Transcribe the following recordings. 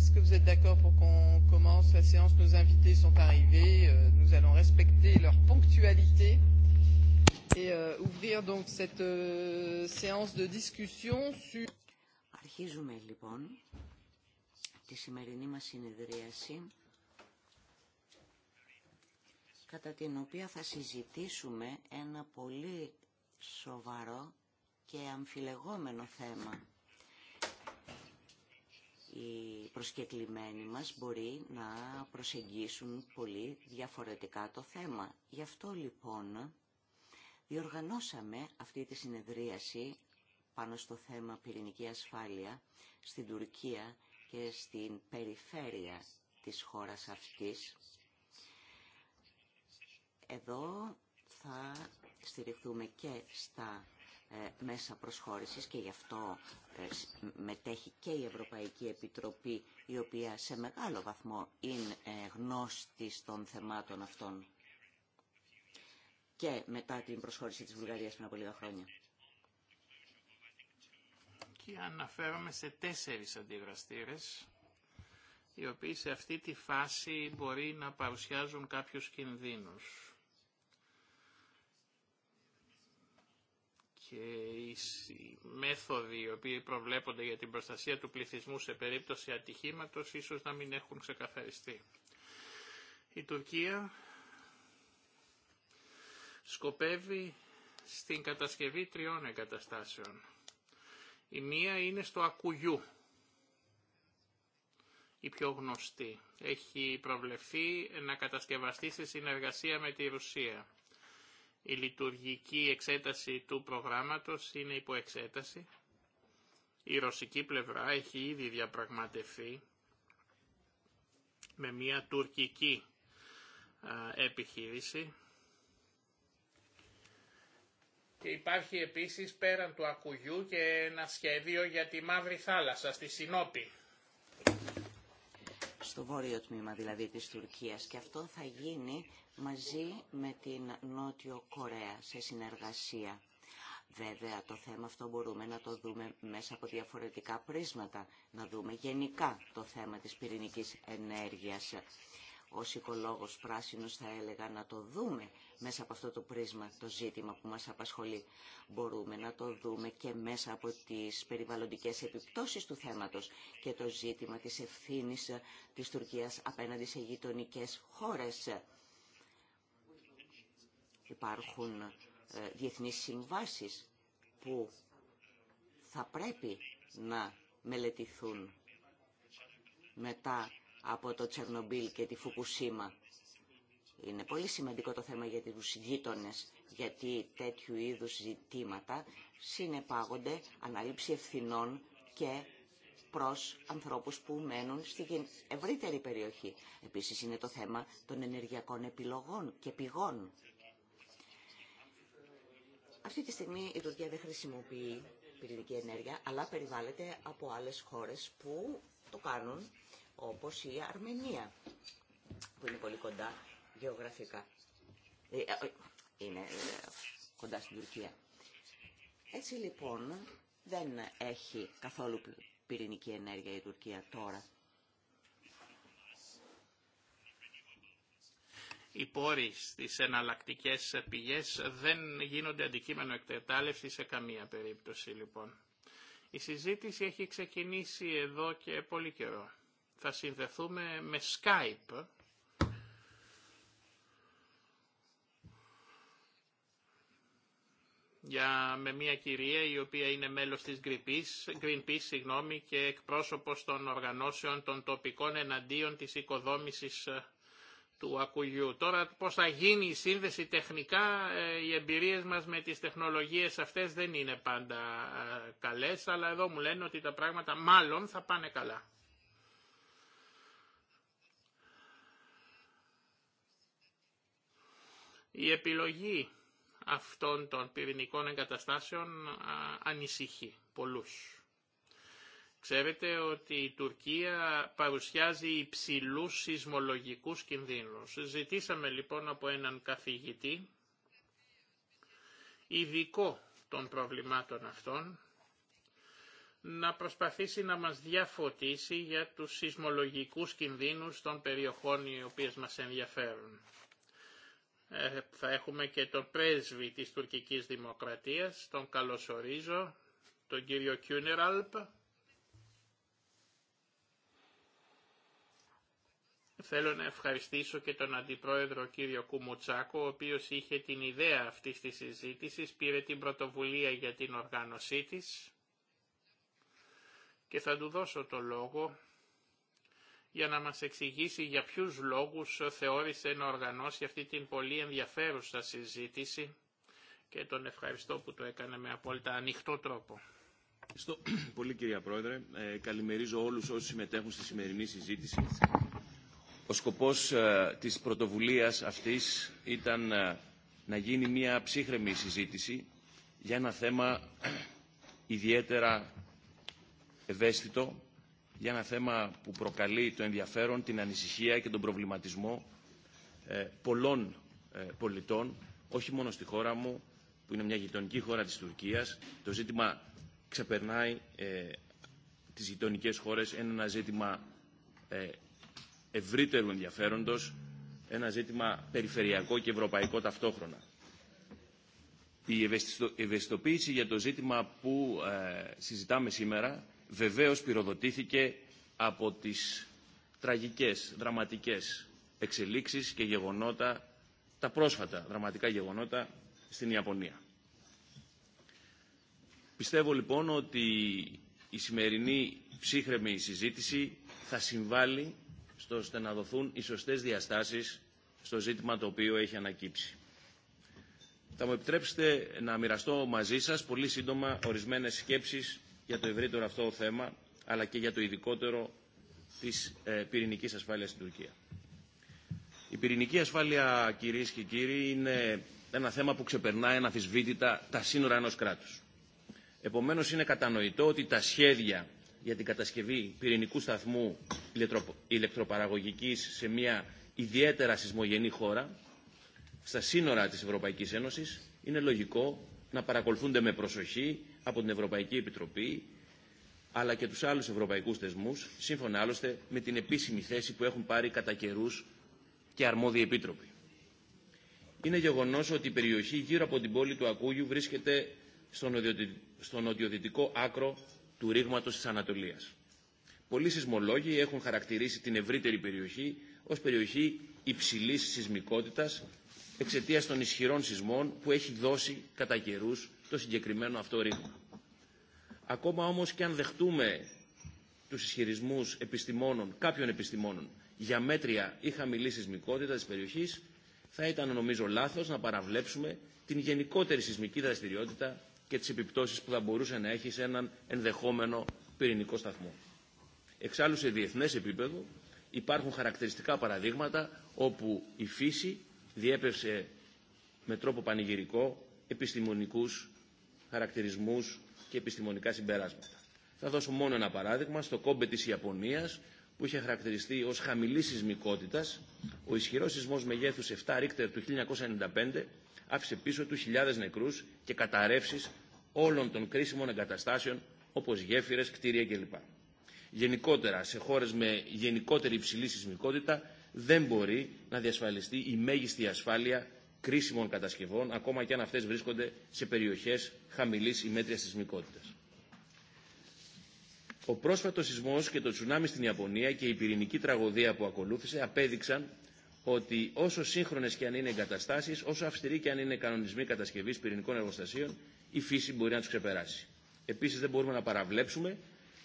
Est-ce que vous êtes d'accord pour qu'on commence la séance Nos invités sont arrivés. Nous allons respecter leur ponctualité et ouvrir donc cette séance de discussion sur. Αρχίζουμε λοιπόν τη σημερινή μας συνεδρίαση κατά την οποία θα συζητήσουμε ένα πολύ σοβαρό και αμφιλεγόμενο θέμα οι προσκεκλημένοι μας μπορεί να προσεγγίσουν πολύ διαφορετικά το θέμα. Γι' αυτό λοιπόν διοργανώσαμε αυτή τη συνεδρίαση πάνω στο θέμα πυρηνική ασφάλεια στην Τουρκία και στην περιφέρεια της χώρας αυτής. Εδώ θα στηριχθούμε και στα ε, μέσα προσχώρησης και γι' αυτό ε, μετέχει και η Ευρωπαϊκή Επιτροπή η οποία σε μεγάλο βαθμό είναι ε, γνώστη των θεμάτων αυτών και μετά την προσχώρηση της Βουλγαρίας πριν από λίγα χρόνια. Και αναφέρομαι σε τέσσερις αντιδραστήρες οι οποίοι σε αυτή τη φάση μπορεί να παρουσιάζουν κάποιους κινδύνους και οι μέθοδοι οι οποίοι προβλέπονται για την προστασία του πληθυσμού σε περίπτωση ατυχήματος ίσως να μην έχουν ξεκαθαριστεί. Η Τουρκία σκοπεύει στην κατασκευή τριών εγκαταστάσεων. Η μία είναι στο Ακουγιού, η πιο γνωστή. Έχει προβλεφθεί να κατασκευαστεί σε συνεργασία με τη Ρουσία. Η λειτουργική εξέταση του προγράμματος είναι υπό εξέταση. Η ρωσική πλευρά έχει ήδη διαπραγματευτεί με μια τουρκική επιχείρηση και υπάρχει επίσης πέραν του Ακουγιού και ένα σχέδιο για τη Μαύρη Θάλασσα στη Συνόπη στο βόρειο τμήμα δηλαδή της Τουρκίας και αυτό θα γίνει μαζί με την Νότιο Κορέα σε συνεργασία. Βέβαια το θέμα αυτό μπορούμε να το δούμε μέσα από διαφορετικά πρίσματα, να δούμε γενικά το θέμα της πυρηνικής ενέργειας ως οικολόγος πράσινος θα έλεγα να το δούμε μέσα από αυτό το πρίσμα το ζήτημα που μας απασχολεί. Μπορούμε να το δούμε και μέσα από τις περιβαλλοντικές επιπτώσεις του θέματος και το ζήτημα της ευθύνης της Τουρκίας απέναντι σε γειτονικέ χώρες. Υπάρχουν ε, διεθνείς συμβάσεις που θα πρέπει να μελετηθούν μετά από το Τσερνομπίλ και τη Φουκουσίμα. Είναι πολύ σημαντικό το θέμα για τους γείτονε, γιατί τέτοιου είδους ζητήματα συνεπάγονται αναλήψη ευθυνών και προς ανθρώπους που μένουν στην ευρύτερη περιοχή. Επίσης είναι το θέμα των ενεργειακών επιλογών και πηγών. Αυτή τη στιγμή η Τουρκία δεν χρησιμοποιεί πυρηνική ενέργεια, αλλά περιβάλλεται από άλλες χώρες που το κάνουν όπως η Αρμενία, που είναι πολύ κοντά γεωγραφικά. Ε, ε, είναι ε, κοντά στην Τουρκία. Έτσι λοιπόν δεν έχει καθόλου πυρηνική ενέργεια η Τουρκία τώρα. Οι πόροι στις εναλλακτικές πηγές δεν γίνονται αντικείμενο εκτετάλευση σε καμία περίπτωση λοιπόν. Η συζήτηση έχει ξεκινήσει εδώ και πολύ καιρό θα συνδεθούμε με Skype για, με μια κυρία η οποία είναι μέλος της Greenpeace, Greenpeace και εκπρόσωπος των οργανώσεων των τοπικών εναντίον της οικοδόμησης ε, του ακουγιού. Τώρα πώς θα γίνει η σύνδεση τεχνικά, ε, οι εμπειρίες μας με τις τεχνολογίες αυτές δεν είναι πάντα ε, καλές, αλλά εδώ μου λένε ότι τα πράγματα μάλλον θα πάνε καλά. Η επιλογή αυτών των πυρηνικών εγκαταστάσεων ανησυχεί πολλούς. Ξέρετε ότι η Τουρκία παρουσιάζει υψηλούς σεισμολογικούς κινδύνους. Ζητήσαμε λοιπόν από έναν καθηγητή ειδικό των προβλημάτων αυτών να προσπαθήσει να μας διαφωτίσει για τους σεισμολογικούς κινδύνους των περιοχών οι οποίες μας ενδιαφέρουν. Ε, θα έχουμε και τον πρέσβη της τουρκικής δημοκρατίας, τον καλωσορίζω, τον κύριο Κιούνεραλπ. Θέλω να ευχαριστήσω και τον Αντιπρόεδρο κύριο Κουμουτσάκο, ο οποίος είχε την ιδέα αυτής της συζήτησης, πήρε την πρωτοβουλία για την οργάνωσή της και θα του δώσω το λόγο για να μας εξηγήσει για ποιους λόγους θεώρησε να οργανώσει αυτή την πολύ ενδιαφέρουσα συζήτηση και τον ευχαριστώ που το έκανε με απόλυτα ανοιχτό τρόπο. Ευχαριστώ πολύ κυρία Πρόεδρε. Ε, καλημερίζω όλους όσοι συμμετέχουν στη σημερινή συζήτηση. Ο σκοπός ε, της πρωτοβουλίας αυτής ήταν ε, να γίνει μια ψύχρεμη συζήτηση για ένα θέμα ιδιαίτερα ευαίσθητο για ένα θέμα που προκαλεί το ενδιαφέρον, την ανησυχία και τον προβληματισμό ε, πολλών ε, πολιτών, όχι μόνο στη χώρα μου, που είναι μια γειτονική χώρα της Τουρκίας. Το ζήτημα ξεπερνάει ε, τις γειτονικές χώρες. Είναι ένα ζήτημα ευρύτερου ενδιαφέροντος, ένα ζήτημα περιφερειακό και ευρωπαϊκό ταυτόχρονα. Η ευαισθητοποίηση για το ζήτημα που συζητάμε σήμερα βεβαίως πυροδοτήθηκε από τις τραγικές, δραματικές εξελίξεις και γεγονότα, τα πρόσφατα δραματικά γεγονότα στην Ιαπωνία. Πιστεύω λοιπόν ότι η σημερινή ψύχρεμη συζήτηση θα συμβάλλει στο ώστε να δοθούν οι σωστές διαστάσεις στο ζήτημα το οποίο έχει ανακύψει. Θα μου επιτρέψετε να μοιραστώ μαζί σας πολύ σύντομα ορισμένες σκέψεις για το ευρύτερο αυτό θέμα, αλλά και για το ειδικότερο της ε, πυρηνικής ασφάλειας στην Τουρκία. Η πυρηνική ασφάλεια, κυρίε και κύριοι, είναι ένα θέμα που ξεπερνάει αναφυσβήτητα τα σύνορα ενός κράτους. Επομένως, είναι κατανοητό ότι τα σχέδια για την κατασκευή πυρηνικού σταθμού ηλεκτροπαραγωγικής σε μια ιδιαίτερα σεισμογενή χώρα, στα σύνορα της Ευρωπαϊκής Ένωσης, είναι λογικό να παρακολουθούνται με προσοχή από την Ευρωπαϊκή Επιτροπή αλλά και τους άλλους ευρωπαϊκούς θεσμούς, σύμφωνα άλλωστε με την επίσημη θέση που έχουν πάρει κατά καιρού και αρμόδιοι επίτροποι. Είναι γεγονός ότι η περιοχή γύρω από την πόλη του Ακούγιου βρίσκεται στο νοτιοδυτικό άκρο του ρήγματος της Ανατολίας. Πολλοί σεισμολόγοι έχουν χαρακτηρίσει την ευρύτερη περιοχή ως περιοχή υψηλής σεισμικότητας εξαιτίας των ισχυρών σεισμών που έχει δώσει κατά καιρού το συγκεκριμένο αυτό ρήγμα. Ακόμα όμως και αν δεχτούμε τους ισχυρισμού επιστημόνων, κάποιων επιστημόνων, για μέτρια ή χαμηλή σεισμικότητα της περιοχής, θα ήταν νομίζω λάθος να παραβλέψουμε την γενικότερη σεισμική δραστηριότητα και τις επιπτώσεις που θα μπορούσε να έχει σε έναν ενδεχόμενο πυρηνικό σταθμό. Εξάλλου σε διεθνές επίπεδο υπάρχουν χαρακτηριστικά παραδείγματα όπου η φύση διέπευσε με τρόπο πανηγυρικό επιστημονικούς χαρακτηρισμούς και επιστημονικά συμπεράσματα. Θα δώσω μόνο ένα παράδειγμα. Στο κόμπε της Ιαπωνίας, που είχε χαρακτηριστεί ως χαμηλή σεισμικότητα. ο ισχυρός σεισμός μεγέθους 7 Ρίκτερ του 1995 άφησε πίσω του χιλιάδες νεκρούς και καταρρεύσεις όλων των κρίσιμων εγκαταστάσεων όπως γέφυρες, κτίρια κλπ. Γενικότερα, σε χώρες με γενικότερη υψηλή σεισμικότητα δεν μπορεί να διασφαλιστεί η μέγιστη ασφάλεια κρίσιμων κατασκευών, ακόμα και αν αυτές βρίσκονται σε περιοχές χαμηλής ή μέτριας σεισμικότητας. Ο πρόσφατος σεισμός και το τσουνάμι στην Ιαπωνία και η πυρηνική τραγωδία που ακολούθησε απέδειξαν ότι όσο σύγχρονες και αν είναι εγκαταστάσεις, όσο αυστηροί και αν είναι κανονισμοί κατασκευής πυρηνικών εργοστασίων, η φύση μπορεί να του ξεπεράσει. Επίσης δεν μπορούμε να παραβλέψουμε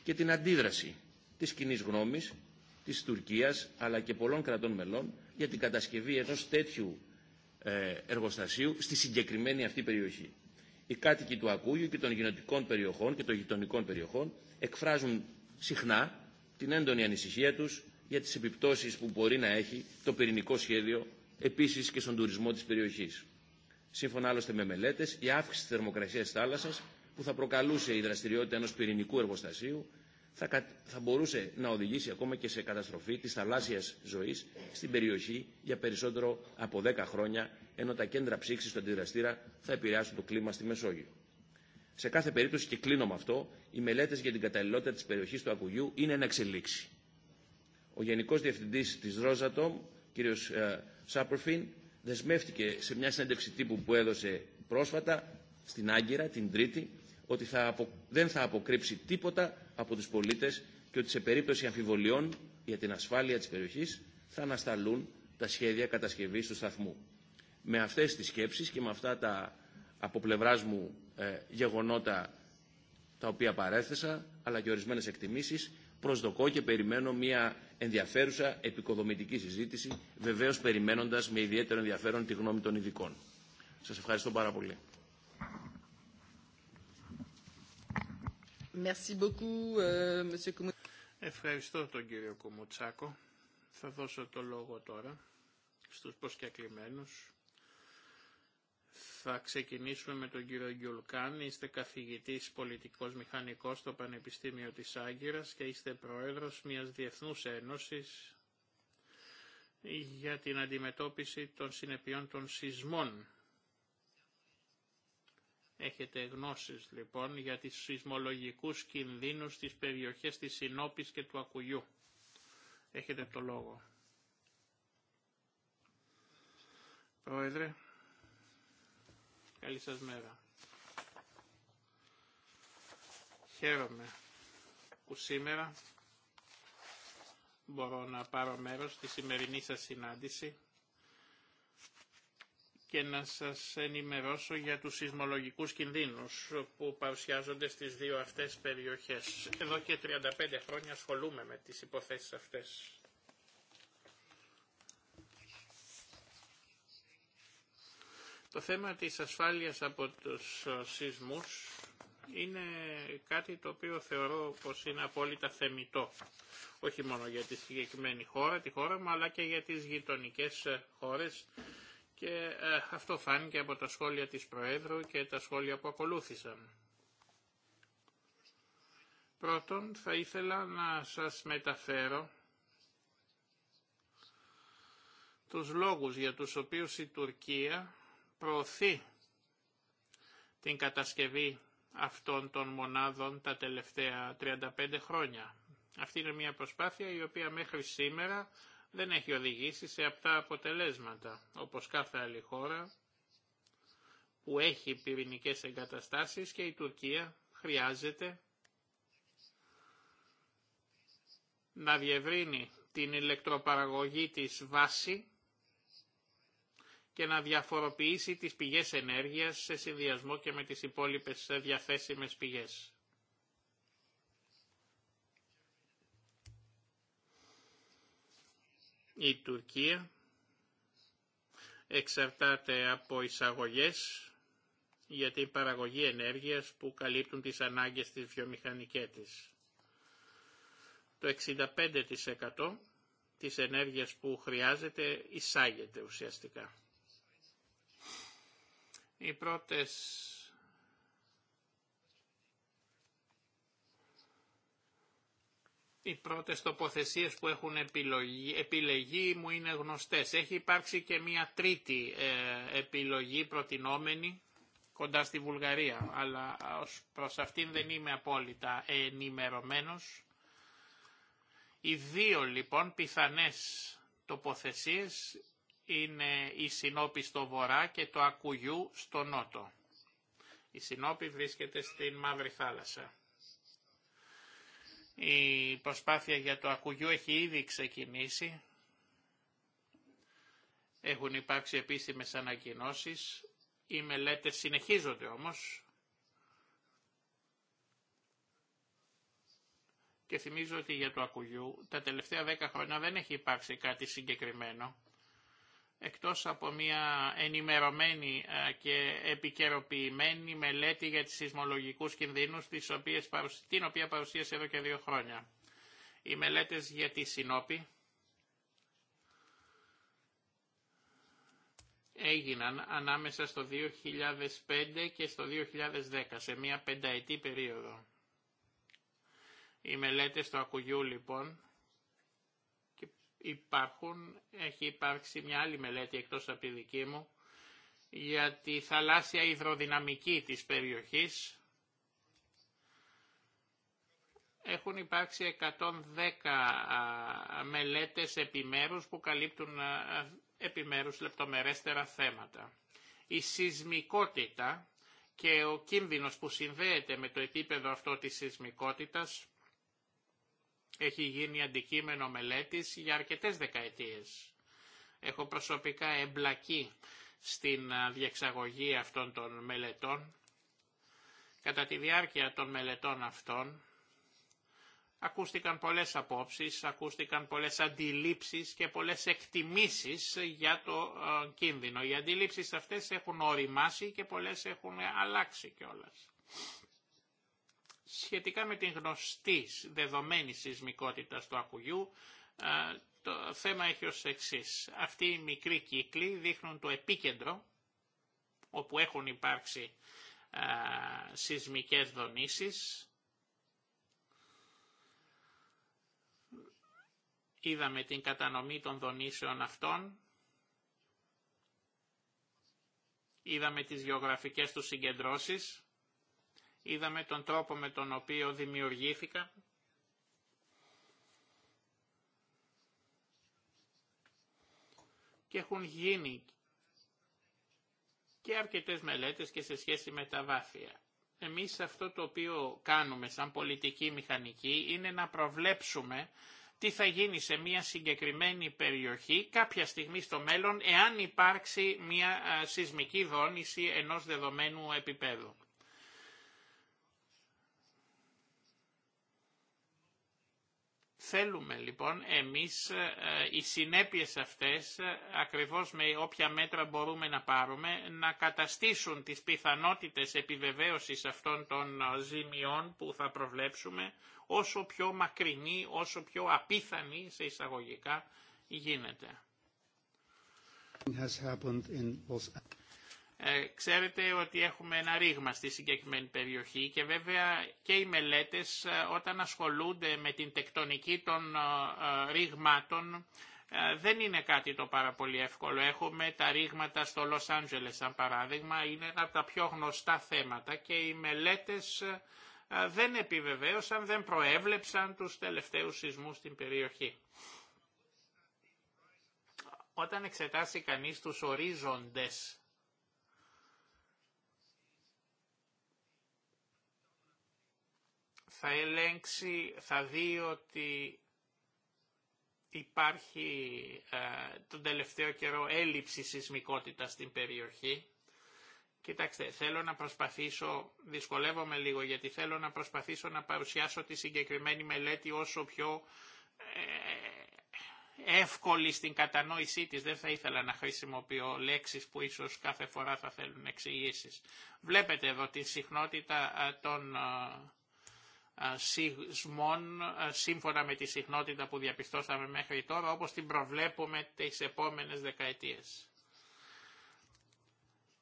και την αντίδραση της κοινή γνώμης, της Τουρκίας αλλά και πολλών κρατών μελών για την κατασκευή ενός τέτοιου ε, εργοστασίου στη συγκεκριμένη αυτή περιοχή. Οι κάτοικοι του Ακούγιου και των γενετικών περιοχών και των γειτονικών περιοχών εκφράζουν συχνά την έντονη ανησυχία τους για τις επιπτώσεις που μπορεί να έχει το πυρηνικό σχέδιο επίσης και στον τουρισμό της περιοχής. Σύμφωνα άλλωστε με μελέτες, η αύξηση της θερμοκρασίας θάλασσας που θα προκαλούσε η δραστηριότητα ενός πυρηνικού εργοστασίου θα μπορούσε να οδηγήσει ακόμα και σε καταστροφή της θαλάσσιας ζωής στην περιοχή για περισσότερο από 10 χρόνια, ενώ τα κέντρα ψήξης του αντιδραστήρα θα επηρεάσουν το κλίμα στη Μεσόγειο. Σε κάθε περίπτωση, και κλείνω με αυτό, οι μελέτες για την καταλληλότητα της περιοχής του Ακουγιού είναι ένα εξελίξη. Ο Γενικός Διευθυντής της Ρόζατομ, κ. Σάπροφιν, δεσμεύτηκε σε μια συνέντευξη τύπου που έδωσε πρόσφατα στην Άγκυρα, την Τρίτη, ότι θα δεν θα αποκρύψει τίποτα από τους πολίτες και ότι σε περίπτωση αμφιβολιών για την ασφάλεια της περιοχής θα ανασταλούν τα σχέδια κατασκευής του σταθμού. Με αυτές τις σκέψεις και με αυτά τα από πλευράς μου ε, γεγονότα τα οποία παρέθεσα, αλλά και ορισμένες εκτιμήσεις, προσδοκώ και περιμένω μια ενδιαφέρουσα επικοδομητική συζήτηση, βεβαίως περιμένοντας με ιδιαίτερο ενδιαφέρον τη γνώμη των ειδικών. Σας ευχαριστώ πάρα πολύ. Euh, Ευχαριστώ τον κύριο Κουμουτσάκο. Θα δώσω το λόγο τώρα στους προσκεκλημένους. Θα ξεκινήσουμε με τον κύριο Γκιουλκάν. Είστε καθηγητής πολιτικός μηχανικός στο Πανεπιστήμιο της Άγκυρας και είστε πρόεδρος μιας διεθνούς ένωσης για την αντιμετώπιση των συνεπειών των σεισμών Έχετε γνώσεις λοιπόν για τις σεισμολογικούς κινδύνους στις περιοχές της Συνόπης και του Ακουγιού. Έχετε το λόγο. Πρόεδρε, καλή σας μέρα. Χαίρομαι που σήμερα μπορώ να πάρω μέρος στη σημερινή σας συνάντηση και να σας ενημερώσω για τους σεισμολογικούς κινδύνους που παρουσιάζονται στις δύο αυτές περιοχές. Εδώ και 35 χρόνια ασχολούμαι με τις υποθέσεις αυτές. Το θέμα της ασφάλειας από τους σεισμούς είναι κάτι το οποίο θεωρώ πως είναι απόλυτα θεμητό. Όχι μόνο για τη συγκεκριμένη χώρα, τη χώρα μου, αλλά και για τις γειτονικές χώρες και ε, αυτό φάνηκε από τα σχόλια της Προέδρου και τα σχόλια που ακολούθησαν. Πρώτον, θα ήθελα να σας μεταφέρω τους λόγους για τους οποίους η Τουρκία προωθεί την κατασκευή αυτών των μονάδων τα τελευταία 35 χρόνια. Αυτή είναι μια προσπάθεια η οποία μέχρι σήμερα δεν έχει οδηγήσει σε αυτά αποτελέσματα, όπως κάθε άλλη χώρα που έχει πυρηνικές εγκαταστάσεις και η Τουρκία χρειάζεται να διευρύνει την ηλεκτροπαραγωγή της βάση και να διαφοροποιήσει τις πηγές ενέργειας σε συνδυασμό και με τις υπόλοιπες διαθέσιμες πηγές. Η Τουρκία εξαρτάται από εισαγωγές για την παραγωγή ενέργειας που καλύπτουν τις ανάγκες της βιομηχανικέ. της. Το 65% της ενέργειας που χρειάζεται εισάγεται ουσιαστικά. Οι πρώτες Οι πρώτες τοποθεσίες που έχουν επιλογή, επιλεγεί μου είναι γνωστές. Έχει υπάρξει και μια τρίτη ε, επιλογή προτινόμενη κοντά στη Βουλγαρία, αλλά ως προς αυτήν δεν είμαι απόλυτα ενημερωμένος. Οι δύο λοιπόν πιθανές τοποθεσίες είναι η Συνόπη στο βορρά και το Ακουγιού στο νότο. Η Συνόπη βρίσκεται στην Μαύρη Θάλασσα. Η προσπάθεια για το ακουγιού έχει ήδη ξεκινήσει. Έχουν υπάρξει επίσημες ανακοινώσεις. Οι μελέτες συνεχίζονται όμως. Και θυμίζω ότι για το ακουγιού τα τελευταία δέκα χρόνια δεν έχει υπάρξει κάτι συγκεκριμένο εκτός από μια ενημερωμένη και επικαιροποιημένη μελέτη για τις σεισμολογικούς κινδύνους, τις οποίες την οποία παρουσίασε εδώ και δύο χρόνια. Οι μελέτες για τη Σινόπη έγιναν ανάμεσα στο 2005 και στο 2010, σε μια πενταετή περίοδο. Οι μελέτες του Ακουγιού λοιπόν υπάρχουν, έχει υπάρξει μια άλλη μελέτη εκτός από τη δική μου, για τη θαλάσσια υδροδυναμική της περιοχής. Έχουν υπάρξει 110 μελέτες επιμέρους που καλύπτουν επιμέρους λεπτομερέστερα θέματα. Η σεισμικότητα και ο κίνδυνος που συνδέεται με το επίπεδο αυτό της σεισμικότητας έχει γίνει αντικείμενο μελέτης για αρκετές δεκαετίες. Έχω προσωπικά εμπλακεί στην διεξαγωγή αυτών των μελετών. Κατά τη διάρκεια των μελετών αυτών ακούστηκαν πολλές απόψεις, ακούστηκαν πολλές αντιλήψεις και πολλές εκτιμήσεις για το κίνδυνο. Οι αντιλήψεις αυτές έχουν οριμάσει και πολλές έχουν αλλάξει κιόλας. Σχετικά με την γνωστή δεδομένη σεισμικότητα του ακουγιού, το θέμα έχει ως εξής. Αυτοί οι μικροί κύκλοι δείχνουν το επίκεντρο όπου έχουν υπάρξει σεισμικές δονήσεις. Είδαμε την κατανομή των δονήσεων αυτών. Είδαμε τις γεωγραφικές του συγκεντρώσεις είδαμε τον τρόπο με τον οποίο δημιουργήθηκαν. Και έχουν γίνει και αρκετές μελέτες και σε σχέση με τα βάθια. Εμείς αυτό το οποίο κάνουμε σαν πολιτική μηχανική είναι να προβλέψουμε τι θα γίνει σε μια συγκεκριμένη περιοχή κάποια στιγμή στο μέλλον εάν υπάρξει μια σεισμική δόνηση ενός δεδομένου επίπεδου. θέλουμε λοιπόν εμείς ε, ε, οι συνέπειες αυτές, ε, ακριβώς με όποια μέτρα μπορούμε να πάρουμε, να καταστήσουν τις πιθανότητες επιβεβαίωσης αυτών των ζημιών που θα προβλέψουμε όσο πιο μακρινή, όσο πιο απίθανη σε εισαγωγικά γίνεται. Ε, ξέρετε ότι έχουμε ένα ρήγμα στη συγκεκριμένη περιοχή και βέβαια και οι μελέτες ε, όταν ασχολούνται με την τεκτονική των ε, ρήγματων δεν είναι κάτι το πάρα πολύ εύκολο. Έχουμε τα ρήγματα στο Λος Άντζελες σαν παράδειγμα, είναι ένα από τα πιο γνωστά θέματα και οι μελέτες δεν επιβεβαίωσαν, δεν προέβλεψαν τους τελευταίους σεισμούς στην περιοχή. Όταν εξετάσει κανείς τους ορίζοντες θα ελέγξει, θα δει ότι υπάρχει ε, τον τελευταίο καιρό έλλειψη σεισμικότητα στην περιοχή. Κοιτάξτε, θέλω να προσπαθήσω, δυσκολεύομαι λίγο γιατί θέλω να προσπαθήσω να παρουσιάσω τη συγκεκριμένη μελέτη όσο πιο ε, εύκολη στην κατανόησή της. Δεν θα ήθελα να χρησιμοποιώ λέξεις που ίσως κάθε φορά θα θέλουν εξηγήσει. Βλέπετε εδώ τη συχνότητα ε, των ε, ε, σεισμών ε, σύμφωνα με τη συχνότητα που διαπιστώσαμε μέχρι τώρα όπως την προβλέπουμε τις επόμενες δεκαετίες.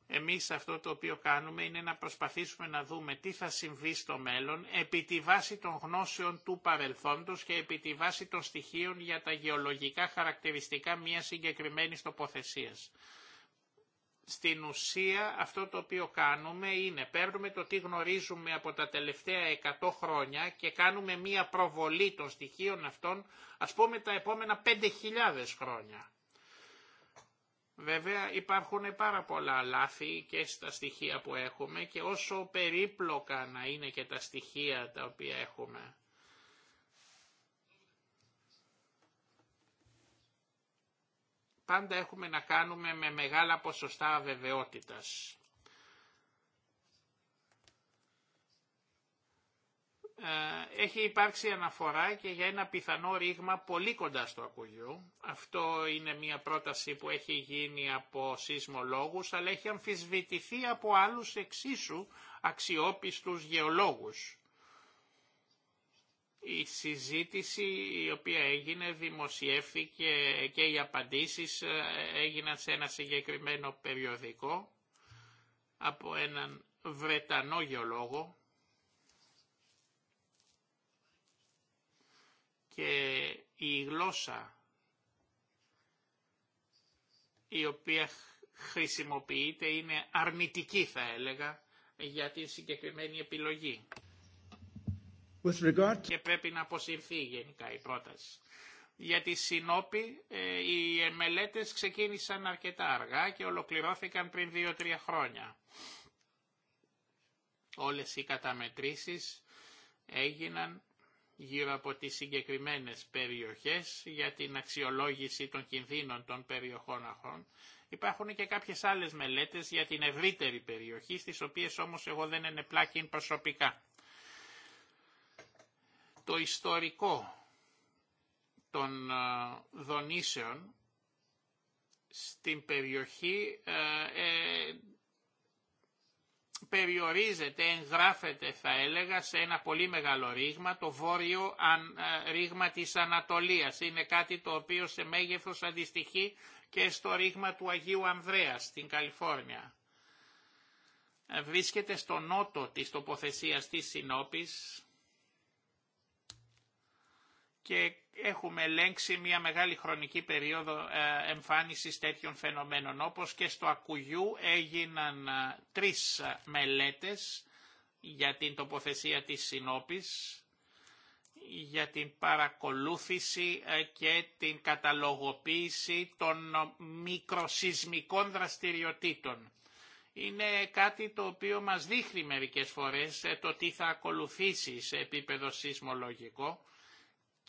Εμείς αυτό το οποίο κάνουμε είναι να προσπαθήσουμε να δούμε τι θα συμβεί στο μέλλον επί τη βάση των γνώσεων του παρελθόντος και επί τη βάση των στοιχείων για τα γεωλογικά χαρακτηριστικά μιας συγκεκριμένης τοποθεσίας στην ουσία αυτό το οποίο κάνουμε είναι παίρνουμε το τι γνωρίζουμε από τα τελευταία 100 χρόνια και κάνουμε μία προβολή των στοιχείων αυτών ας πούμε τα επόμενα 5.000 χρόνια. Βέβαια υπάρχουν πάρα πολλά λάθη και στα στοιχεία που έχουμε και όσο περίπλοκα να είναι και τα στοιχεία τα οποία έχουμε. πάντα έχουμε να κάνουμε με μεγάλα ποσοστά αβεβαιότητας. Ε, έχει υπάρξει αναφορά και για ένα πιθανό ρήγμα πολύ κοντά στο ακουγιού. Αυτό είναι μια πρόταση που έχει γίνει από σεισμολόγους, αλλά έχει αμφισβητηθεί από άλλους εξίσου αξιόπιστους γεωλόγους. Η συζήτηση η οποία έγινε δημοσιεύθηκε και οι απαντήσεις ε, έγιναν σε ένα συγκεκριμένο περιοδικό από έναν Βρετανό γεωλόγο και η γλώσσα η οποία χρησιμοποιείται είναι αρνητική θα έλεγα για την συγκεκριμένη επιλογή. Και πρέπει να αποσυρθεί γενικά η πρόταση. Γιατί τη ε, οι μελέτες ξεκίνησαν αρκετά αργά και ολοκληρώθηκαν πριν δύο-τρία χρόνια. Όλες οι καταμετρήσεις έγιναν γύρω από τις συγκεκριμένες περιοχές για την αξιολόγηση των κινδύνων των περιοχών αρχών. Υπάρχουν και κάποιες άλλες μελέτες για την ευρύτερη περιοχή, στις οποίες όμως εγώ δεν ενεπλάκην προσωπικά το ιστορικό των ε, δονήσεων στην περιοχή ε, ε, περιορίζεται, εγγράφεται θα έλεγα σε ένα πολύ μεγάλο ρήγμα, το βόρειο αν, ε, ρήγμα της Ανατολίας. Είναι κάτι το οποίο σε μέγεθος αντιστοιχεί και στο ρήγμα του Αγίου Ανδρέα στην Καλιφόρνια. Βρίσκεται στο νότο της τοποθεσίας της Συνόπης, και έχουμε ελέγξει μια μεγάλη χρονική περίοδο ε, εμφάνισης τέτοιων φαινομένων. Όπως και στο Ακουγιού έγιναν ε, τρεις μελέτες για την τοποθεσία της συνόπης, για την παρακολούθηση ε, και την καταλογοποίηση των μικροσυσμικών δραστηριοτήτων. Είναι κάτι το οποίο μας δείχνει μερικές φορές το τι θα ακολουθήσει σε επίπεδο σεισμολογικό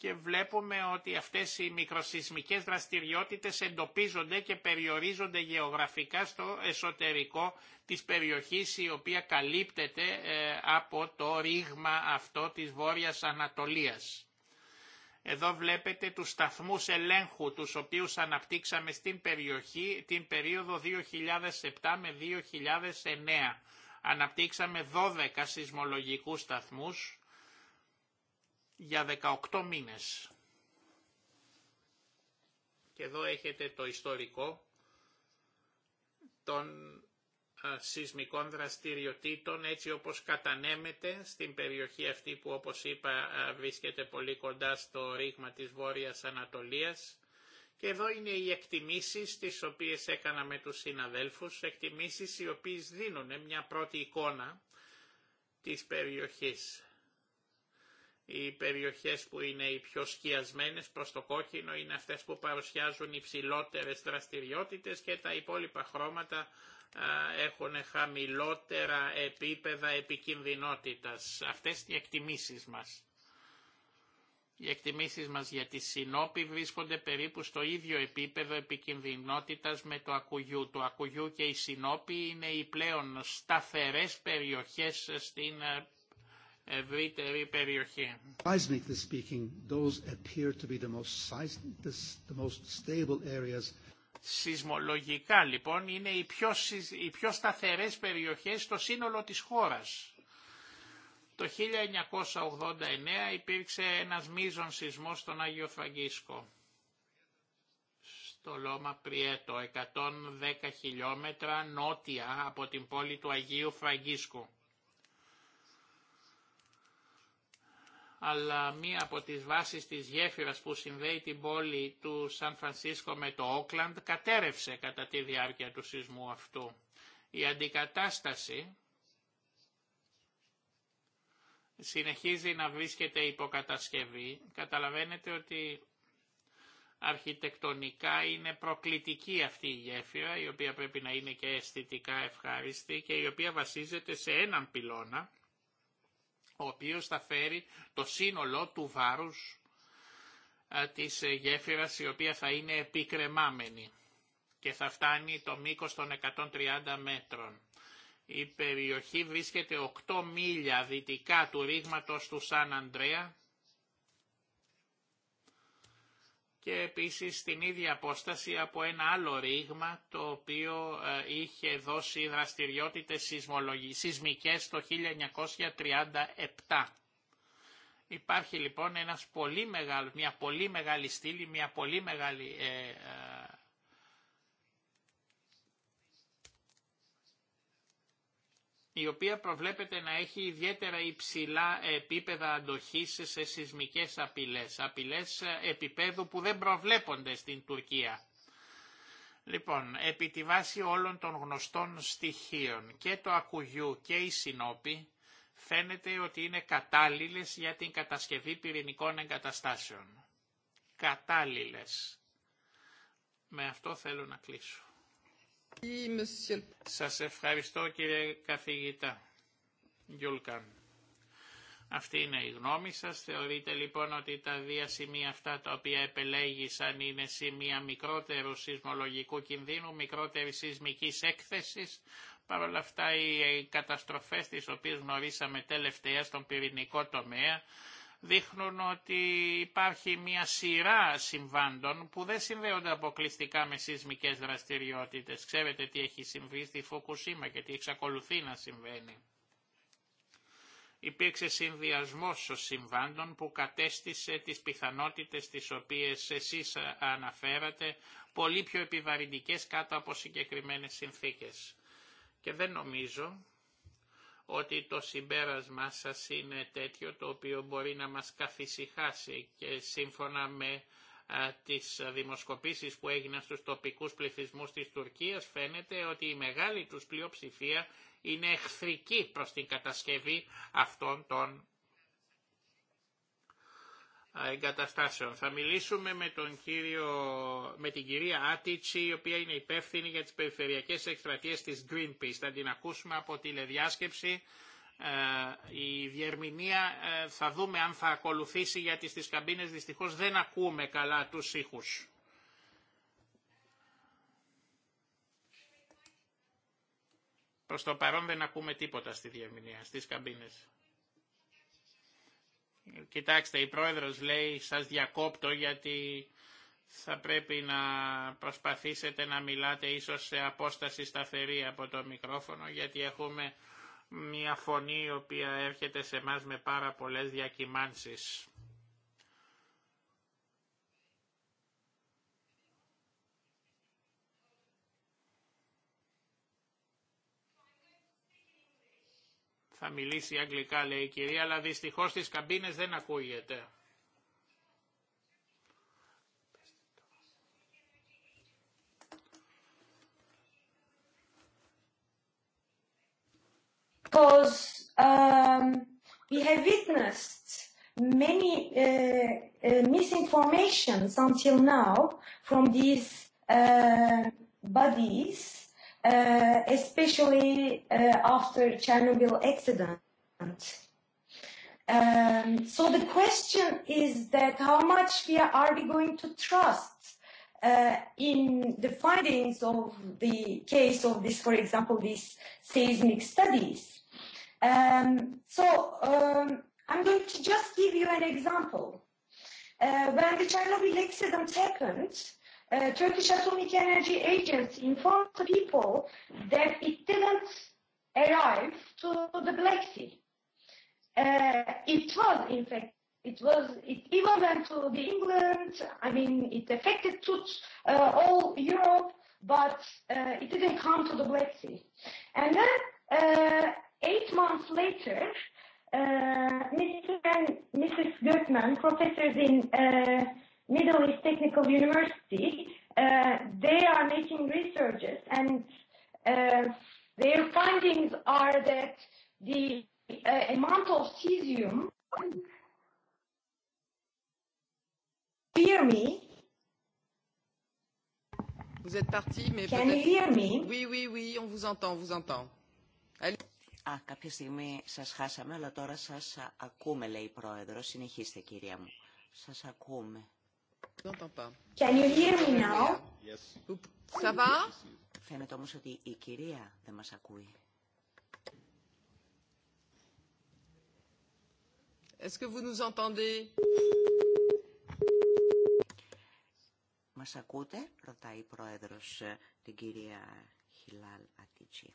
και βλέπουμε ότι αυτές οι μικροσυσμικές δραστηριότητες εντοπίζονται και περιορίζονται γεωγραφικά στο εσωτερικό της περιοχής η οποία καλύπτεται ε, από το ρήγμα αυτό της Βόρειας Ανατολίας. Εδώ βλέπετε τους σταθμούς ελέγχου τους οποίους αναπτύξαμε στην περιοχή την περίοδο 2007 με 2009. Αναπτύξαμε 12 σεισμολογικούς σταθμούς για 18 μήνες. Και εδώ έχετε το ιστορικό των σεισμικών δραστηριοτήτων έτσι όπως κατανέμεται στην περιοχή αυτή που όπως είπα βρίσκεται πολύ κοντά στο ρήγμα της Βόρειας Ανατολίας και εδώ είναι οι εκτιμήσεις τις οποίες έκανα με τους συναδέλφους, εκτιμήσεις οι οποίες δίνουν μια πρώτη εικόνα της περιοχής. Οι περιοχές που είναι οι πιο σκιασμένες προς το κόκκινο είναι αυτές που παρουσιάζουν υψηλότερες δραστηριότητες και τα υπόλοιπα χρώματα έχουν χαμηλότερα επίπεδα επικινδυνότητας. Αυτές οι εκτιμήσεις μας. Οι εκτιμήσεις μας για τη συνόπη βρίσκονται περίπου στο ίδιο επίπεδο επικινδυνότητας με το ακουγιού. Το ακουγιού και η συνόπη είναι οι πλέον σταθερές περιοχές στην ευρύτερη περιοχή. Σεισμολογικά λοιπόν είναι οι πιο, οι πιο σταθερές περιοχές στο σύνολο της χώρας. Το 1989 υπήρξε ένας μείζον σεισμός στον Άγιο Φραγκίσκο. Στο Λόμα Πριέτο, 110 χιλιόμετρα νότια από την πόλη του Αγίου Φραγκίσκου. αλλά μία από τις βάσεις της γέφυρας που συνδέει την πόλη του Σαν Φρανσίσκο με το Όκλαντ κατέρευσε κατά τη διάρκεια του σεισμού αυτού. Η αντικατάσταση συνεχίζει να βρίσκεται υποκατασκευή. Καταλαβαίνετε ότι αρχιτεκτονικά είναι προκλητική αυτή η γέφυρα, η οποία πρέπει να είναι και αισθητικά ευχάριστη και η οποία βασίζεται σε έναν πυλώνα, ο οποίος θα φέρει το σύνολο του βάρους ε, της ε, γέφυρας η οποία θα είναι επικρεμάμενη και θα φτάνει το μήκος των 130 μέτρων. Η περιοχή βρίσκεται 8 μίλια δυτικά του ρήγματος του Σαν Αντρέα και επίσης στην ίδια απόσταση από ένα άλλο ρήγμα το οποίο ε, είχε δώσει δραστηριότητες σεισμικές το 1937. Υπάρχει λοιπόν ένας πολύ μεγάλο, μια πολύ μεγάλη στήλη, μια πολύ μεγάλη ε, ε, η οποία προβλέπεται να έχει ιδιαίτερα υψηλά επίπεδα αντοχής σε σεισμικές απειλές, απειλές επίπεδου που δεν προβλέπονται στην Τουρκία. Λοιπόν, επί τη βάση όλων των γνωστών στοιχείων και το ακουγιού και η συνόπη φαίνεται ότι είναι κατάλληλες για την κατασκευή πυρηνικών εγκαταστάσεων. Κατάλληλες. Με αυτό θέλω να κλείσω. Σας ευχαριστώ κύριε καθηγητά Γιούλκαν. Αυτή είναι η γνώμη σας. Θεωρείτε λοιπόν ότι τα δύο σημεία αυτά τα οποία επελέγησαν είναι σημεία μικρότερου σεισμολογικού κινδύνου, μικρότερη σεισμικής έκθεσης. Παρ' όλα αυτά οι καταστροφές τις οποίες γνωρίσαμε τελευταία στον πυρηνικό τομέα δείχνουν ότι υπάρχει μια σειρά συμβάντων που δεν συνδέονται αποκλειστικά με σεισμικές δραστηριότητες. Ξέρετε τι έχει συμβεί στη Φουκουσίμα και τι εξακολουθεί να συμβαίνει. Υπήρξε συνδυασμός συμβάντων που κατέστησε τις πιθανότητες τις οποίες εσείς αναφέρατε πολύ πιο επιβαρυντικές κάτω από συγκεκριμένες συνθήκες. Και δεν νομίζω ότι το συμπέρασμα σας είναι τέτοιο το οποίο μπορεί να μας καθησυχάσει και σύμφωνα με τις δημοσκοπήσεις που έγιναν στους τοπικούς πληθυσμούς της Τουρκίας φαίνεται ότι η μεγάλη τους πλειοψηφία είναι εχθρική προς την κατασκευή αυτών των εγκαταστάσεων. Θα μιλήσουμε με, τον κύριο, με την κυρία Άτιτσι, η οποία είναι υπεύθυνη για τις περιφερειακές εκστρατείες της Greenpeace. Θα την ακούσουμε από τηλεδιάσκεψη. Ε, η διερμηνία ε, θα δούμε αν θα ακολουθήσει, γιατί στις καμπίνες δυστυχώς δεν ακούμε καλά τους ήχους. Προς το παρόν δεν ακούμε τίποτα στη διερμηνία, στις καμπίνες. Κοιτάξτε, η πρόεδρος λέει, σας διακόπτω γιατί θα πρέπει να προσπαθήσετε να μιλάτε ίσως σε απόσταση σταθερή από το μικρόφωνο, γιατί έχουμε μια φωνή η οποία έρχεται σε μας με πάρα πολλές διακυμάνσεις. Θα μιλήσει αγγλικά λέει η κυρία, αλλά δυστυχώς στις καμπίνες δεν ακούγεται. because um, we have witnessed many uh, uh, misinformations until now from these uh, bodies especially after Chernobyl accident. So the question is that how much we are we going to trust in the findings of the case of this, for example, these seismic studies. So I'm going to just give you an example. When the Chernobyl accident happened, uh, Turkish Atomic Energy Agency informed the people that it didn't arrive to the Black Sea. Uh, it was, in fact, it was, it even went to the England. I mean, it affected to uh, all Europe, but uh, it didn't come to the Black Sea. And then, uh, eight months later, uh, Mr. and Mrs. Goodman, professors in uh, Middle East Technical University. uh They are making researches and uh their findings are that the uh amount of cesium hear me? Vous êtes parti, mais Can you hear me? Oui, oui, oui, on vous entend, on vous entend. Allez. Α, κάποια στιγμή σας χάσαμε, αλλά τώρα σας ακούμε, λέει η Πρόεδρος. Συνεχίστε, κυρία μου. Σας ακούμε. Je n'entends pas. Can you hear me now? Yes. Ça va? Φαίνεται όμως ότι η κυρία δεν μας ακούει. Est-ce que vous nous entendez? Μας ακούτε, ρωτάει η πρόεδρος ε, την κυρία Χιλάλ Ατίτσι.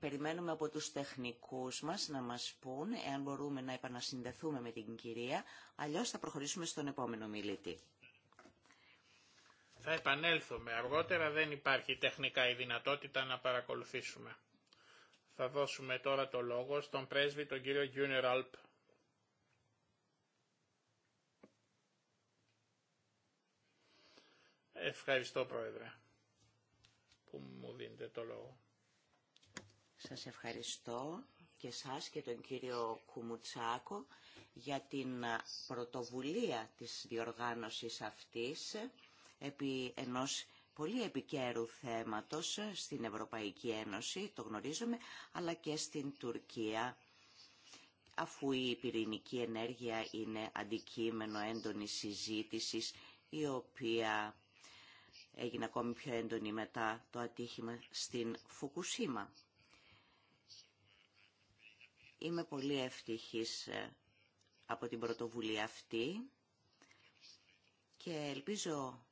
περιμένουμε από τους τεχνικούς μας να μας πούν εάν μπορούμε να επανασυνδεθούμε με την κυρία, αλλιώς θα προχωρήσουμε στον επόμενο μιλήτη. Θα επανέλθουμε. Αργότερα δεν υπάρχει τεχνικά η δυνατότητα να παρακολουθήσουμε. Θα δώσουμε τώρα το λόγο στον πρέσβη τον κύριο Γιούνερ Αλπ Ευχαριστώ Πρόεδρε που μου δίνετε το λόγο. Σας ευχαριστώ και σας και τον κύριο Κουμουτσάκο για την πρωτοβουλία της διοργάνωσης αυτής επί ενός πολύ επικέρου θέματος στην Ευρωπαϊκή Ένωση, το γνωρίζουμε, αλλά και στην Τουρκία, αφού η πυρηνική ενέργεια είναι αντικείμενο έντονης συζήτησης, η οποία έγινε ακόμη πιο έντονη μετά το ατύχημα στην Φουκουσίμα. Είμαι πολύ ευτυχής ε, από την πρωτοβουλία αυτή και ελπίζω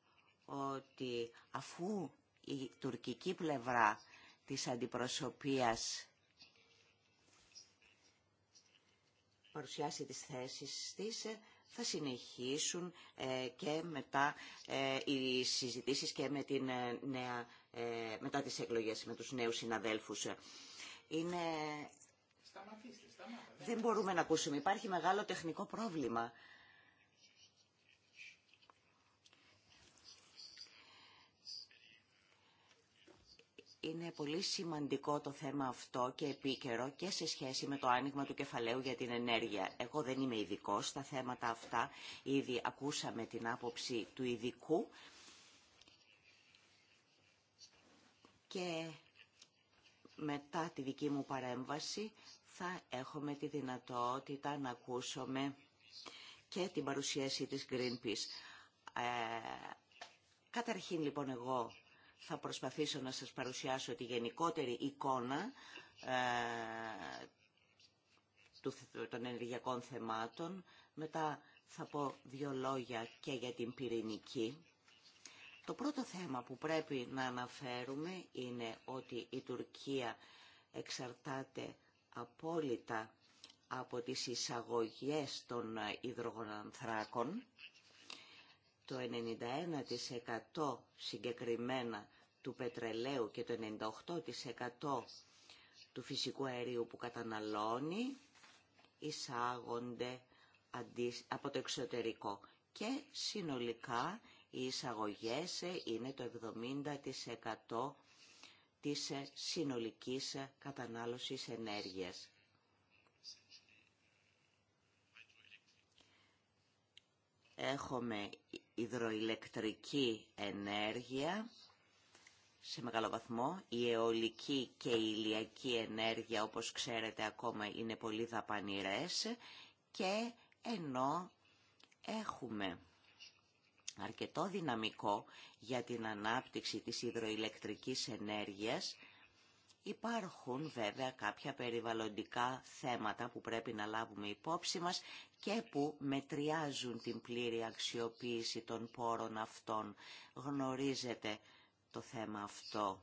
ότι αφού η τουρκική πλευρά της αντιπροσωπείας παρουσιάσει τις θέσεις της, ε, θα συνεχίσουν ε, και μετά ε, οι συζητήσεις και με την ε, νέα, μετά τις εκλογές με τους νέους συναδέλφους. Είναι... Σταματήστε, δεν μπορούμε να ακούσουμε. Υπάρχει μεγάλο τεχνικό πρόβλημα. είναι πολύ σημαντικό το θέμα αυτό και επίκαιρο και σε σχέση με το άνοιγμα του κεφαλαίου για την ενέργεια. Εγώ δεν είμαι ειδικό στα θέματα αυτά. Ήδη ακούσαμε την άποψη του ειδικού. Και μετά τη δική μου παρέμβαση θα έχουμε τη δυνατότητα να ακούσουμε και την παρουσίαση της Greenpeace. Ε, καταρχήν λοιπόν εγώ θα προσπαθήσω να σας παρουσιάσω τη γενικότερη εικόνα ε, των ενεργειακών θεμάτων. Μετά θα πω δύο λόγια και για την πυρηνική. Το πρώτο θέμα που πρέπει να αναφέρουμε είναι ότι η Τουρκία εξαρτάται απόλυτα από τις εισαγωγές των υδρογονανθράκων το 91% συγκεκριμένα του πετρελαίου και το 98% του φυσικού αερίου που καταναλώνει εισάγονται από το εξωτερικό και συνολικά οι εισαγωγές είναι το 70% της συνολικής κατανάλωσης ενέργειας. Έχουμε υδροηλεκτρική ενέργεια σε μεγάλο βαθμό. Η αιωλική και η ηλιακή ενέργεια, όπως ξέρετε, ακόμα είναι πολύ δαπανηρές και ενώ έχουμε αρκετό δυναμικό για την ανάπτυξη της υδροηλεκτρικής ενέργειας, υπάρχουν βέβαια κάποια περιβαλλοντικά θέματα που πρέπει να λάβουμε υπόψη μας και που μετριάζουν την πλήρη αξιοποίηση των πόρων αυτών. Γνωρίζετε το θέμα αυτό.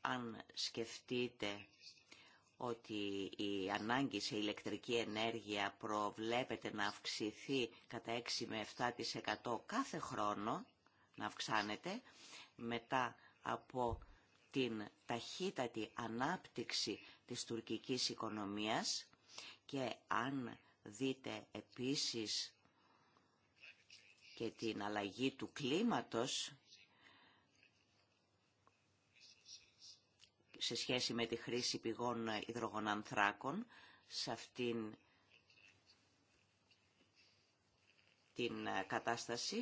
Αν σκεφτείτε ότι η ανάγκη σε ηλεκτρική ενέργεια προβλέπεται να αυξηθεί κατά 6 με 7% κάθε χρόνο, να αυξάνεται, μετά από την ταχύτατη ανάπτυξη της τουρκικής οικονομίας και αν δείτε επίσης και την αλλαγή του κλίματος σε σχέση με τη χρήση πηγών υδρογονανθράκων σε αυτήν την κατάσταση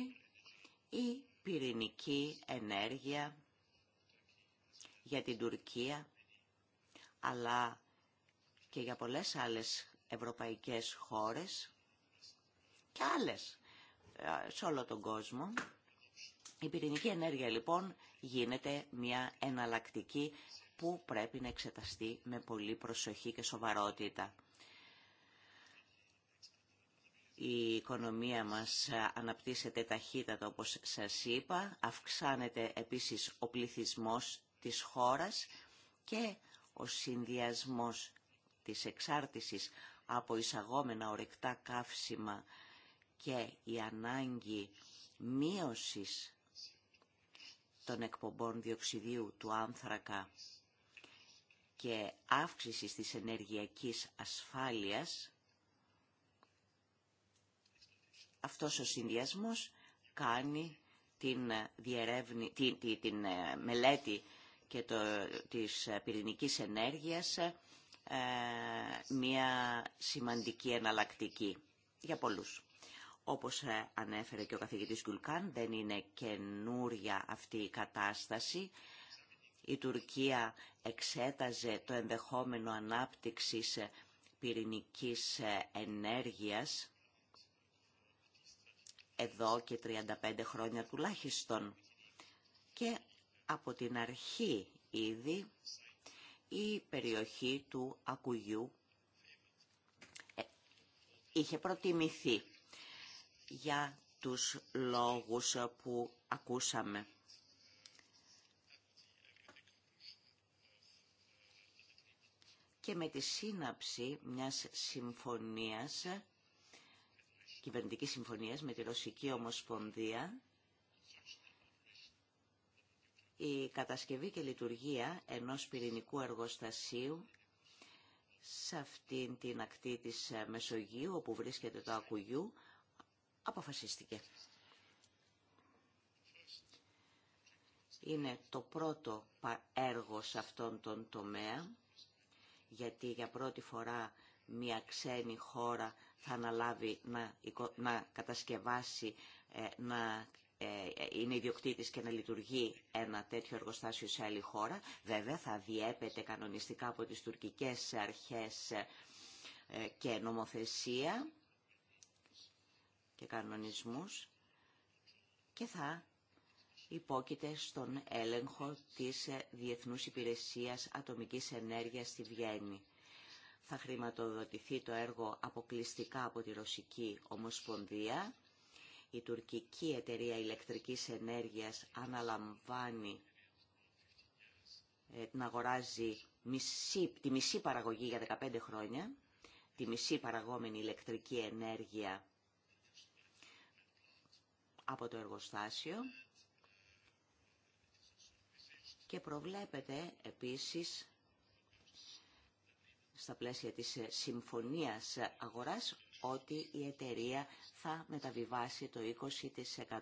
η πυρηνική ενέργεια για την Τουρκία αλλά και για πολλές άλλες ευρωπαϊκές χώρες και άλλες ε, σε όλο τον κόσμο. Η πυρηνική ενέργεια λοιπόν γίνεται μια εναλλακτική που πρέπει να εξεταστεί με πολύ προσοχή και σοβαρότητα. Η οικονομία μας αναπτύσσεται ταχύτατα όπως σας είπα, αυξάνεται επίσης ο πληθυσμός της χώρας και ο συνδυασμός της εξάρτησης από εισαγόμενα ορεκτά καύσιμα και η ανάγκη μείωσης των εκπομπών διοξιδίου του άνθρακα και αύξησης της ενεργειακής ασφάλειας, αυτός ο συνδυασμός κάνει την, διερεύνη, την ε, μελέτη και το, της πυρηνικής ενέργειας ε, μια σημαντική εναλλακτική για πολλούς. Όπως ε, ανέφερε και ο καθηγητής Γκουλκάν, δεν είναι καινούρια αυτή η κατάσταση. Η Τουρκία εξέταζε το ενδεχόμενο ανάπτυξης ε, πυρηνικής ενέργειας εδώ και 35 χρόνια τουλάχιστον. Και από την αρχή ήδη η περιοχή του Ακουγιού ε, είχε προτιμηθεί για τους λόγους που ακούσαμε. Και με τη σύναψη μιας συμφωνίας, κυβερνητικής συμφωνίας με τη Ρωσική Ομοσπονδία, η κατασκευή και λειτουργία ενός πυρηνικού εργοστασίου σε αυτήν την ακτή της Μεσογείου όπου βρίσκεται το Ακουγιού αποφασίστηκε. Είναι το πρώτο έργο σε αυτόν τον τομέα γιατί για πρώτη φορά μια ξένη χώρα θα αναλάβει να, να κατασκευάσει, ε, να ε, είναι ιδιοκτήτη και να λειτουργεί ένα τέτοιο εργοστάσιο σε άλλη χώρα. Βέβαια θα διέπεται κανονιστικά από τις τουρκικές αρχές ε, και νομοθεσία και κανονισμούς και θα υπόκειται στον έλεγχο της ε, Διεθνούς Υπηρεσίας Ατομικής Ενέργειας στη Βιέννη. Θα χρηματοδοτηθεί το έργο αποκλειστικά από τη Ρωσική Ομοσπονδία η τουρκική εταιρεία ηλεκτρικής ενέργειας αναλαμβάνει ε, να αγοράζει μισή, τη μισή παραγωγή για 15 χρόνια, τη μισή παραγόμενη ηλεκτρική ενέργεια από το εργοστάσιο και προβλέπεται επίσης στα πλαίσια της ε, συμφωνίας αγοράς ότι η εταιρεία θα μεταβιβάσει το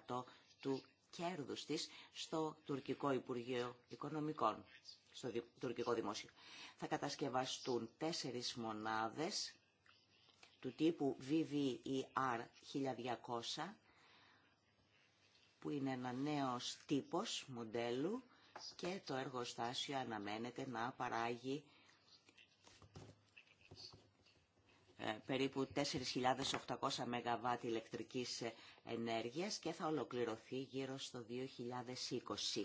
20% του κέρδους της στο τουρκικό Υπουργείο Οικονομικών, στο τουρκικό δημόσιο. Θα κατασκευαστούν τέσσερις μονάδες του τύπου VVER 1200, που είναι ένα νέος τύπος μοντέλου και το εργοστάσιο αναμένεται να παράγει Ε, περίπου 4.800 ΜΒ ηλεκτρικής ε, ενέργειας και θα ολοκληρωθεί γύρω στο 2020.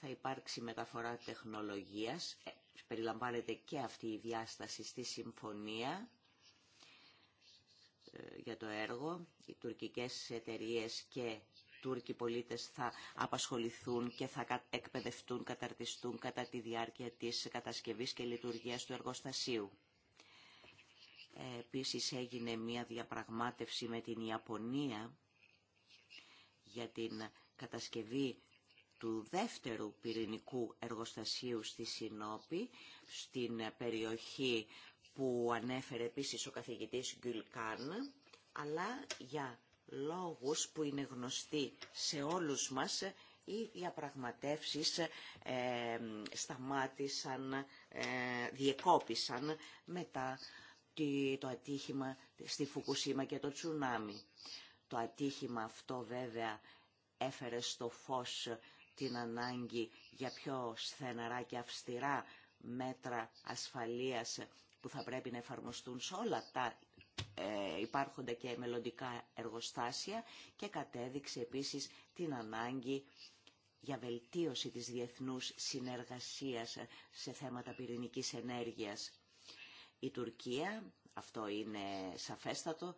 Θα υπάρξει μεταφορά τεχνολογίας, ε, περιλαμβάνεται και αυτή η διάσταση στη συμφωνία για το έργο. Οι τουρκικές εταιρείες και Τούρκοι πολίτες θα απασχοληθούν και θα εκπαιδευτούν, καταρτιστούν κατά τη διάρκεια της κατασκευής και λειτουργίας του εργοστασίου. Ε, επίσης έγινε μια διαπραγμάτευση με την Ιαπωνία για την κατασκευή του δεύτερου πυρηνικού εργοστασίου στη Σινόπη, στην περιοχή που ανέφερε επίσης ο καθηγητής Γκουλκάν, αλλά για λόγους που είναι γνωστοί σε όλους μας, οι διαπραγματεύσεις ε, σταμάτησαν, ε, διεκόπησαν μετά το ατύχημα στη Φουκουσίμα και το τσουνάμι. Το ατύχημα αυτό βέβαια έφερε στο φως την ανάγκη για πιο στεναρά και αυστηρά μέτρα ασφαλείας που θα πρέπει να εφαρμοστούν σε όλα τα ε, υπάρχοντα και μελλοντικά εργοστάσια και κατέδειξε επίσης την ανάγκη για βελτίωση της διεθνούς συνεργασίας σε θέματα πυρηνικής ενέργειας. Η Τουρκία, αυτό είναι σαφέστατο,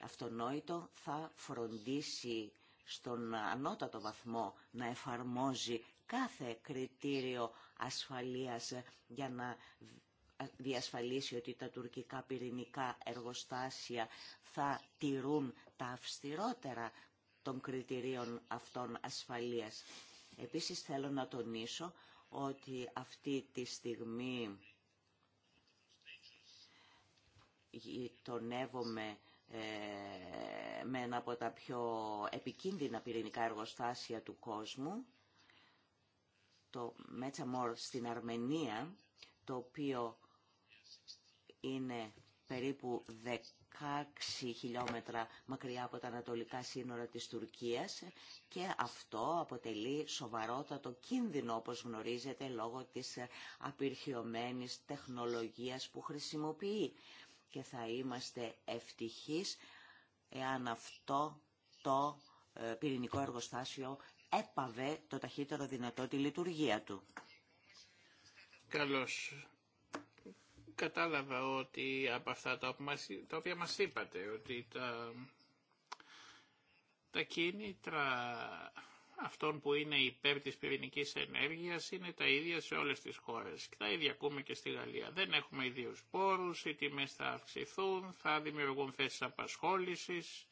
αυτονόητο, θα φροντίσει στον ανώτατο βαθμό να εφαρμόζει κάθε κριτήριο ασφαλείας για να διασφαλίσει ότι τα τουρκικά πυρηνικά εργοστάσια θα τηρούν τα αυστηρότερα των κριτηρίων αυτών ασφαλείας. Επίσης θέλω να τονίσω ότι αυτή τη στιγμή γειτονεύομαι ε, με ένα από τα πιο επικίνδυνα πυρηνικά εργοστάσια του κόσμου, το Μέτσα στην Αρμενία, το οποίο είναι περίπου 16 χιλιόμετρα μακριά από τα ανατολικά σύνορα της Τουρκίας και αυτό αποτελεί σοβαρότατο κίνδυνο όπως γνωρίζετε λόγω της απειρχιωμένης τεχνολογίας που χρησιμοποιεί και θα είμαστε ευτυχείς εάν αυτό το ε, πυρηνικό εργοστάσιο έπαβε το ταχύτερο δυνατό τη λειτουργία του. Καλώς κατάλαβα ότι από αυτά τα οποία μας είπατε, ότι τα, τα κίνητρα αυτών που είναι υπέρ της πυρηνικής ενέργειας είναι τα ίδια σε όλες τις χώρες. Και τα ίδια ακούμε και στη Γαλλία. Δεν έχουμε ιδίους πόρους, οι τιμές θα αυξηθούν, θα δημιουργούν θέσεις απασχόλησης.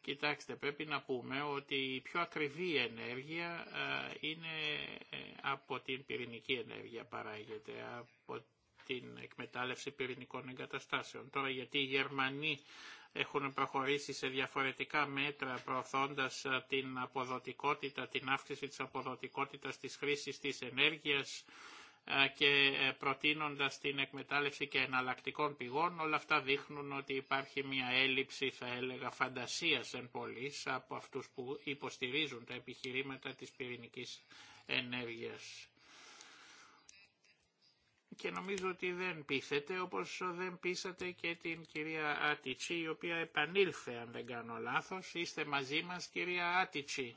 Κοιτάξτε, πρέπει να πούμε ότι η πιο ακριβή ενέργεια ε, είναι ε, από την πυρηνική ενέργεια παράγεται, από την εκμετάλλευση πυρηνικών εγκαταστάσεων. Τώρα γιατί οι Γερμανοί έχουν προχωρήσει σε διαφορετικά μέτρα προωθώντας ε, την αποδοτικότητα, την αύξηση της αποδοτικότητας της χρήσης της ενέργειας ε, και ε, προτείνοντας την εκμετάλλευση και εναλλακτικών πηγών, όλα αυτά δείχνουν ότι υπάρχει μια έλλειψη, θα έλεγα, φαντασίας εν πολλής από αυτούς που υποστηρίζουν τα επιχειρήματα της πυρηνικής ενέργειας και νομίζω ότι δεν πείθετε, όπως δεν πείσατε και την κυρία Άτιτσι, η οποία επανήλθε, αν δεν κάνω λάθος. Είστε μαζί μας, κυρία Άτιτσι.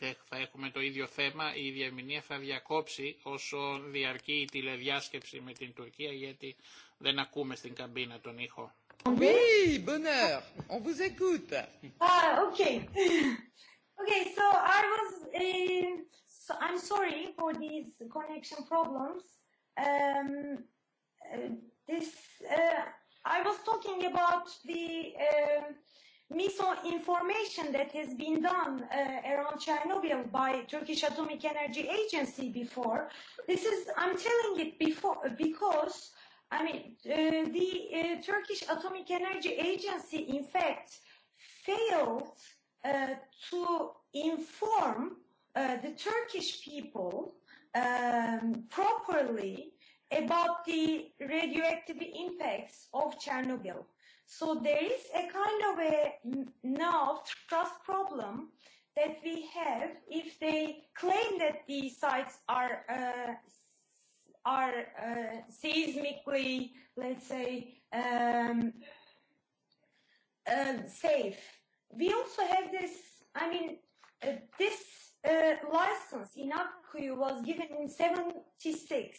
Ε, θα έχουμε το ίδιο θέμα, η διαμηνία θα διακόψει όσο διαρκεί η τηλεδιάσκεψη με την Τουρκία γιατί δεν ακούμε στην καμπίνα τον ήχο. bonheur, on vous écoute. Ah, Okay, so I was, so I'm sorry for these connection problems. Um, this, I was talking about the misinformation that has been done around Chernobyl by Turkish Atomic Energy Agency before. This is, I'm telling it before because, I mean, the Turkish Atomic Energy Agency, in fact, failed to inform the Turkish people properly about the radioactive impacts of Chernobyl. So there is a kind of a now trust problem that we have if they claim that these sites are are seismically, let's say, um, safe we also have this, I mean, uh, this uh, license in Akkuyu was given in 76.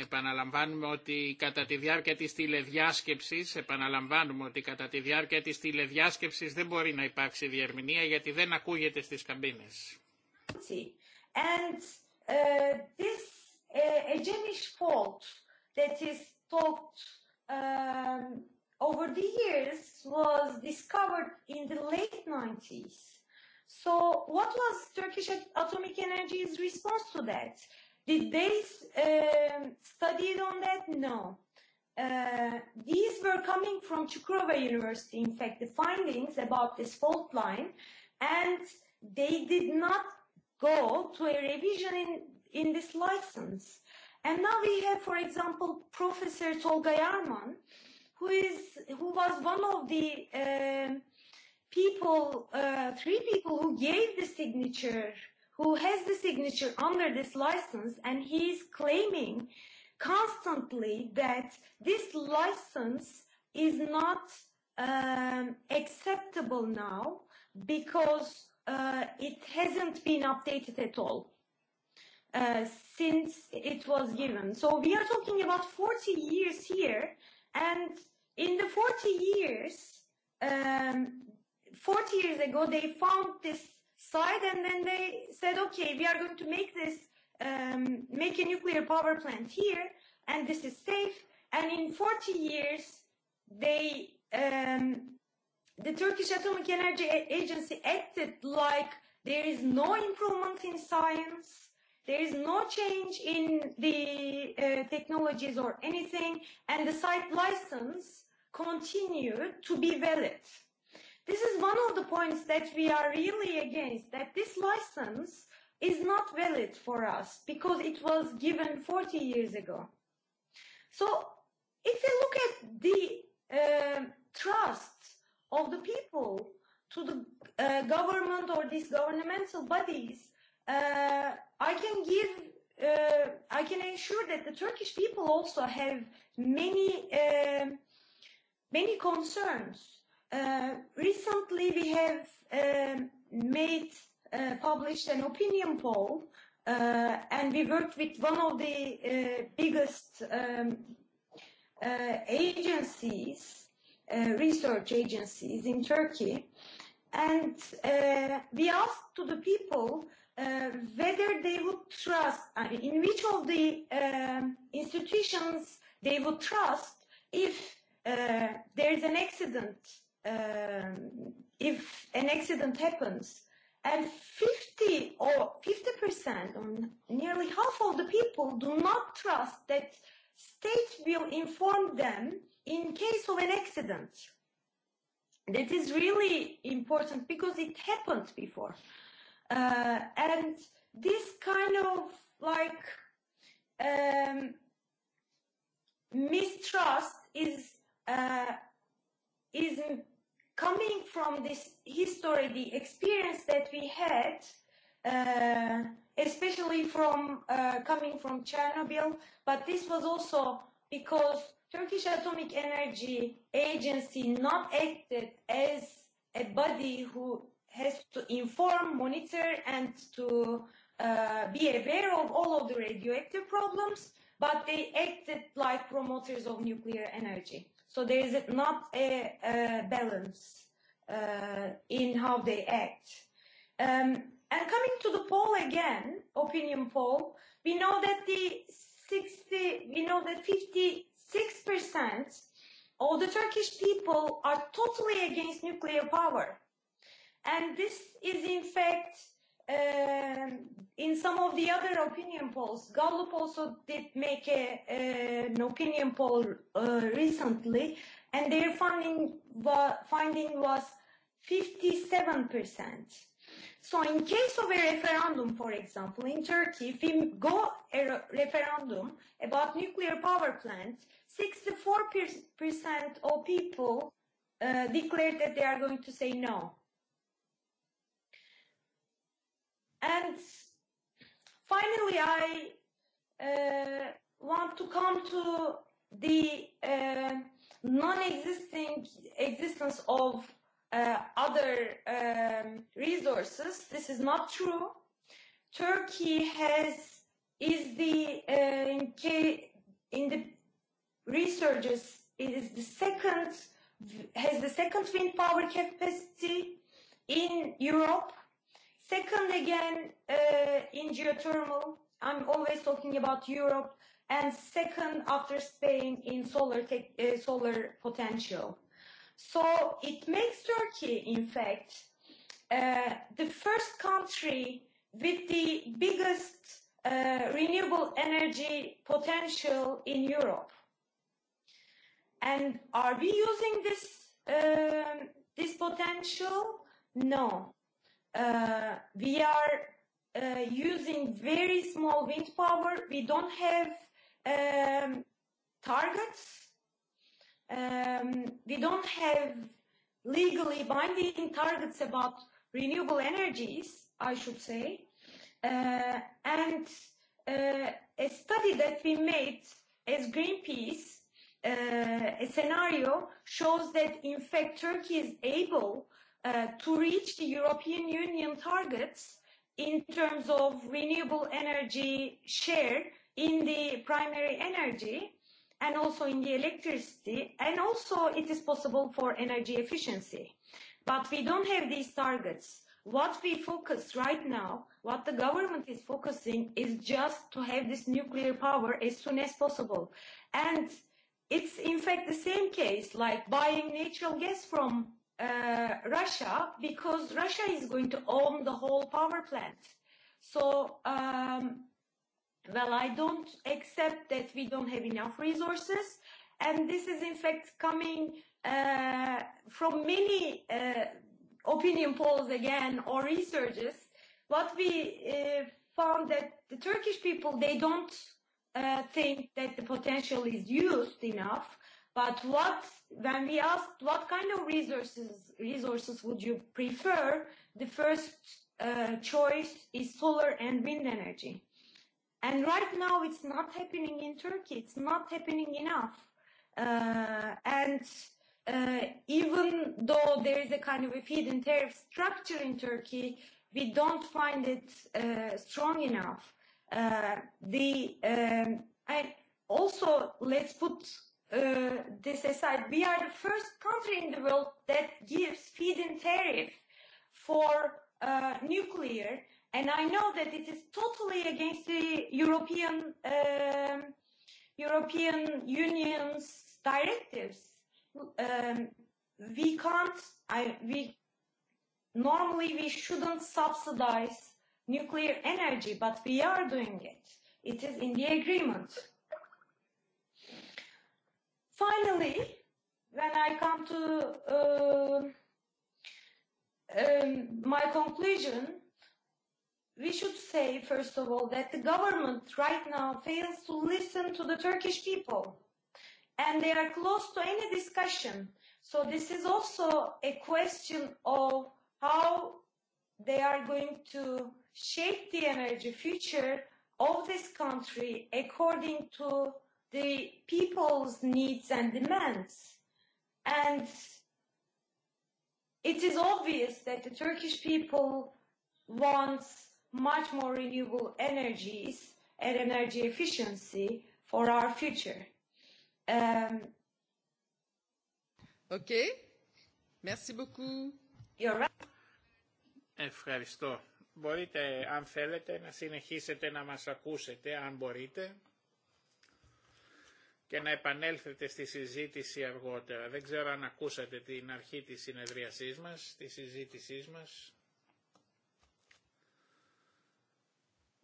Επαναλαμβάνουμε ότι κατά τη διάρκεια της τηλεδιάσκεψης, επαναλαμβάνουμε ότι κατά τη διάρκεια της τηλεδιάσκεψης δεν μπορεί να υπάρξει διερμηνία γιατί δεν ακούγεται στις καμπίνες. And uh, this uh, fault that is talked um, over the years was discovered in the late 90s. So what was Turkish Atomic Energy's response to that? Did they study on that? No. These were coming from Çukurova University, in fact, the findings about this fault line, and they did not go to a revision in, in this license. And now we have, for example, Professor Tolga Yarman, who is who was one of the people three people who gave the signature who has the signature under this license and he is claiming constantly that this license is not acceptable now because it hasn't been updated at all since it was given. So we are talking about 40 years here and In the 40 years, um, 40 years ago, they found this site and then they said, okay, we are going to make this, um, make a nuclear power plant here and this is safe. And in 40 years, they, um, the Turkish Atomic Energy Agency acted like there is no improvement in science. There is no change in the technologies or anything, and the site license continue to be valid. This is one of the points that we are really against, that this license is not valid for us because it was given 40 years ago. So if you look at the trust of the people to the government or these governmental bodies, I can give, I can ensure that the Turkish people also have many many concerns. Recently we have made published an opinion poll and we worked with one of the biggest agencies, research agencies in Turkey and we asked to the people whether they would trust, in which of the institutions they would trust if there is an accident, if an accident happens, and 50 or 50 percent, nearly half of the people do not trust that state will inform them in case of an accident. That is really important because it happened before. And this kind of like um mistrust is is coming from this history, the experience that we had, especially from coming from Chernobyl, but this was also because Turkish Atomic Energy Agency not acted as a body who has to inform, monitor, and to be aware of all of the radioactive problems, but they acted like promoters of nuclear energy. So there is not a balance in how they act. And coming to the poll again, opinion poll, we know that the 60, we know that 56% of the Turkish people are totally against nuclear power. And this is in fact in some of the other opinion polls, Gallup also did make an opinion poll recently, and their finding finding was 57%. So in case of a referendum, for example, in Turkey, if we go a referendum about nuclear power plants, 64% of people declared that they are going to say no. And finally, I want to come to the non-existing existence of other resources. This is not true. Turkey has is the in the researches is the second has the second wind power capacity in Europe Second again, in geothermal, I'm always talking about Europe, and second after Spain in solar solar potential. So it makes Turkey, in fact, the first country with the biggest renewable energy potential in Europe. And are we using this this potential? No we are using very small wind power. We don't have um targets. um We don't have legally binding targets about renewable energies, I should say. And a study that we made as Greenpeace, a scenario shows that in fact Turkey is able to reach the European Union targets in terms of renewable energy share in the primary energy and also in the electricity and also it is possible for energy efficiency. But we don't have these targets. What we focus right now, what the government is focusing is just to have this nuclear power as soon as possible. And it's in fact the same case like buying natural gas from Russia because Russia is going to own the whole power plant. So, um, well, I don't accept that we don't have enough resources. And this is, in fact, coming uh, from many uh, opinion polls again or researches. What we found that the Turkish people, they don't uh, think that the potential is used enough But what, when we asked what kind of resources resources would you prefer, the first choice is solar and wind energy. And right now it's not happening in Turkey. It's not happening enough. And even though there is a kind of a feed-in tariff structure in Turkey, we don't find it strong enough. The I also let's put this aside, we are the first country in the world that gives feed-in tariff for nuclear, and I know that it is totally against the European European Union's directives. We can't. I we normally we shouldn't subsidize nuclear energy, but we are doing it. It is in the agreement. Finally, when I come to my conclusion, we should say, first of all, that the government right now fails to listen to the Turkish people. And they are close to any discussion. So this is also a question of how they are going to shape the energy future of this country according to the people's needs and demands. And it is obvious that the Turkish people wants much more renewable energies and energy efficiency for our future. Um, okay. Merci beaucoup. You're right. Ευχαριστώ. Μπορείτε, αν θέλετε, να συνεχίσετε να μας ακούσετε, αν μπορείτε και να επανέλθετε στη συζήτηση αργότερα. Δεν ξέρω αν ακούσατε την αρχή της συνεδρίασής μας, της συζήτησής μας.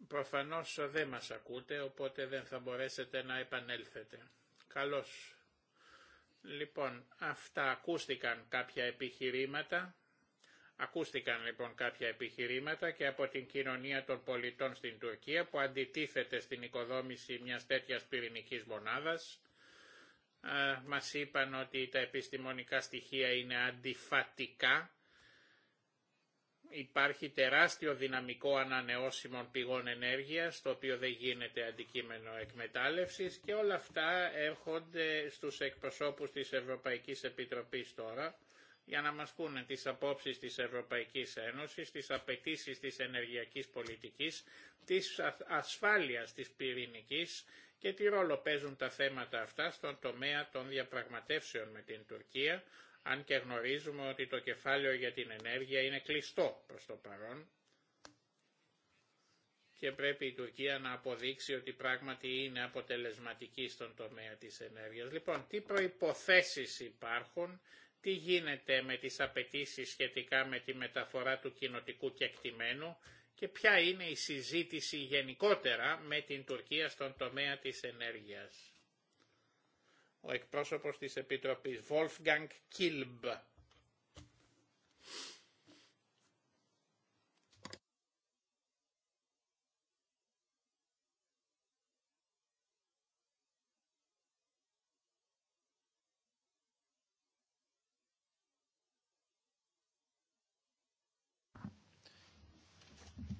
Προφανώς δεν μας ακούτε, οπότε δεν θα μπορέσετε να επανέλθετε. Καλώς. Λοιπόν, αυτά ακούστηκαν κάποια επιχειρήματα. Ακούστηκαν λοιπόν κάποια επιχειρήματα και από την κοινωνία των πολιτών στην Τουρκία που αντιτίθεται στην οικοδόμηση μιας τέτοιας πυρηνικής μονάδας. Μας είπαν ότι τα επιστημονικά στοιχεία είναι αντιφατικά. Υπάρχει τεράστιο δυναμικό ανανεώσιμων πηγών ενέργειας, το οποίο δεν γίνεται αντικείμενο εκμετάλλευσης και όλα αυτά έρχονται στους εκπροσώπους της Ευρωπαϊκής Επιτροπής τώρα για να μας πούνε τις απόψεις της Ευρωπαϊκής Ένωσης, τις απαιτήσει της ενεργειακής πολιτικής, της ασφάλειας της πυρηνικής και τι ρόλο παίζουν τα θέματα αυτά στον τομέα των διαπραγματεύσεων με την Τουρκία, αν και γνωρίζουμε ότι το κεφάλαιο για την ενέργεια είναι κλειστό προς το παρόν και πρέπει η Τουρκία να αποδείξει ότι πράγματι είναι αποτελεσματική στον τομέα της ενέργειας. Λοιπόν, τι προϋποθέσεις υπάρχουν τι γίνεται με τις απαιτήσει σχετικά με τη μεταφορά του κοινοτικού κεκτημένου και ποια είναι η συζήτηση γενικότερα με την Τουρκία στον τομέα της ενέργειας. Ο εκπρόσωπος της Επιτροπής Wolfgang Kilb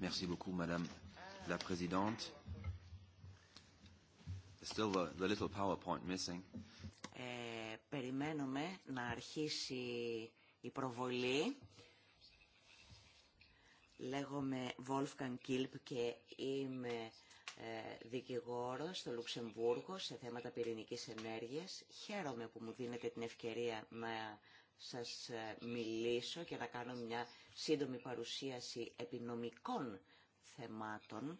Merci beaucoup, Madame la Présidente. Still the, little PowerPoint missing. Ε, περιμένουμε να αρχίσει η προβολή. Λέγομαι Wolfgang Kilp και είμαι ε, δικηγόρος στο Λουξεμβούργο σε θέματα πυρηνικής ενέργειας. Χαίρομαι που μου δίνετε την ευκαιρία να σας ε, μιλήσω και να κάνω μια σύντομη παρουσίαση επινομικών θεμάτων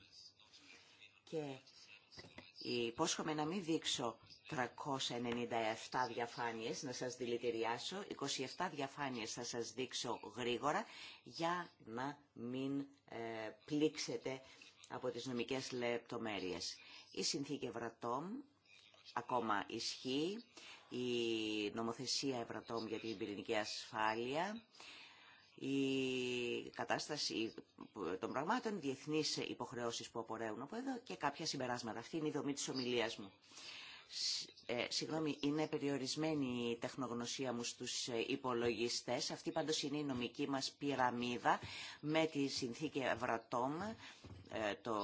και υπόσχομαι να μην δείξω 397 διαφάνειες, να σας δηλητηριάσω. 27 διαφάνειες θα σας δείξω γρήγορα για να μην ε, πλήξετε από τις νομικές λεπτομέρειες. Η συνθήκη Ευρατόμ ακόμα ισχύει, η νομοθεσία Ευρατόμ για την πυρηνική ασφάλεια, η κατάσταση των πραγμάτων, διεθνεί υποχρεώσεις που απορρέουν από εδώ και κάποια συμπεράσματα. Αυτή είναι η δομή της ομιλίας μου. Ε, συγγνώμη, είναι περιορισμένη η τεχνογνωσία μου στους ε, υπολογιστές. Αυτή πάντως είναι η νομική μας πυραμίδα με τη συνθήκη Ευρατόμ, ε, το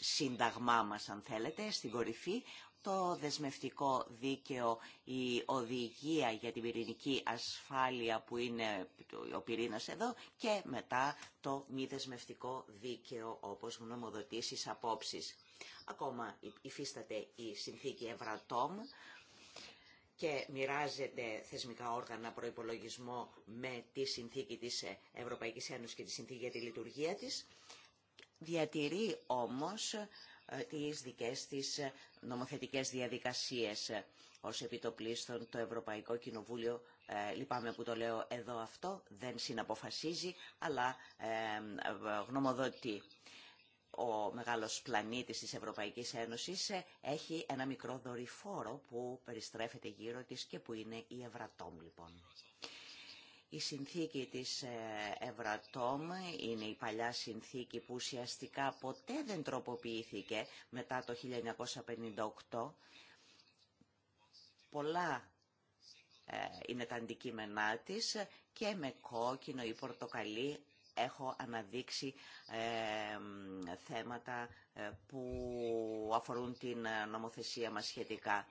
σύνταγμά μας αν θέλετε, στην κορυφή το δεσμευτικό δίκαιο, η οδηγία για την πυρηνική ασφάλεια που είναι ο πυρήνας εδώ και μετά το μη δεσμευτικό δίκαιο όπως γνωμοδοτήσεις απόψεις. Ακόμα υφίσταται η συνθήκη Ευρατόμ και μοιράζεται θεσμικά όργανα προϋπολογισμό με τη συνθήκη της ε, Ευρωπαϊκής Ένωσης και τη συνθήκη για τη λειτουργία της. Διατηρεί όμως ε, τι δικές της ε, νομοθετικές διαδικασίες. Ε, ως επιτοπλίστων το Ευρωπαϊκό Κοινοβούλιο, λυπάμαι που το λέω εδώ αυτό, δεν συναποφασίζει, αλλά γνωμοδοτεί. Ο μεγάλος πλανήτης της Ευρωπαϊκής Ένωσης έχει ένα μικρό δορυφόρο που περιστρέφεται γύρω της και που είναι η Ευρατόμ, λοιπόν. Η συνθήκη της ε, Ευρατόμ είναι η παλιά συνθήκη που ουσιαστικά ποτέ δεν τροποποιήθηκε μετά το 1958. Πολλά ε, είναι τα αντικείμενά της και με κόκκινο ή πορτοκαλί έχω αναδείξει ε, θέματα που αφορούν την νομοθεσία μας σχετικά.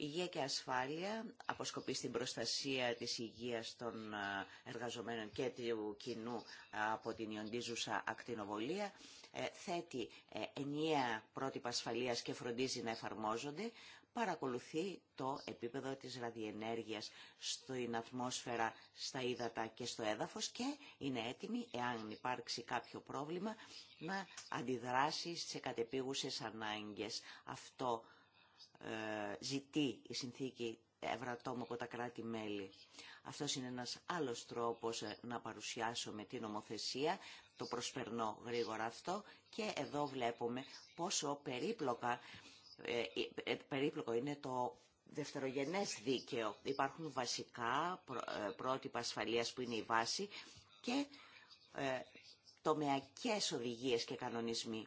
Υγεία και ασφάλεια αποσκοπεί στην προστασία της υγείας των εργαζομένων και του κοινού από την ιοντίζουσα ακτινοβολία, ε, θέτει ε, ενιαία πρότυπα ασφαλείας και φροντίζει να εφαρμόζονται, παρακολουθεί το επίπεδο της ραδιενέργειας στην ατμόσφαιρα, στα ύδατα και στο έδαφος και είναι έτοιμη, εάν υπάρξει κάποιο πρόβλημα, να αντιδράσει σε κατεπίγουσες ανάγκες. Αυτό ε, ζητεί η συνθήκη ευρατόμου από τα κράτη-μέλη. Αυτό είναι ένας άλλος τρόπος ε, να παρουσιάσουμε την ομοθεσία, το προσπερνώ γρήγορα αυτό και εδώ βλέπουμε πόσο περίπλοκα, ε, περίπλοκο είναι το δευτερογενές δίκαιο. Υπάρχουν βασικά πρότυπα ασφαλείας που είναι η βάση και τομεακές οδηγίες και κανονισμοί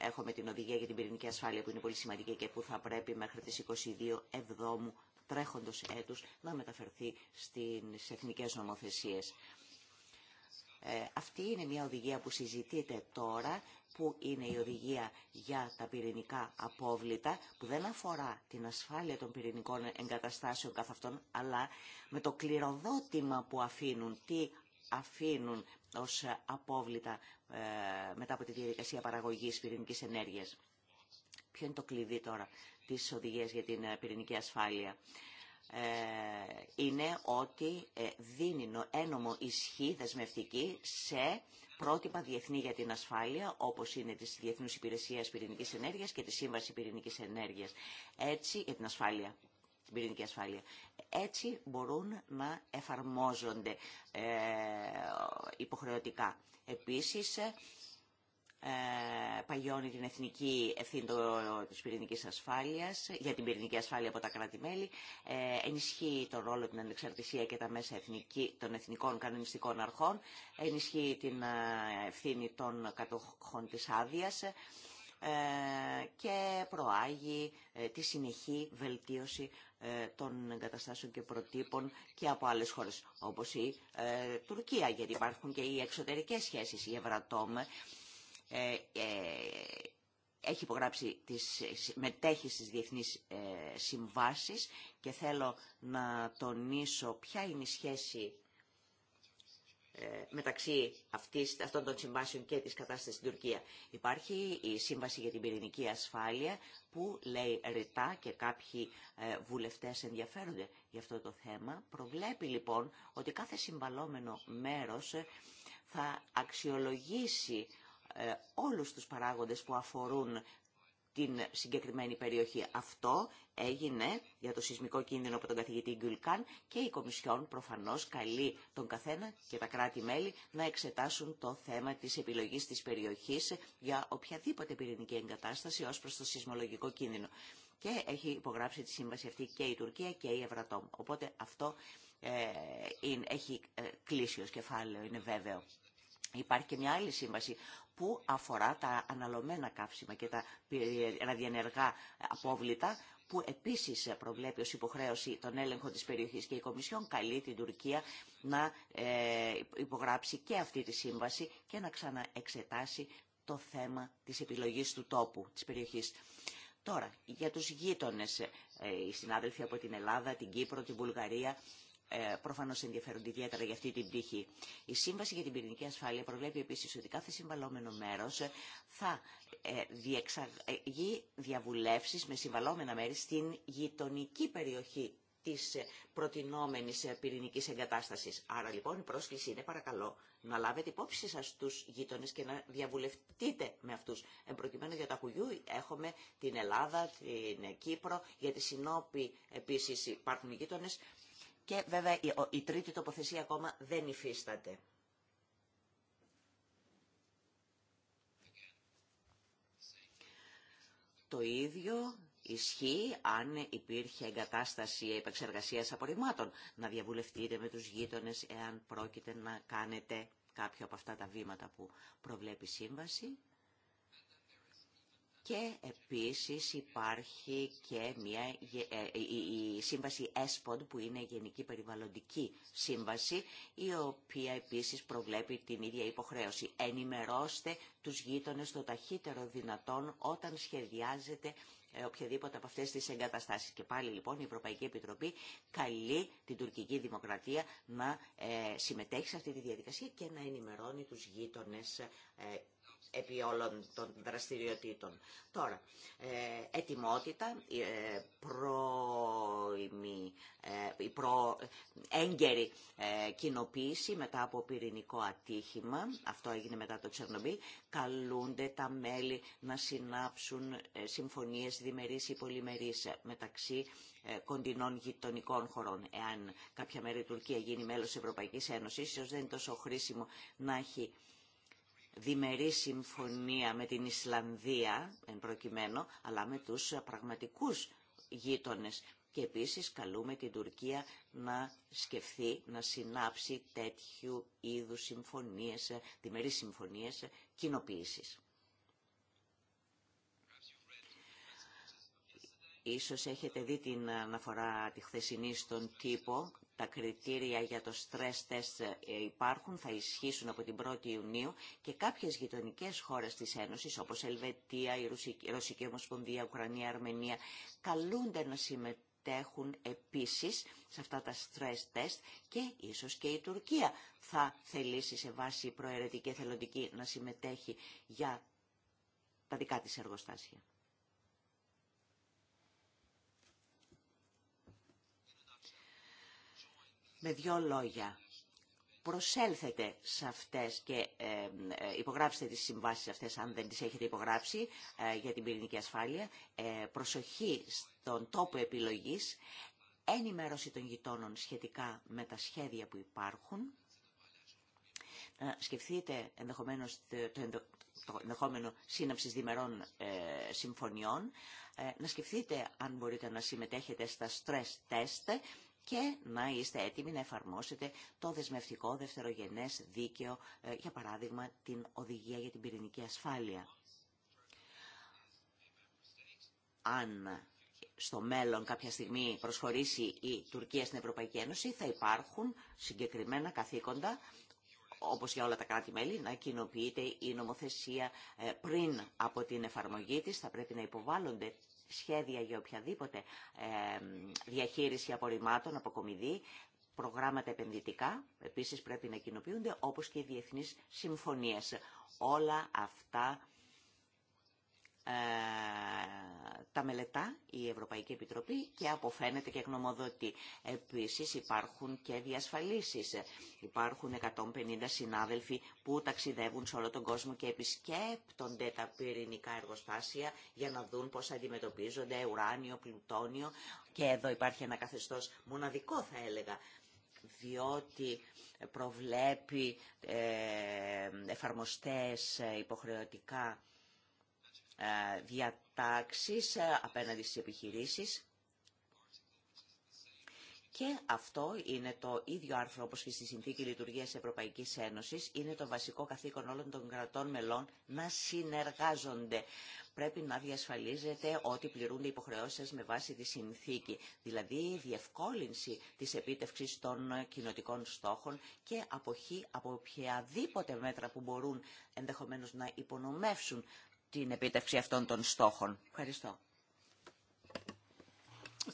έχουμε την οδηγία για την πυρηνική ασφάλεια που είναι πολύ σημαντική και που θα πρέπει μέχρι τις 22 Εβδόμου τρέχοντος έτους να μεταφερθεί στις εθνικές νομοθεσίες. Ε, αυτή είναι μια οδηγία που συζητείται τώρα, που είναι η οδηγία για τα πυρηνικά απόβλητα, που δεν αφορά την ασφάλεια των πυρηνικών εγκαταστάσεων καθ' αυτών, αλλά με το κληροδότημα που αφήνουν, τι αφήνουν ως απόβλητα ε, μετά από τη διαδικασία παραγωγής πυρηνικής ενέργειας. Ποιο είναι το κλειδί τώρα της οδηγίας για την ε, πυρηνική ασφάλεια. Ε, είναι ότι δίνει ένομο ισχύ δεσμευτική σε πρότυπα διεθνή για την ασφάλεια, όπως είναι της Διεθνούς Υπηρεσίας Πυρηνικής Ενέργειας και τη Σύμβαση Πυρηνικής Ενέργειας. Έτσι, για την ασφάλεια, την πυρηνική ασφάλεια έτσι μπορούν να εφαρμόζονται ε, υποχρεωτικά. Επίσης, ε, παγιώνει την εθνική ευθύνη της πυρηνικής ασφάλειας, για την πυρηνική ασφάλεια από τα κράτη-μέλη, ε, ενισχύει τον ρόλο την ανεξαρτησία και τα μέσα εθνική, των εθνικών κανονιστικών αρχών, ενισχύει την ευθύνη των κατοχών της άδεια και προάγει τη συνεχή βελτίωση ε, των εγκαταστάσεων και προτύπων και από άλλες χώρες, όπως η ε, Τουρκία, γιατί υπάρχουν και οι εξωτερικές σχέσεις. Η Ευρατόμ ε, ε έχει υπογράψει, τις, μετέχει στις διεθνείς συμβάσεις και θέλω να τονίσω ποια είναι η σχέση ε, μεταξύ αυτής, αυτών των συμβάσεων και της κατάστασης στην Τουρκία. Υπάρχει η Σύμβαση για την Πυρηνική Ασφάλεια που λέει ρητά και κάποιοι ε, βουλευτές ενδιαφέρονται για αυτό το θέμα. Προβλέπει λοιπόν ότι κάθε συμβαλόμενο μέρος ε, θα αξιολογήσει όλους τους παράγοντες που αφορούν την συγκεκριμένη περιοχή. Αυτό έγινε για το σεισμικό κίνδυνο από τον καθηγητή Γκουλκάν και η Κομισιόν προφανώς καλεί τον καθένα και τα κράτη-μέλη να εξετάσουν το θέμα της επιλογής της περιοχής για οποιαδήποτε πυρηνική εγκατάσταση ως προς το σεισμολογικό κίνδυνο. Και έχει υπογράψει τη σύμβαση αυτή και η Τουρκία και η Ευρατόμ. Οπότε αυτό ε, έχει ε, κλείσει ως κεφάλαιο, είναι βέβαιο. Υπάρχει και μια άλλη σύμβαση που αφορά τα αναλωμένα καύσιμα και τα ραδιενεργά απόβλητα, που επίσης προβλέπει ως υποχρέωση τον έλεγχο της περιοχής και η Κομισιόν καλεί την Τουρκία να ε, υπογράψει και αυτή τη σύμβαση και να ξαναεξετάσει το θέμα της επιλογής του τόπου, της περιοχής. Τώρα, για τους γείτονες, ε, οι συνάδελφοι από την Ελλάδα, την Κύπρο, την Βουλγαρία ε, Προφανώ ενδιαφέρονται ιδιαίτερα για αυτή την πτυχή. Η Σύμβαση για την Πυρηνική Ασφάλεια προβλέπει επίση ότι κάθε συμβαλόμενο μέρο ε, θα ε, διεξαγεί διαβουλεύσει με συμβαλόμενα μέρη στην γειτονική περιοχή τη προτινόμενη πυρηνική εγκατάσταση. Άρα λοιπόν η πρόσκληση είναι παρακαλώ να λάβετε υπόψη σα του γείτονε και να διαβουλευτείτε με αυτούς. Εμπροκειμένου για τα κουγιού έχουμε την Ελλάδα, την Κύπρο, για τη Συνόπη επίση υπάρχουν οι και βέβαια η τρίτη τοποθεσία ακόμα δεν υφίσταται. Το ίδιο ισχύει αν υπήρχε εγκατάσταση επεξεργασίας απορριμμάτων. Να διαβουλευτείτε με τους γείτονες εάν πρόκειται να κάνετε κάποιο από αυτά τα βήματα που προβλέπει η σύμβαση. Και επίσης υπάρχει και μια, ε, η σύμβαση ESPOD που είναι η Γενική Περιβαλλοντική Σύμβαση η οποία επίσης προβλέπει την ίδια υποχρέωση. Ενημερώστε τους γείτονες το ταχύτερο δυνατόν όταν σχεδιάζεται ε, οποιαδήποτε από αυτές τις εγκαταστάσεις. Και πάλι λοιπόν η Ευρωπαϊκή Επιτροπή καλεί την τουρκική δημοκρατία να ε, συμμετέχει σε αυτή τη διαδικασία και να ενημερώνει τους γείτονες επί όλων των δραστηριοτήτων. Τώρα, ε, ετοιμότητα, ε, ε προ, έγκαιρη ε, κοινοποίηση μετά από πυρηνικό ατύχημα, αυτό έγινε μετά το Τσερνομπίλ, καλούνται τα μέλη να συνάψουν ε, συμφωνίες διμερείς ή πολυμερείς μεταξύ κοντινών γειτονικών χωρών. Εάν κάποια μέρη η Τουρκία γίνει μέλος της Ευρωπαϊκής Ένωσης, ίσως δεν είναι τόσο χρήσιμο να έχει διμερή συμφωνία με την Ισλανδία, εν προκειμένου, αλλά με τους πραγματικούς γείτονες. Και επίσης καλούμε την Τουρκία να σκεφτεί, να συνάψει τέτοιου είδους συμφωνίες, διμερείς συμφωνίες κοινοποίησης. Ίσως έχετε δει την αναφορά τη χθεσινή στον τύπο τα κριτήρια για το stress test ε, υπάρχουν, θα ισχύσουν από την 1η Ιουνίου και κάποιες γειτονικές χώρες της Ένωσης όπως Ελβετία, η Ρωσική Ομοσπονδία, Ουκρανία, Αρμενία καλούνται να συμμετέχουν επίσης σε αυτά τα stress test και ίσως και η Τουρκία θα θελήσει σε βάση προαιρετική θελοντική να συμμετέχει για τα δικά της εργοστάσια. με δύο λόγια. Προσέλθετε σε αυτές και ε, ε, υπογράψτε τις συμβάσεις αυτές αν δεν τις έχετε υπογράψει ε, για την πυρηνική ασφάλεια. Προσοχή στον τόπο επιλογής, ενημέρωση των γειτόνων σχετικά με τα σχέδια που υπάρχουν. Να σκεφτείτε ενδεχομένως το ενδεχόμενο σύναψης διμερών συμφωνιών. Να σκεφτείτε αν μπορείτε να συμμετέχετε στα stress test και να είστε έτοιμοι να εφαρμόσετε το δεσμευτικό δευτερογενές δίκαιο, ε, για παράδειγμα την οδηγία για την πυρηνική ασφάλεια. Αν στο μέλλον κάποια στιγμή προσχωρήσει η Τουρκία στην Ευρωπαϊκή Ένωση, θα υπάρχουν συγκεκριμένα καθήκοντα, όπως για όλα τα κράτη-μέλη, να κοινοποιείται η νομοθεσία ε, πριν από την εφαρμογή της. Θα πρέπει να υποβάλλονται σχέδια για οποιαδήποτε ε, διαχείριση απορριμμάτων, αποκομιδή, προγράμματα επενδυτικά, επίσης πρέπει να κοινοποιούνται, όπως και οι διεθνείς συμφωνίες. Όλα αυτά ε, τα μελετά η Ευρωπαϊκή Επιτροπή και αποφαίνεται και γνωμοδοτή. Επίσης υπάρχουν και διασφαλίσεις. Υπάρχουν 150 συνάδελφοι που ταξιδεύουν σε όλο τον κόσμο και επισκέπτονται τα πυρηνικά εργοστάσια για να δουν πώς αντιμετωπίζονται ουράνιο, πλουτόνιο και εδώ υπάρχει ένα καθεστώς μοναδικό θα έλεγα διότι προβλέπει ε, εφαρμοστές ε, υποχρεωτικά ε, διατάξεις ε, απέναντι στις επιχειρήσεις και αυτό είναι το ίδιο άρθρο όπως και στη Συνθήκη Λειτουργίας Ευρωπαϊκής Ένωσης. Είναι το βασικό καθήκον όλων των κρατών μελών να συνεργάζονται. Πρέπει να διασφαλίζεται ότι πληρούνται υποχρεώσεις με βάση τη συνθήκη, δηλαδή η διευκόλυνση της επίτευξης των κοινοτικών στόχων και αποχή από οποιαδήποτε μέτρα που μπορούν ενδεχομένως να υπονομεύσουν την επίτευξη αυτών των στόχων. Ευχαριστώ.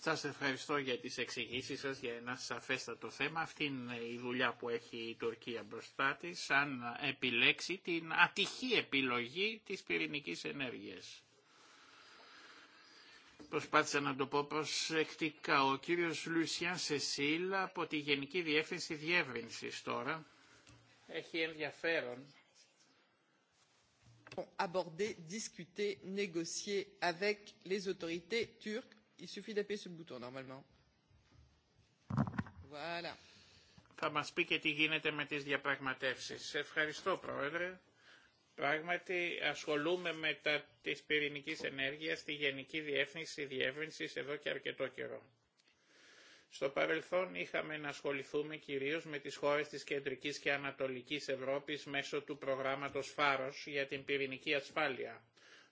Σας ευχαριστώ για τις εξηγήσεις σας για ένα σαφέστατο θέμα. Αυτή είναι η δουλειά που έχει η Τουρκία μπροστά της, αν επιλέξει την ατυχή επιλογή της πυρηνικής ενέργειας. Προσπάθησα να το πω προσεκτικά. Ο κύριος Λουσιάν Σεσίλ από τη Γενική Διεύθυνση Διεύρυνσης τώρα έχει ενδιαφέρον pourront aborder discuter négocier avec les autorités turques. il suffit d'appuyer sur le bouton normalement. Voilà. Θα μας πει και τι γίνεται με τις διαπραγματεύσεις. Σε Ευχαριστώ Πρόεδρε. Πράγματι ασχολούμαι με τα της πυρηνικής ενέργειας στη Γενική Διεύθυνση Διεύρυνσης εδώ και αρκετό καιρό. Στο παρελθόν είχαμε να ασχοληθούμε κυρίως με τις χώρες της Κεντρικής και Ανατολικής Ευρώπης μέσω του προγράμματος Φάρος για την πυρηνική ασφάλεια.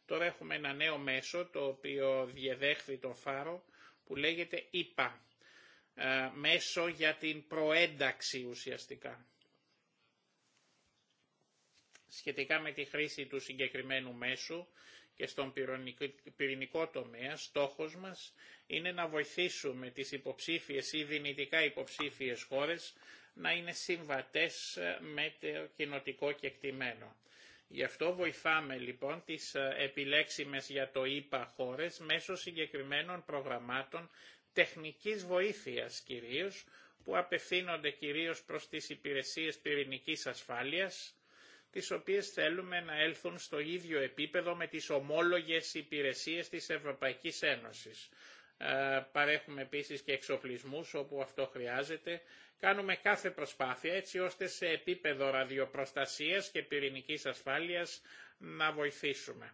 Τώρα έχουμε ένα νέο μέσο το οποίο διεδέχθη το Φάρο που λέγεται ΙΠΑ, ε, μέσο για την προένταξη ουσιαστικά. Σχετικά με τη χρήση του συγκεκριμένου μέσου, και στον πυρηνικό τομέα στόχος μας είναι να βοηθήσουμε τις υποψήφιες ή δυνητικά υποψήφιες χώρες να είναι συμβατές ε, με το κοινοτικό κεκτημένο. Γι' αυτό βοηθάμε λοιπόν τις ε, επιλέξιμες για το ΙΠΑ χώρες μέσω συγκεκριμένων προγραμμάτων τεχνικής βοήθειας κυρίως, που απευθύνονται κυρίως προς τις υπηρεσίες πυρηνικής ασφάλειας, τις οποίες θέλουμε να έλθουν στο ίδιο επίπεδο με τις ομόλογες υπηρεσίες της Ευρωπαϊκής Ένωσης. Ε, παρέχουμε επίσης και εξοπλισμούς όπου αυτό χρειάζεται. Κάνουμε κάθε προσπάθεια έτσι ώστε σε επίπεδο ραδιοπροστασίας και πυρηνικής ασφάλειας να βοηθήσουμε.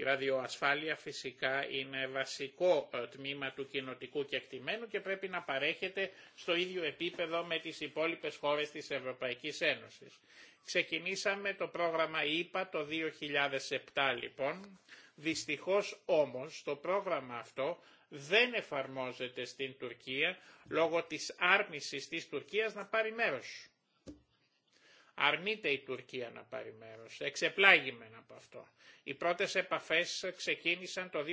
Η ραδιοασφάλεια φυσικά είναι βασικό ε, τμήμα του κοινοτικού κεκτημένου και πρέπει να παρέχεται στο ίδιο επίπεδο με τις υπόλοιπες χώρες της Ευρωπαϊκής Ένωσης. Ξεκινήσαμε το πρόγραμμα ΕΙΠΑ το 2007 λοιπόν. Δυστυχώς όμως το πρόγραμμα αυτό δεν εφαρμόζεται στην Τουρκία λόγω της άρνησης της Τουρκίας να πάρει μέρος. Αρνείται η Τουρκία να πάρει μέρος. Εξεπλάγημεν από αυτό. Οι πρώτες επαφές ξεκίνησαν το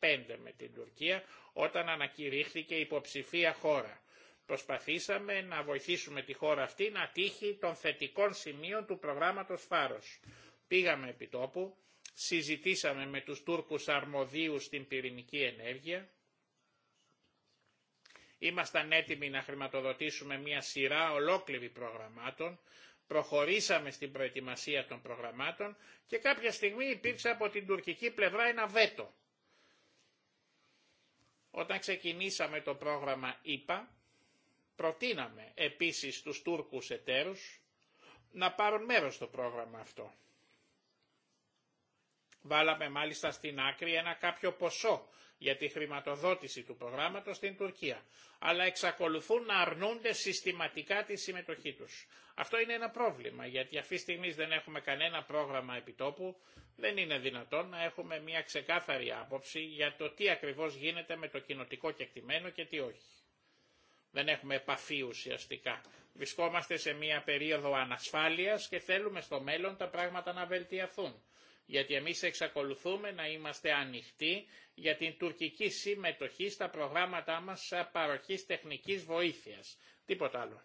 2005 με την Τουρκία όταν ανακηρύχθηκε υποψηφία χώρα. Προσπαθήσαμε να βοηθήσουμε τη χώρα αυτή να τύχει των θετικών σημείων του προγράμματος Φάρος. Πήγαμε επί τόπου, συζητήσαμε με τους Τούρκους αρμοδίους στην πυρηνική ενέργεια, Ήμασταν έτοιμοι να χρηματοδοτήσουμε μια σειρά ολόκληρη προγραμμάτων προχωρήσαμε στην προετοιμασία των προγραμμάτων και κάποια στιγμή υπήρξε από την τουρκική πλευρά ένα βέτο. Όταν ξεκινήσαμε το πρόγραμμα ΙΠΑ, προτείναμε επίσης τους Τούρκους εταίρους να πάρουν μέρος στο πρόγραμμα αυτό. Βάλαμε μάλιστα στην άκρη ένα κάποιο ποσό για τη χρηματοδότηση του προγράμματος στην Τουρκία, αλλά εξακολουθούν να αρνούνται συστηματικά τη συμμετοχή τους. Αυτό είναι ένα πρόβλημα, γιατί αυτή τη στιγμή δεν έχουμε κανένα πρόγραμμα επιτόπου, δεν είναι δυνατόν να έχουμε μια ξεκάθαρη άποψη για το τι ακριβώς γίνεται με το κοινοτικό κεκτημένο και τι όχι. Δεν έχουμε επαφή ουσιαστικά. Βρισκόμαστε σε μια περίοδο ανασφάλειας και θέλουμε στο μέλλον τα πράγματα να βελτιωθούν γιατί εμείς εξακολουθούμε να είμαστε ανοιχτοί για την τουρκική συμμετοχή στα προγράμματά μας παροχής τεχνικής βοήθειας. Τίποτα άλλο.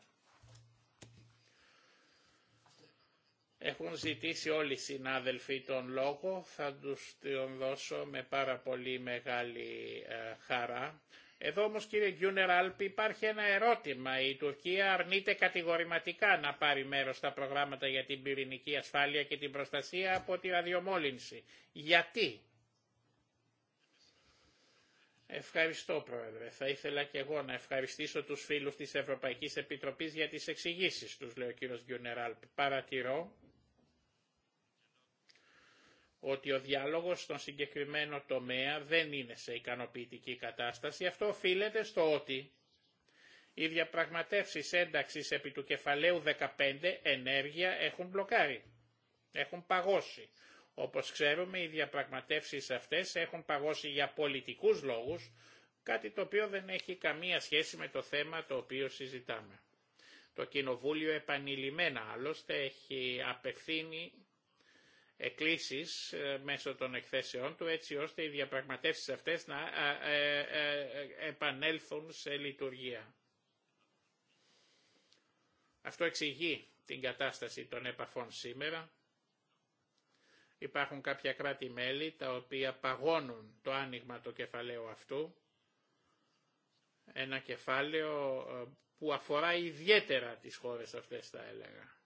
Έχουν ζητήσει όλοι οι συνάδελφοι τον λόγο, θα τους τον δώσω με πάρα πολύ μεγάλη ε, χαρά. Εδώ όμως κύριε Γκιούνερ Άλπ υπάρχει ένα ερώτημα. Η Τουρκία αρνείται κατηγορηματικά να πάρει μέρος στα προγράμματα για την πυρηνική ασφάλεια και την προστασία από τη ραδιομόλυνση. Γιατί. Ευχαριστώ Πρόεδρε. Θα ήθελα και εγώ να ευχαριστήσω τους φίλους της Ευρωπαϊκής Επιτροπής για τις εξηγήσεις τους, λέει ο κύριος Γκιούνερ Άλπ. Παρατηρώ ότι ο διάλογος στον συγκεκριμένο τομέα δεν είναι σε ικανοποιητική κατάσταση. Αυτό οφείλεται στο ότι οι διαπραγματεύσεις ένταξης επί του κεφαλαίου 15 ενέργεια έχουν μπλοκάρει, έχουν παγώσει. Όπως ξέρουμε οι διαπραγματεύσεις αυτές έχουν παγώσει για πολιτικούς λόγους, κάτι το οποίο δεν έχει καμία σχέση με το θέμα το οποίο συζητάμε. Το Κοινοβούλιο επανειλημμένα άλλωστε έχει απευθύνει εκκλήσεις ε, μέσω των εκθέσεών του έτσι ώστε οι διαπραγματεύσεις αυτές να ε, ε, επανέλθουν σε λειτουργία. Αυτό εξηγεί την κατάσταση των επαφών σήμερα. Υπάρχουν κάποια κράτη-μέλη τα οποία παγώνουν το άνοιγμα του κεφαλαίου αυτού. Ένα κεφάλαιο που αφορά ιδιαίτερα τις χώρες αυτές θα έλεγα.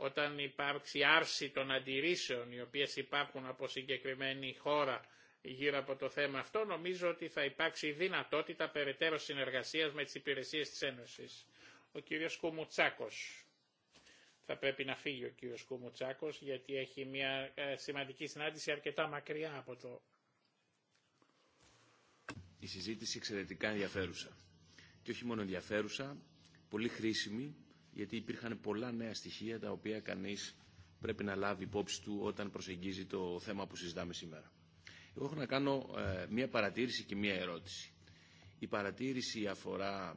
όταν υπάρξει άρση των αντιρρήσεων οι οποίες υπάρχουν από συγκεκριμένη χώρα γύρω από το θέμα αυτό, νομίζω ότι θα υπάρξει δυνατότητα περαιτέρω συνεργασίας με τις υπηρεσίες της Ένωσης. Ο κύριος Κουμουτσάκος. Θα πρέπει να φύγει ο κύριος Κουμουτσάκος γιατί έχει μια ε, σημαντική συνάντηση αρκετά μακριά από το... Η συζήτηση εξαιρετικά ενδιαφέρουσα. Και όχι μόνο ενδιαφέρουσα, πολύ χρήσιμη γιατί υπήρχαν πολλά νέα στοιχεία τα οποία κανείς πρέπει να λάβει υπόψη του όταν προσεγγίζει το θέμα που συζητάμε σήμερα. Εγώ έχω να κάνω ε, μία παρατήρηση και μία ερώτηση. Η παρατήρηση αφορά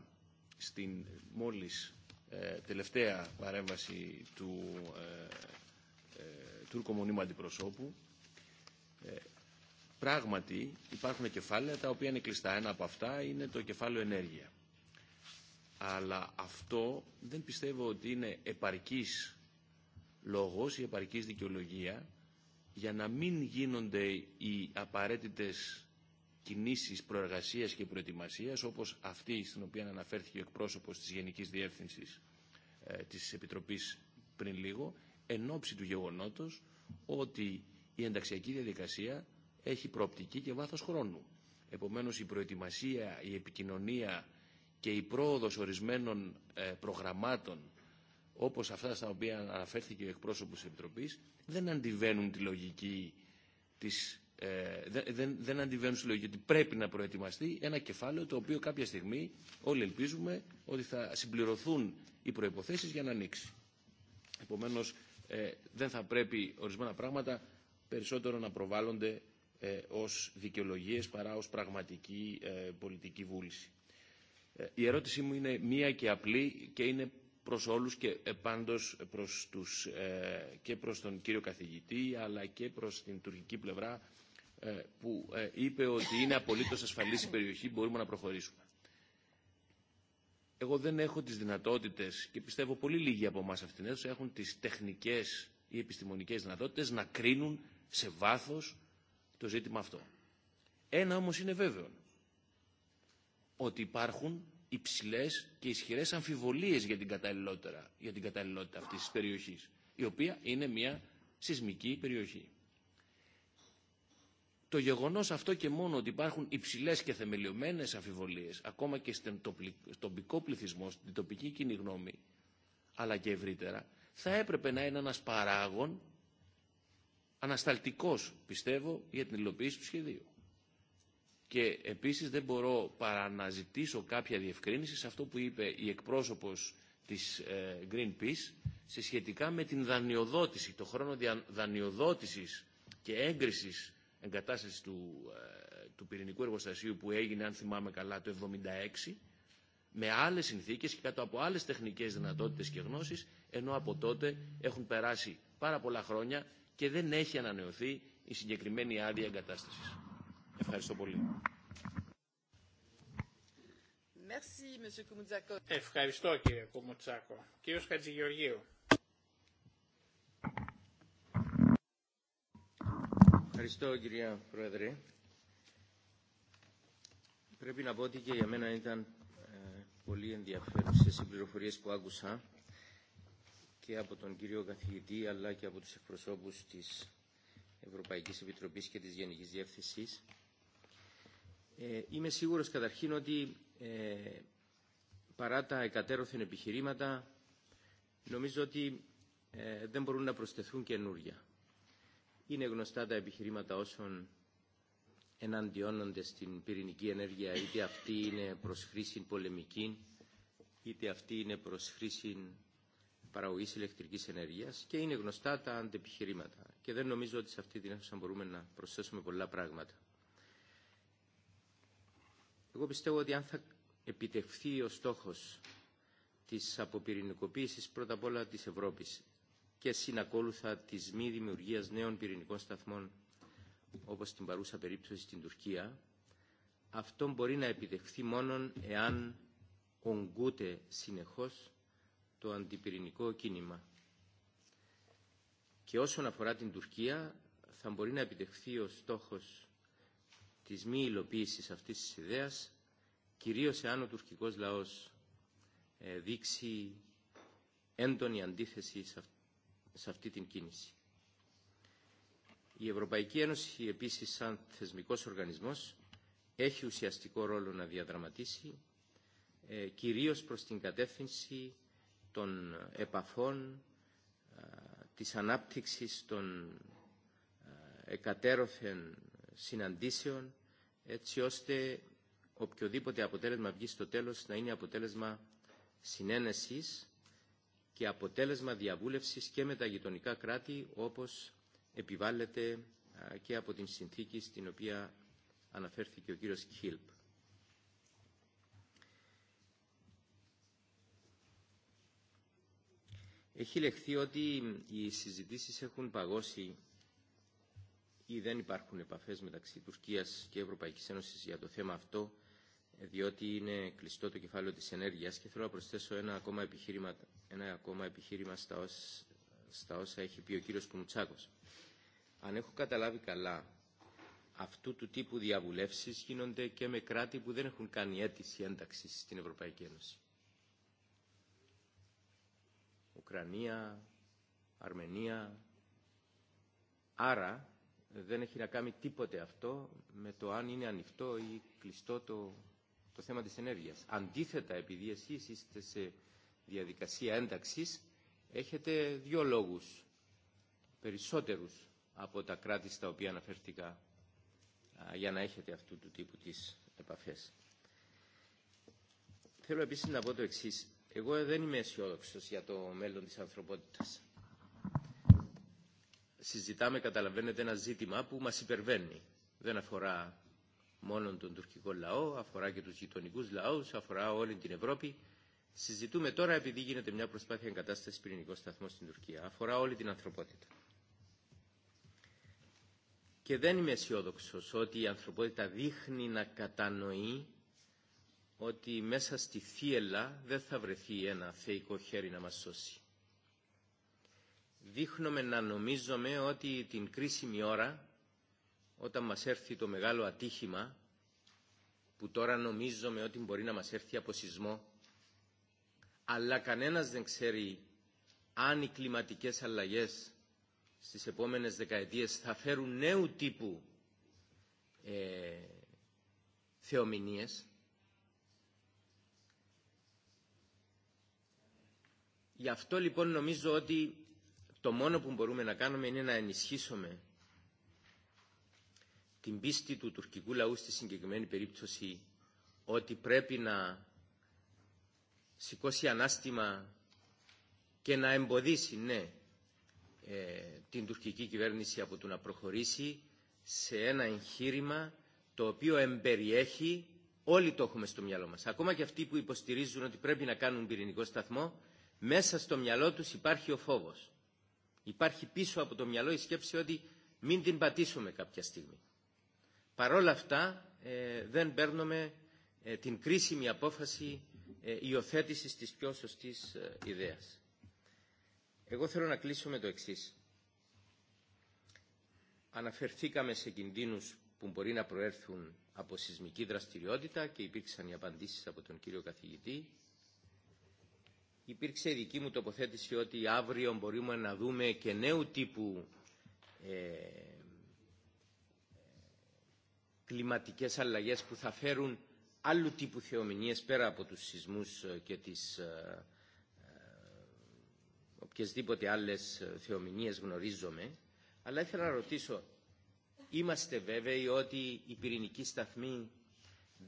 στην μόλις ε, τελευταία παρέμβαση του ε, Τούρκο Μονίμου Αντιπροσώπου. Πράγματι υπάρχουν κεφάλαια τα οποία είναι κλειστά. Ένα από αυτά είναι το κεφάλαιο ενέργεια αλλά αυτό δεν πιστεύω ότι είναι επαρκής λόγος ή επαρκής δικαιολογία για να μην γίνονται οι απαραίτητες κινήσεις προεργασίας και προετοιμασίας όπως αυτή στην οποία αναφέρθηκε ο εκπρόσωπος της Γενικής Διεύθυνσης ε, της Επιτροπής πριν λίγο εν ώψη του γεγονότος ότι η ενταξιακή διαδικασία έχει προοπτική και βάθος χρόνου. Επομένως η προετοιμασία, η επικοινωνία και η πρόοδος ορισμένων ε, προγραμμάτων όπως αυτά στα οποία αναφέρθηκε ο εκπρόσωπος της Επιτροπής δεν αντιβαίνουν τη λογική της, ε, δεν, δεν αντιβαίνουν στη λογική ότι πρέπει να προετοιμαστεί ένα κεφάλαιο το οποίο κάποια στιγμή όλοι ελπίζουμε ότι θα συμπληρωθούν οι προϋποθέσεις για να ανοίξει. Επομένως ε, δεν θα πρέπει ορισμένα πράγματα περισσότερο να προβάλλονται ε, ως δικαιολογίες παρά ως πραγματική πολιτική βούληση. Ε, η ερώτησή μου είναι μία και απλή και είναι προς όλους και ε, πάντως προς ε, και προς τον κύριο καθηγητή αλλά και προς την τουρκική πλευρά που είπε ότι είναι απολύτως ασφαλής η περιοχή, μπορούμε να προχωρήσουμε. Εγώ δεν έχω τις δυνατότητες και πιστεύω πολύ λίγοι από εμάς αυτήν την έχουν τις τεχνικές ή επιστημονικές δυνατότητες να κρίνουν σε βάθος το ζήτημα αυτό. Ένα όμως είναι βέβαιο ότι υπάρχουν υψηλές και ισχυρές αμφιβολίες για την καταλληλότητα, για την καταλληλότητα αυτής της περιοχής, η οποία είναι μια σεισμική περιοχή. Το γεγονός αυτό και μόνο ότι υπάρχουν υψηλές και θεμελιωμένες αμφιβολίες, ακόμα και στον τοπικό πληθυσμό, στην τοπική κοινή γνώμη, αλλά και ευρύτερα, θα έπρεπε να είναι ένας παράγων ανασταλτικός, πιστεύω, για την υλοποίηση του σχεδίου. Και επίσης δεν μπορώ παρά να ζητήσω κάποια διευκρίνηση σε αυτό που είπε η εκπρόσωπος της ε, Greenpeace σε σχετικά με την δανειοδότηση, το χρόνο δανειοδότησης και έγκρισης εγκατάστασης του, ε, του πυρηνικού εργοστασίου που έγινε, αν θυμάμαι καλά, το 1976, με άλλες συνθήκες και κάτω από άλλες τεχνικές δυνατότητες και γνώσεις, ενώ από τότε έχουν περάσει πάρα πολλά χρόνια και δεν έχει ανανεωθεί η συγκεκριμένη άδεια εγκατάστασης. Ευχαριστώ πολύ. Ευχαριστώ κύριε Κουμουτσάκο. Κύριο Χατζηγεωργίου. Ευχαριστώ κυρία Πρόεδρε. Πρέπει να πω ότι και για μένα ήταν ε, πολύ ενδιαφέρουσε οι πληροφορίε που άκουσα και από τον κύριο καθηγητή αλλά και από τους εκπροσώπους της Ευρωπαϊκής Επιτροπής και της Γενικής Διεύθυνσης. Ε, είμαι σίγουρος καταρχήν ότι ε, παρά τα εκατέρωθεν επιχειρήματα νομίζω ότι ε, δεν μπορούν να προσθεθούν καινούρια. Είναι γνωστά τα επιχειρήματα όσων εναντιώνονται στην πυρηνική ενέργεια, είτε αυτή είναι προς χρήση πολεμική, είτε αυτή είναι προς χρήση παραγωγής ηλεκτρικής ενέργειας και είναι γνωστά τα αντεπιχειρήματα. Και δεν νομίζω ότι σε αυτή την αίθουσα μπορούμε να προσθέσουμε πολλά πράγματα. Εγώ πιστεύω ότι αν θα επιτευχθεί ο στόχος της αποπυρηνικοποίησης πρώτα απ' όλα της Ευρώπης και συνακόλουθα της μη δημιουργίας νέων πυρηνικών σταθμών όπως την παρούσα περίπτωση στην Τουρκία, αυτό μπορεί να επιτευχθεί μόνον εάν ογκούται συνεχώς το αντιπυρηνικό κίνημα. Και όσον αφορά την Τουρκία, θα μπορεί να επιτευχθεί ο στόχος της μη υλοποίηση αυτής της ιδέας, κυρίως εάν ο τουρκικός λαός ε, δείξει έντονη αντίθεση σε αυτή την κίνηση. Η Ευρωπαϊκή Ένωση, επίσης σαν θεσμικός οργανισμός, έχει ουσιαστικό ρόλο να διαδραματίσει, ε, κυρίως προς την κατεύθυνση των επαφών, ε, της ανάπτυξης των εκατέρωθεν συναντήσεων έτσι ώστε οποιοδήποτε αποτέλεσμα βγει στο τέλος να είναι αποτέλεσμα συνένεσης και αποτέλεσμα διαβούλευσης και με τα γειτονικά κράτη όπως επιβάλλεται και από την συνθήκη στην οποία αναφέρθηκε ο κύριος Χίλπ. Έχει λεχθεί ότι οι συζητήσεις έχουν παγώσει ή δεν υπάρχουν επαφές μεταξύ Τουρκίας και Ευρωπαϊκής Ένωσης για το θέμα αυτό, διότι είναι κλειστό το κεφάλαιο της ενέργειας και θέλω να προσθέσω ένα ακόμα επιχείρημα, ένα ακόμα επιχείρημα στα, όσα, έχει πει ο κύριος Κουμουτσάκος. Αν έχω καταλάβει καλά, αυτού του τύπου διαβουλεύσεις γίνονται και με κράτη που δεν έχουν κάνει αίτηση ένταξη στην Ευρωπαϊκή Ένωση. Ουκρανία, Αρμενία. Άρα, δεν έχει να κάνει τίποτε αυτό με το αν είναι ανοιχτό ή κλειστό το, το θέμα της ενέργειας. Αντίθετα, επειδή εσείς είστε σε διαδικασία ένταξης, έχετε δύο λόγους περισσότερους από τα κράτη στα οποία αναφέρθηκα για να έχετε αυτού του τύπου τις επαφές. Θέλω επίσης να πω το εξής. Εγώ δεν είμαι αισιόδοξο για το μέλλον της ανθρωπότητας συζητάμε, καταλαβαίνετε, ένα ζήτημα που μας υπερβαίνει. Δεν αφορά μόνο τον τουρκικό λαό, αφορά και τους γειτονικού λαούς, αφορά όλη την Ευρώπη. Συζητούμε τώρα επειδή γίνεται μια προσπάθεια εγκατάσταση πυρηνικό σταθμό στην Τουρκία. Αφορά όλη την ανθρωπότητα. Και δεν είμαι αισιόδοξο ότι η ανθρωπότητα δείχνει να κατανοεί ότι μέσα στη θύελα δεν θα βρεθεί ένα θεϊκό χέρι να μας σώσει δείχνουμε να νομίζουμε ότι την κρίσιμη ώρα όταν μας έρθει το μεγάλο ατύχημα που τώρα νομίζουμε ότι μπορεί να μας έρθει από σεισμό αλλά κανένας δεν ξέρει αν οι κλιματικές αλλαγές στις επόμενες δεκαετίες θα φέρουν νέου τύπου ε, θεομηνίες. Γι' αυτό λοιπόν νομίζω ότι το μόνο που μπορούμε να κάνουμε είναι να ενισχύσουμε την πίστη του τουρκικού λαού στη συγκεκριμένη περίπτωση ότι πρέπει να σηκώσει ανάστημα και να εμποδίσει, ναι, ε, την τουρκική κυβέρνηση από το να προχωρήσει σε ένα εγχείρημα το οποίο εμπεριέχει, όλοι το έχουμε στο μυαλό μας, ακόμα και αυτοί που υποστηρίζουν ότι πρέπει να κάνουν πυρηνικό σταθμό, μέσα στο μυαλό τους υπάρχει ο φόβος. Υπάρχει πίσω από το μυαλό η σκέψη ότι μην την πατήσουμε κάποια στιγμή. Παρόλα αυτά ε, δεν παίρνουμε ε, την κρίσιμη απόφαση ε, υιοθέτηση της πιο σωστής ε, ιδέας. Εγώ θέλω να κλείσω με το εξής. Αναφερθήκαμε σε κινδύνους που μπορεί να προέρθουν από σεισμική δραστηριότητα και υπήρξαν οι απαντήσεις από τον κύριο καθηγητή υπήρξε η δική μου τοποθέτηση ότι αύριο μπορούμε να δούμε και νέου τύπου ε, κλιματικές αλλαγές που θα φέρουν άλλου τύπου θεομηνίες πέρα από τους σεισμούς ε, και τις ε, ε οποιασδήποτε άλλες ε, θεομηνίες γνωρίζομαι. Αλλά ήθελα να ρωτήσω, είμαστε βέβαιοι ότι οι πυρηνικοί σταθμοί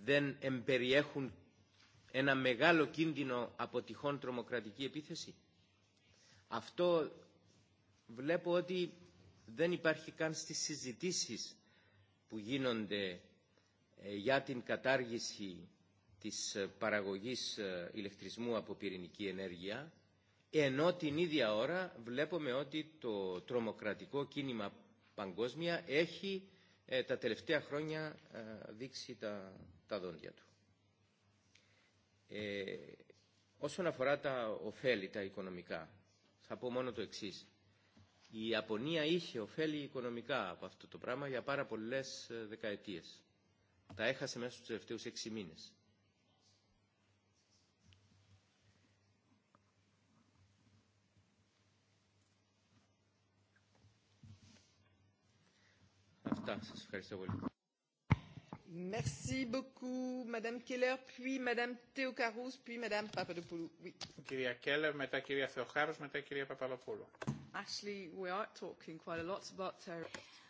δεν εμπεριέχουν ένα μεγάλο κίνδυνο από τυχόν τρομοκρατική επίθεση. Αυτό βλέπω ότι δεν υπάρχει καν στις συζητήσεις που γίνονται ε, για την κατάργηση της ε, παραγωγής ε, ηλεκτρισμού από πυρηνική ενέργεια, ενώ την ίδια ώρα βλέπουμε ότι το τρομοκρατικό κίνημα παγκόσμια έχει τα τελευταία χρόνια δείξει τα, τα δόντια του. Ε, όσον αφορά τα ωφέλη, τα οικονομικά, θα πω μόνο το εξή. Η Ιαπωνία είχε ωφέλη οικονομικά από αυτό το πράγμα για πάρα πολλέ ε, δεκαετίε. Τα έχασε μέσα στου τελευταίου έξι μήνε. Αυτά. Σας ευχαριστώ πολύ. Merci beaucoup, Madame Keller, Κυρία Keller, μετά κυρία Θεοχάρους, μετά κυρία Παπαδοπούλου.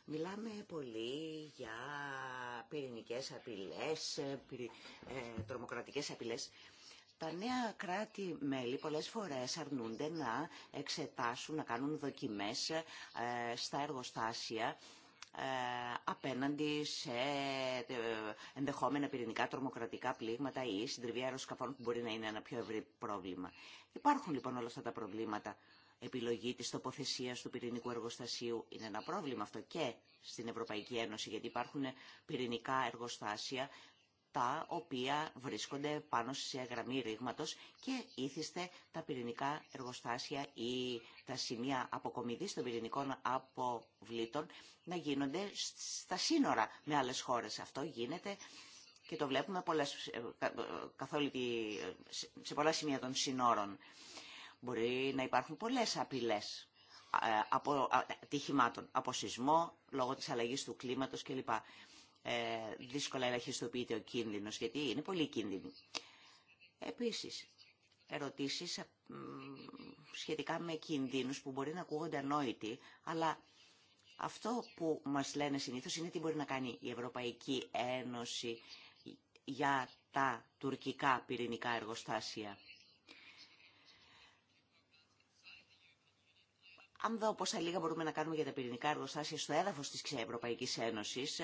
Μιλάμε πολύ για πυρηνικές απειλέ, τρομοκρατικέ ε, ε Τα νέα κράτη-μέλη πολλέ φορές αρνούνται να εξετάσουν, να κάνουν δοκιμές ε, στα εργοστάσια ε, απέναντι σε ε, ενδεχόμενα πυρηνικά τρομοκρατικά πλήγματα ή συντριβή αεροσκαφών που μπορεί να είναι ένα πιο ευρύ πρόβλημα. Υπάρχουν λοιπόν όλα αυτά τα προβλήματα. Επιλογή της τοποθεσίας του πυρηνικού εργοστασίου είναι ένα πρόβλημα αυτό και στην Ευρωπαϊκή Ένωση γιατί υπάρχουν πυρηνικά εργοστάσια τα οποία βρίσκονται πάνω σε γραμμή ρήγματος και ήθιστε τα πυρηνικά εργοστάσια ή τα σημεία αποκομιδής των πυρηνικών αποβλήτων να γίνονται στα σύνορα με άλλες χώρες. Αυτό γίνεται και το βλέπουμε πολλές, σε πολλά σημεία των σύνορων. Μπορεί να υπάρχουν πολλές απειλές ε, από ατυχημάτων, από σεισμό, λόγω της αλλαγής του κλίματος κλπ. Ε, δύσκολα ελαχιστοποιείται ο κίνδυνος, γιατί είναι πολύ κίνδυνοι. Επίσης, ερωτήσεις σχετικά με κινδύνους που μπορεί να ακούγονται ανόητοι, αλλά αυτό που μας λένε συνήθως είναι τι μπορεί να κάνει η Ευρωπαϊκή Ένωση για τα τουρκικά πυρηνικά εργοστάσια. Αν δω πόσα λίγα μπορούμε να κάνουμε για τα πυρηνικά εργοστάσια στο έδαφος της Ευρωπαϊκής Ένωσης,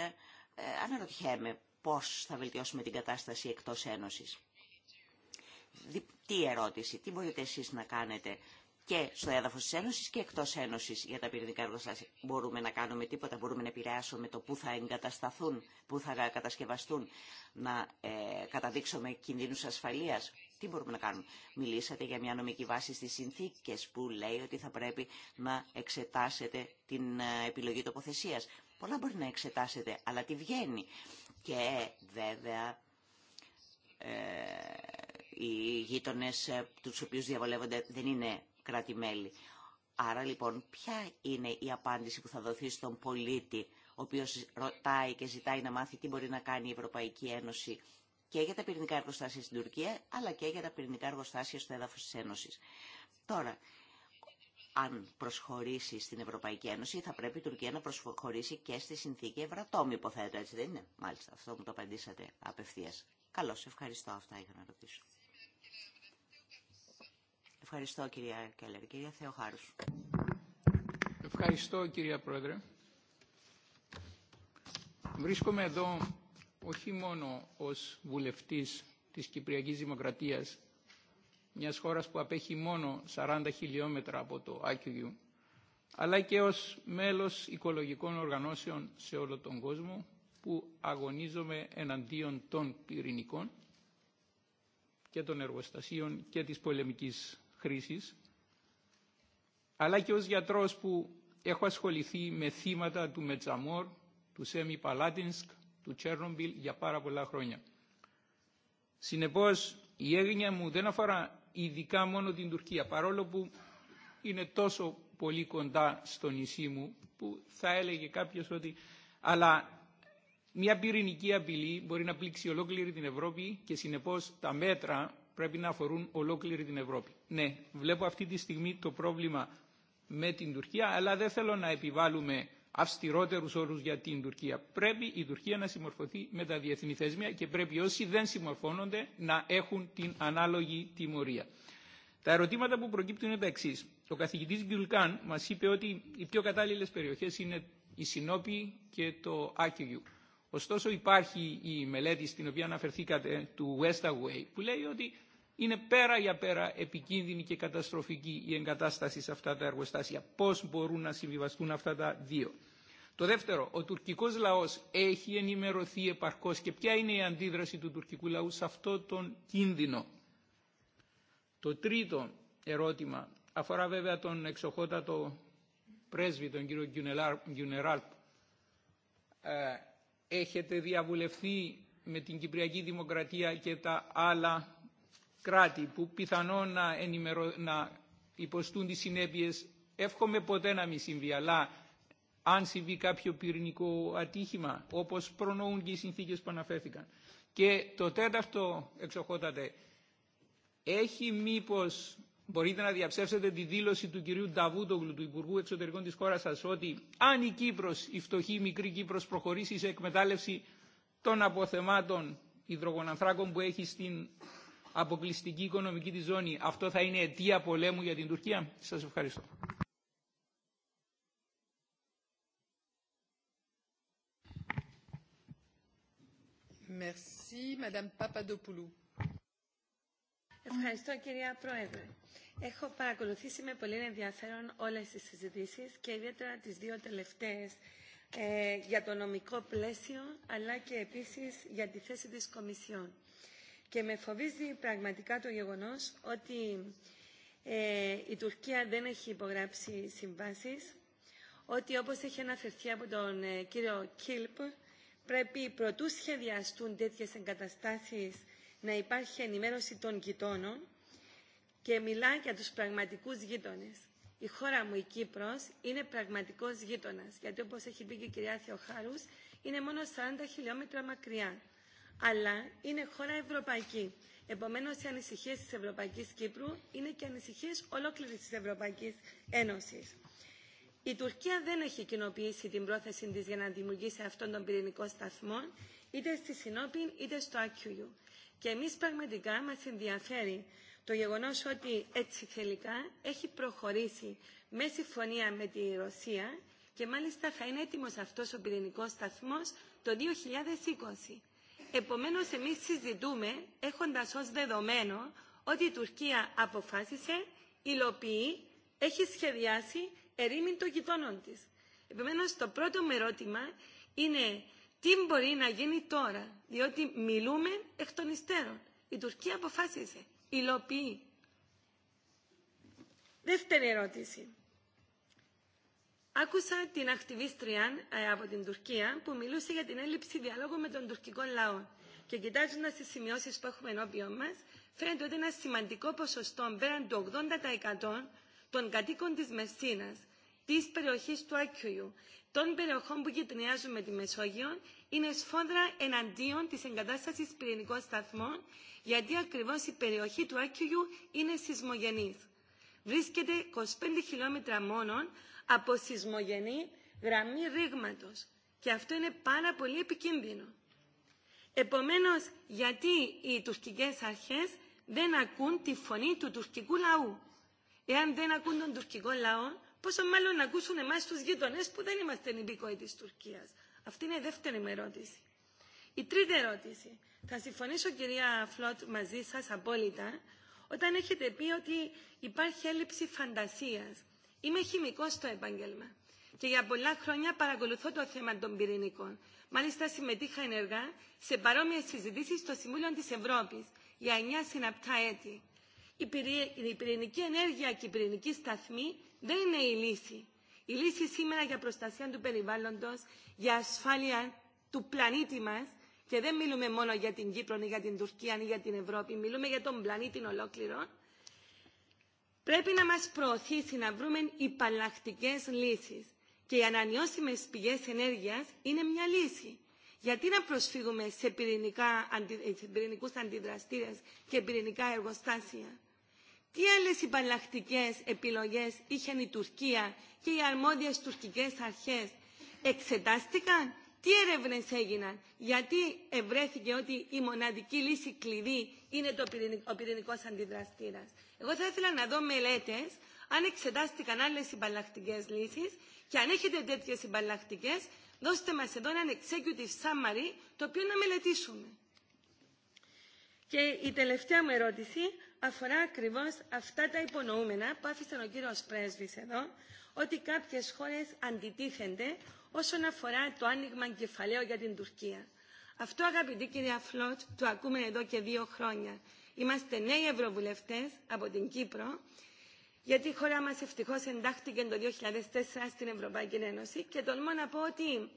ε, αναρωτιέμαι πώς θα βελτιώσουμε την κατάσταση εκτός Ένωσης. Τι ερώτηση, τι μπορείτε εσείς να κάνετε και στο έδαφος της Ένωσης και εκτός Ένωσης για τα πυρηνικά εργοστάσια. Μπορούμε να κάνουμε τίποτα, μπορούμε να επηρεάσουμε το πού θα εγκατασταθούν, πού θα κατασκευαστούν, να ε, καταδείξουμε κινδύνους ασφαλείας. Τι μπορούμε να κάνουμε. Μιλήσατε για μια νομική βάση στις συνθήκες που λέει ότι θα πρέπει να εξετάσετε την ε, επιλογή τοποθεσίας. Πολλά μπορεί να εξετάσετε, αλλά τι βγαίνει. Και βέβαια ε, οι γείτονε ε, τους οποίους διαβολεύονται δεν είναι κράτη-μέλη. Άρα λοιπόν ποια είναι η απάντηση που θα δοθεί στον πολίτη ο οποίος ρωτάει και ζητάει να μάθει τι μπορεί να κάνει η Ευρωπαϊκή Ένωση και για τα πυρηνικά εργοστάσια στην Τουρκία αλλά και για τα πυρηνικά εργοστάσια στο έδαφος τη Ένωση. Τώρα, αν προσχωρήσει στην Ευρωπαϊκή Ένωση, θα πρέπει η Τουρκία να προσχωρήσει και στη συνθήκη Ευρατόμ, υποθέτω, έτσι δεν είναι. Μάλιστα, αυτό μου το απαντήσατε απευθεία. Καλώ ευχαριστώ. Αυτά είχα να ρωτήσω. Ευχαριστώ, κυρία Κέλλερ. Κυρία Θεοχάρου. Ευχαριστώ, κυρία Πρόεδρε. Βρίσκομαι εδώ όχι μόνο ως βουλευτής της Κυπριακής Δημοκρατίας, μιας χώρας που απέχει μόνο 40 χιλιόμετρα από το IQU, αλλά και ως μέλος οικολογικών οργανώσεων σε όλο τον κόσμο που αγωνίζομαι εναντίον των πυρηνικών και των εργοστασίων και της πολεμικής χρήσης, αλλά και ως γιατρός που έχω ασχοληθεί με θύματα του Μετζαμόρ, του Σέμι Παλάτινσκ, του Τσέρνομπιλ για πάρα πολλά χρόνια. Συνεπώς, η έγνοια μου δεν αφορά ειδικά μόνο την Τουρκία, παρόλο που είναι τόσο πολύ κοντά στο νησί μου, που θα έλεγε κάποιος ότι... Αλλά μια πυρηνική απειλή μπορεί να πλήξει ολόκληρη την Ευρώπη και συνεπώς τα μέτρα πρέπει να αφορούν ολόκληρη την Ευρώπη. Ναι, βλέπω αυτή τη στιγμή το πρόβλημα με την Τουρκία, αλλά δεν θέλω να επιβάλλουμε αυστηρότερους όρους για την Τουρκία. Πρέπει η Τουρκία να συμμορφωθεί με τα διεθνή θεσμία και πρέπει όσοι δεν συμμορφώνονται να έχουν την ανάλογη τιμωρία. Τα ερωτήματα που προκύπτουν είναι τα εξή. Ο καθηγητή Γκιουλκάν μα είπε ότι οι πιο κατάλληλε περιοχέ είναι η Συνόπη και το Άκυγιου. Ωστόσο υπάρχει η μελέτη στην οποία αναφερθήκατε του Westaway που λέει ότι είναι πέρα για πέρα επικίνδυνη και καταστροφική η εγκατάσταση σε αυτά τα εργοστάσια. Πώς μπορούν να συμβιβαστούν αυτά τα δύο. Το δεύτερο, ο τουρκικός λαός έχει ενημερωθεί επαρκώς και ποια είναι η αντίδραση του τουρκικού λαού σε αυτό τον κίνδυνο. Το τρίτο ερώτημα αφορά βέβαια τον εξοχότατο πρέσβη, τον κύριο Γκιουνεράλπ. Ε, έχετε διαβουλευθεί με την Κυπριακή Δημοκρατία και τα άλλα κράτη που πιθανόν να, ενημερω... να υποστούν τις συνέπειες εύχομαι ποτέ να μην συμβεί αλλά αν συμβεί κάποιο πυρηνικό ατύχημα όπως προνοούν και οι συνθήκες που αναφέρθηκαν. Και το τέταρτο εξοχότατε έχει μήπως μπορείτε να διαψεύσετε τη δήλωση του κυρίου Νταβούτογλου, του Υπουργού Εξωτερικών της χώρας σας, ότι αν η Κύπρος, η φτωχή η μικρή Κύπρος, προχωρήσει σε εκμετάλλευση των αποθεμάτων υδρογονανθράκων που έχει στην αποκλειστική οικονομική της ζώνη, αυτό θα είναι αιτία πολέμου για την Τουρκία. Σας ευχαριστώ. Merci, Ευχαριστώ κυρία Πρόεδρε. Έχω παρακολουθήσει με πολύ ενδιαφέρον όλες τις συζητήσεις και ιδιαίτερα τις δύο τελευταίες ε, για το νομικό πλαίσιο αλλά και επίσης για τη θέση της Κομισιόν και με φοβίζει πραγματικά το γεγονός ότι ε, η Τουρκία δεν έχει υπογράψει συμβάσεις, ότι όπως έχει αναφερθεί από τον ε, κύριο Κίλπ, πρέπει προτού σχεδιαστούν τέτοιες εγκαταστάσεις να υπάρχει ενημέρωση των γειτόνων και μιλά για τους πραγματικούς γείτονες. Η χώρα μου, η Κύπρος, είναι πραγματικός γείτονας, γιατί όπως έχει πει και η κυρία Θεοχάρους, είναι μόνο 40 χιλιόμετρα μακριά αλλά είναι χώρα ευρωπαϊκή. Επομένως, οι ανησυχίες της Ευρωπαϊκής Κύπρου είναι και ανησυχίες ολόκληρης της Ευρωπαϊκής Ένωσης. Η Τουρκία δεν έχει κοινοποιήσει την πρόθεση της για να δημιουργήσει αυτόν τον πυρηνικό σταθμό, είτε στη Σινόπιν είτε στο ΑΚΙου. Και εμείς πραγματικά μας ενδιαφέρει το γεγονός ότι έτσι τελικά έχει προχωρήσει με συμφωνία με τη Ρωσία και μάλιστα θα είναι έτοιμος αυτός ο πυρηνικός σταθμός το 2020. Επομένως, εμείς συζητούμε, έχοντας ως δεδομένο, ότι η Τουρκία αποφάσισε, υλοποιεί, έχει σχεδιάσει ερήμην των γειτόνων της. Επομένως, το πρώτο μου ερώτημα είναι τι μπορεί να γίνει τώρα, διότι μιλούμε εκ των υστέρων. Η Τουρκία αποφάσισε, υλοποιεί. Δεύτερη ερώτηση. Άκουσα την ακτιβίστρια ε, από την Τουρκία που μιλούσε για την έλλειψη διάλογου με τον τουρκικό λαό. Και κοιτάζοντα τι σημειώσει που έχουμε ενώπιον μα, φαίνεται ότι ένα σημαντικό ποσοστό, πέραν του 80% των κατοίκων τη Μεσίνα, τη περιοχή του Άκιου, των περιοχών που γειτονιάζουν με τη Μεσόγειο, είναι σφόδρα εναντίον τη εγκατάσταση πυρηνικών σταθμών, γιατί ακριβώ η περιοχή του Άκιου είναι σεισμογενή. Βρίσκεται 25 χιλιόμετρα μόνον από σεισμογενή γραμμή ρήγματος. Και αυτό είναι πάρα πολύ επικίνδυνο. Επομένως, γιατί οι τουρκικές αρχές δεν ακούν τη φωνή του τουρκικού λαού. Εάν δεν ακούν τον τουρκικό λαό, πόσο μάλλον να ακούσουν εμάς τους γείτονες που δεν είμαστε νηπικοί της Τουρκίας. Αυτή είναι η δεύτερη με ερώτηση. Η τρίτη ερώτηση. Θα συμφωνήσω, κυρία Φλότ, μαζί σας απόλυτα, όταν έχετε πει ότι υπάρχει έλλειψη φαντασίας Είμαι χημικό στο επάγγελμα και για πολλά χρόνια παρακολουθώ το θέμα των πυρηνικών. Μάλιστα συμμετείχα ενεργά σε παρόμοιε συζητήσει στο Συμβούλιο τη Ευρώπη για 9 συναπτά έτη. Η πυρηνική ενέργεια και η πυρηνική σταθμή δεν είναι η λύση. Η λύση σήμερα για προστασία του περιβάλλοντο, για ασφάλεια του πλανήτη μα και δεν μιλούμε μόνο για την Κύπρο ή για την Τουρκία ή για την Ευρώπη, μιλούμε για τον πλανήτη ολόκληρο πρέπει να μας προωθήσει να βρούμε υπαλλακτικές λύσεις. Και οι ανανεώσιμες πηγές ενέργειας είναι μια λύση. Γιατί να προσφύγουμε σε, πυρηνικά, ε, σε πυρηνικούς αντιδραστήρες και πυρηνικά εργοστάσια. Τι άλλες υπαλλακτικές επιλογές είχαν η Τουρκία και οι αρμόδιες τουρκικές αρχές. Εξετάστηκαν. Τι έρευνε έγιναν, γιατί ευρέθηκε ότι η μοναδική λύση κλειδί είναι το ο πυρηνικό αντιδραστήρα. Εγώ θα ήθελα να δω μελέτε αν εξετάστηκαν άλλε συμπαλλακτικέ λύσει και αν έχετε τέτοιε συμπαλλακτικέ, δώστε μα εδώ έναν executive summary το οποίο να μελετήσουμε. Και η τελευταία μου ερώτηση αφορά ακριβώ αυτά τα υπονοούμενα που άφησε ο κύριο Πρέσβη εδώ, ότι κάποιε χώρε αντιτίθενται όσον αφορά το άνοιγμα κεφαλαίου για την Τουρκία. Αυτό, αγαπητή κυρία Φλότ, το ακούμε εδώ και δύο χρόνια. Είμαστε νέοι ευρωβουλευτές από την Κύπρο, γιατί η χώρα μας ευτυχώς εντάχθηκε το 2004 στην Ευρωπαϊκή Ένωση και τολμώ να πω ότι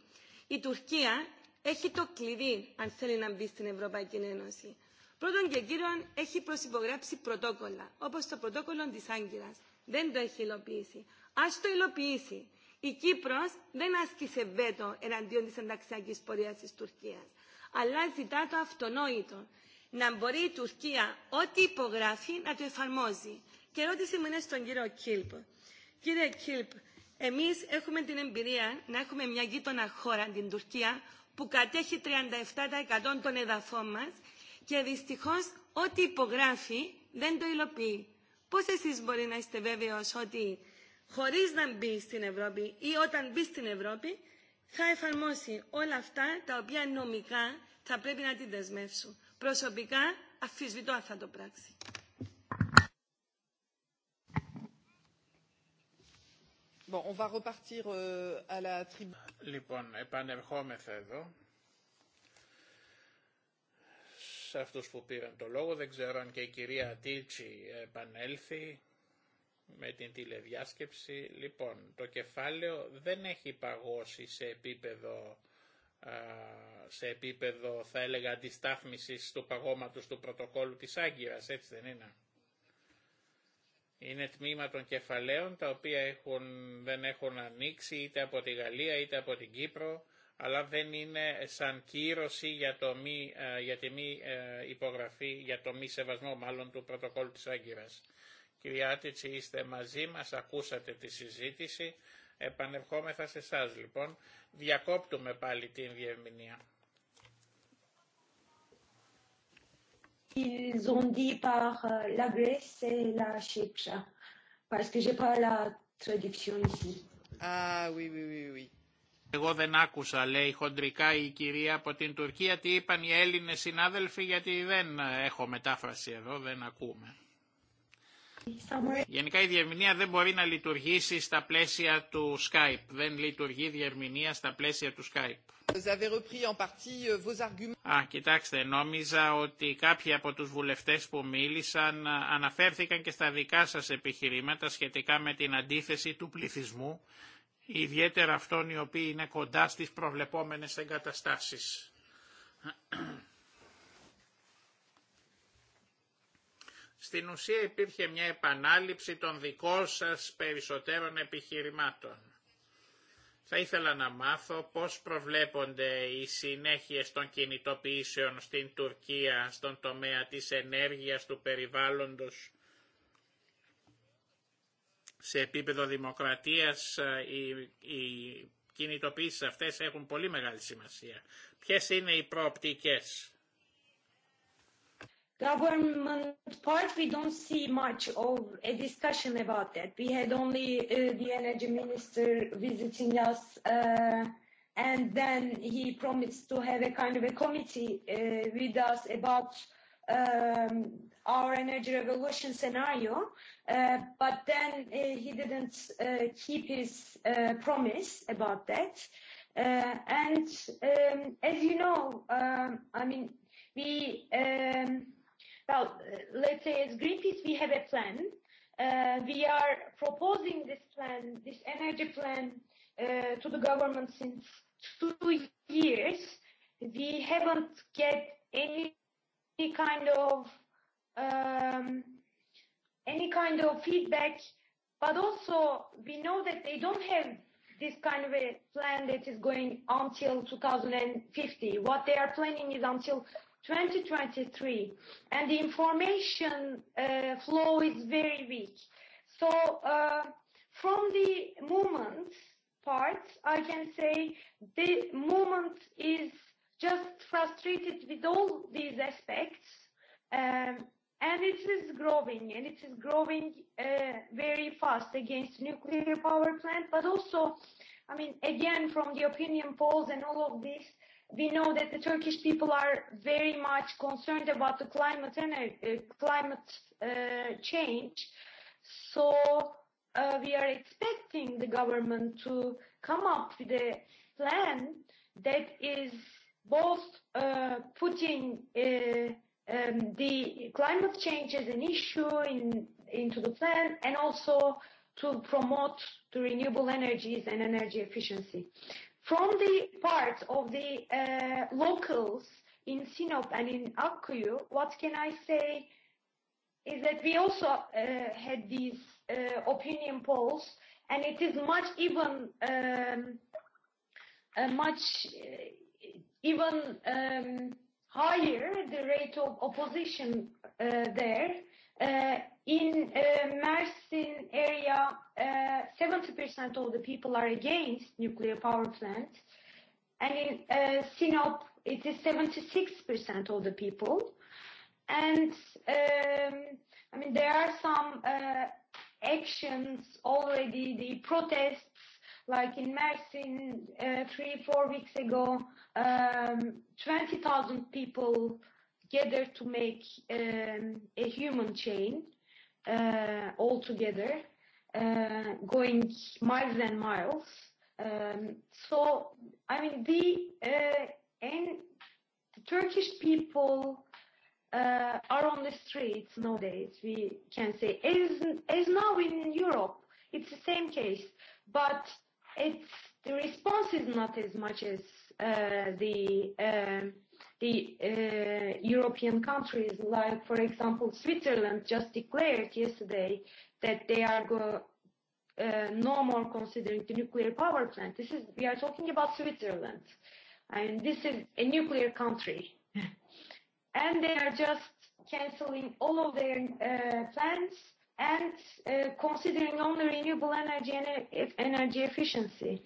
η Τουρκία έχει το κλειδί αν θέλει να μπει στην Ευρωπαϊκή Ένωση. Πρώτον και κύριον έχει προσυπογράψει πρωτόκολλα, όπως το πρωτόκολλο της Άγκυρας. Δεν το έχει υλοποιήσει. Ας το υλοποιήσει. Η Κύπρος δεν άσκησε βέτο εναντίον της ενταξιακής πορείας της Τουρκίας, αλλά ζητά το αυτονόητο να μπορεί η Τουρκία ό,τι υπογράφει να το εφαρμόζει. Και ερώτηση μου είναι στον κύριο Κίλπ. Κύριε Κίλπ, εμεί έχουμε την εμπειρία να έχουμε μια γείτονα χώρα, την Τουρκία, που κατέχει 37% των εδαφών μα και δυστυχώ ό,τι υπογράφει δεν το υλοποιεί. Πώ εσεί μπορεί να είστε βέβαιο ότι χωρί να μπει στην Ευρώπη ή όταν μπει στην Ευρώπη θα εφαρμόσει όλα αυτά τα οποία νομικά θα πρέπει να την δεσμεύσουν. Προσωπικά αφισβητώ αν à το πράξει. Euh, λοιπόν, επανερχόμεθα εδώ σε αυτούς που πήραν το λόγο. Δεν ξέρω αν και η κυρία Τίτσι επανέλθει με την τηλεδιάσκεψη. Λοιπόν, το κεφάλαιο δεν έχει παγώσει σε επίπεδο α, σε επίπεδο θα έλεγα αντιστάθμισης του παγώματος του πρωτοκόλου της Άγκυρας, έτσι δεν είναι. Είναι τμήμα των κεφαλαίων τα οποία έχουν, δεν έχουν ανοίξει είτε από τη Γαλλία είτε από την Κύπρο, αλλά δεν είναι σαν κύρωση για, το μη, ε, για τη μη ε, υπογραφή, για το μη σεβασμό μάλλον του πρωτοκόλου της Άγκυρας. Κυρία Άτιτσι, είστε μαζί μας, ακούσατε τη συζήτηση. Επανερχόμεθα σε εσά λοιπόν. Διακόπτουμε πάλι την διευμηνία. Εγώ δεν άκουσα, λέει χοντρικά η κυρία από την Τουρκία, τι είπαν οι Έλληνες συνάδελφοι, γιατί δεν έχω μετάφραση εδώ, δεν ακούμε. Γενικά η διερμηνία δεν μπορεί να λειτουργήσει στα πλαίσια του Skype. Δεν λειτουργεί η διερμηνία στα πλαίσια του Skype. Euh, α, κοιτάξτε, νόμιζα ότι κάποιοι από τους βουλευτές που μίλησαν αναφέρθηκαν και στα δικά σας επιχειρήματα σχετικά με την αντίθεση του πληθυσμού, ιδιαίτερα αυτών οι οποίοι είναι κοντά στις προβλεπόμενες εγκαταστάσεις. Στην ουσία υπήρχε μια επανάληψη των δικών σας περισσότερων επιχειρημάτων. Θα ήθελα να μάθω πώς προβλέπονται οι συνέχειες των κινητοποιήσεων στην Τουρκία, στον τομέα της ενέργειας, του περιβάλλοντος, σε επίπεδο δημοκρατίας οι, οι κινητοποιήσεις αυτές έχουν πολύ μεγάλη σημασία. Ποιες είναι οι προοπτικές government part, we don't see much of a discussion about that. We had only the energy minister visiting us, and then he promised to have a kind of a committee with us about our energy revolution scenario, but then he didn't keep his promise about that. And as you know, I mean, we Well, let's say as Greenpeace, we have a plan. We are proposing this plan, this energy plan, to the government since two years. We haven't get any kind of any kind of feedback, but also we know that they don't have this kind of a plan that is going until 2050. What they are planning is until 2023, and the information flow is very weak. So from the movement part, I can say the movement is just frustrated with all these aspects, and it is growing, and it is growing very fast against nuclear power plant, but also, I mean, again, from the opinion polls and all of this, we know that the Turkish people are very much concerned about the climate climate change. So we are expecting the government to come up with a plan that is both putting the climate change as an issue in into the plan and also to promote the renewable energies and energy efficiency. From the part of the locals in Sinop and in Akkuyu, what can I say is that we also had these opinion polls, and it is much even much even higher the rate of opposition there In Mersin area, 70% of the people are against nuclear power plants. And in Sinop, it is 76% of the people. And I mean, there are some actions already, the protests, like in Mersin, three, four weeks ago, 20,000 people together to make a human chain all together going miles and miles so i mean the and turkish people are on the streets nowadays we can say as as now in europe it's the same case but it's the response is not as much as the the European countries, like, for example, Switzerland just declared yesterday that they are no more considering the nuclear power plant. This is, we are talking about Switzerland. And this is a nuclear country. and they are just cancelling all of their plans and considering only renewable energy and energy efficiency.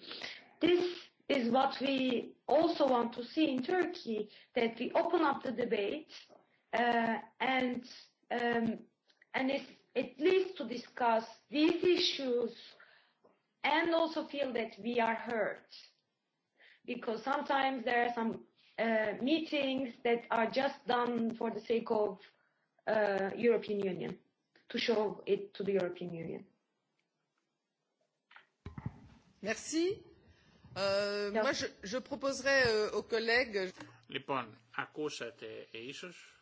This is what we also want to see in Turkey, that we open up the debate and um and at least to discuss these issues and also feel that we are heard. Because sometimes there are some uh meetings that are just done for the sake of uh European Union, to show it to the European Union. Merci. Euh, euh, λοιπόν, ακούσατε ίσως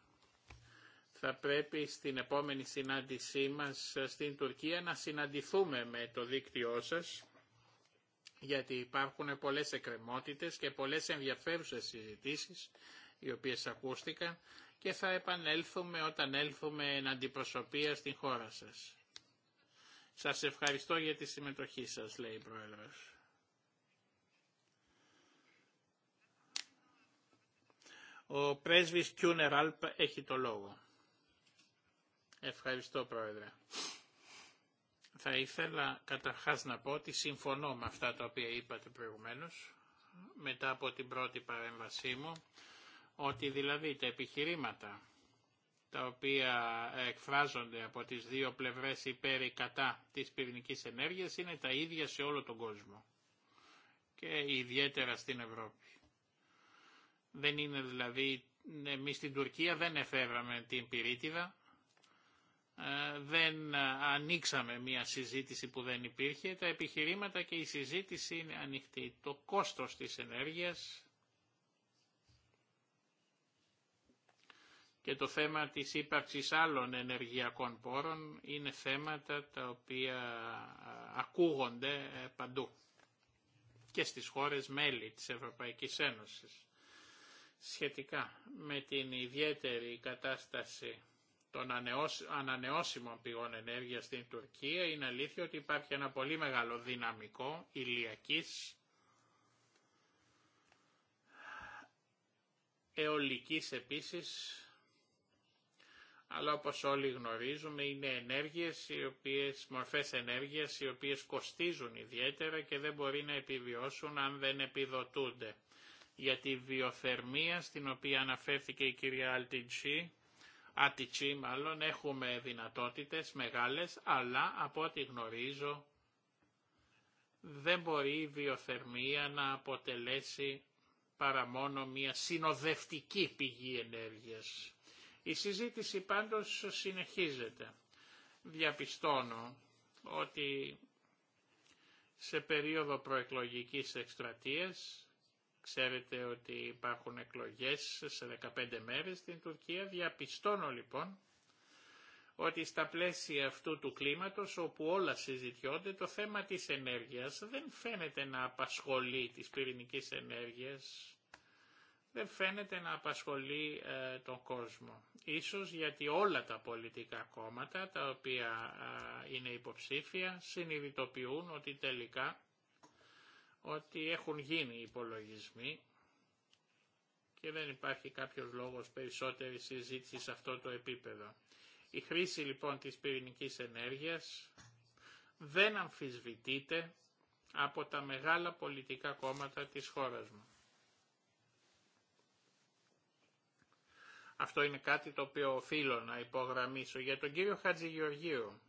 θα πρέπει στην επόμενη συνάντησή μας ε, στην Τουρκία να συναντηθούμε με το δίκτυό σας, γιατί υπάρχουν πολλές εκκρεμότητες και πολλές ενδιαφέρουσες συζητήσεις, οι οποίες ακούστηκαν, και θα επανέλθουμε όταν έλθουμε εν αντιπροσωπεία στην χώρα σας. Σας ευχαριστώ για τη συμμετοχή σας, λέει η Πρόεδρος. Ο πρέσβης Κιούνερ Αλπ έχει το λόγο. Ευχαριστώ Πρόεδρε. Θα ήθελα καταρχάς να πω ότι συμφωνώ με αυτά τα οποία είπατε προηγουμένως, μετά από την πρώτη παρέμβασή μου, ότι δηλαδή τα επιχειρήματα τα οποία εκφράζονται από τις δύο πλευρές υπέρ ή κατά της πυρηνικής ενέργειας είναι τα ίδια σε όλο τον κόσμο και ιδιαίτερα στην Ευρώπη. Δεν είναι δηλαδή, εμεί στην Τουρκία δεν εφεύραμε την πυρίτιδα, ε, δεν ε, ανοίξαμε μια συζήτηση που δεν υπήρχε, τα επιχειρήματα και η συζήτηση είναι ανοιχτή. Το κόστος της ενέργειας και το θέμα της ύπαρξης άλλων ενεργειακών πόρων είναι θέματα τα οποία ε, ακούγονται παντού και στις χώρες μέλη της Ευρωπαϊκής Ένωσης σχετικά με την ιδιαίτερη κατάσταση των ανανεώσιμων πηγών ενέργειας στην Τουρκία είναι αλήθεια ότι υπάρχει ένα πολύ μεγάλο δυναμικό ηλιακής αιωλικής επίσης αλλά όπως όλοι γνωρίζουμε είναι ενέργειες οι οποίες, μορφές ενέργειας οι οποίες κοστίζουν ιδιαίτερα και δεν μπορεί να επιβιώσουν αν δεν επιδοτούνται για τη βιοθερμία στην οποία αναφέρθηκε η κυρία Αλτιτζή, Ατιτσή μάλλον, έχουμε δυνατότητες μεγάλες, αλλά από ό,τι γνωρίζω δεν μπορεί η βιοθερμία να αποτελέσει παρά μόνο μια συνοδευτική πηγή ενέργειας. Η συζήτηση πάντως συνεχίζεται. Διαπιστώνω ότι σε περίοδο προεκλογικής εκστρατείας Ξέρετε ότι υπάρχουν εκλογές σε 15 μέρες στην Τουρκία. Διαπιστώνω λοιπόν ότι στα πλαίσια αυτού του κλίματος όπου όλα συζητιούνται το θέμα της ενέργειας δεν φαίνεται να απασχολεί τις πυρηνικές ενέργειες, δεν φαίνεται να απασχολεί ε, τον κόσμο. Ίσως γιατί όλα τα πολιτικά κόμματα τα οποία ε, είναι υποψήφια συνειδητοποιούν ότι τελικά ότι έχουν γίνει υπολογισμοί και δεν υπάρχει κάποιος λόγος περισσότερη συζήτηση σε αυτό το επίπεδο. Η χρήση λοιπόν της πυρηνικής ενέργειας δεν αμφισβητείται από τα μεγάλα πολιτικά κόμματα της χώρας μου. Αυτό είναι κάτι το οποίο οφείλω να υπογραμμίσω. Για τον κύριο Χατζηγεωργίου,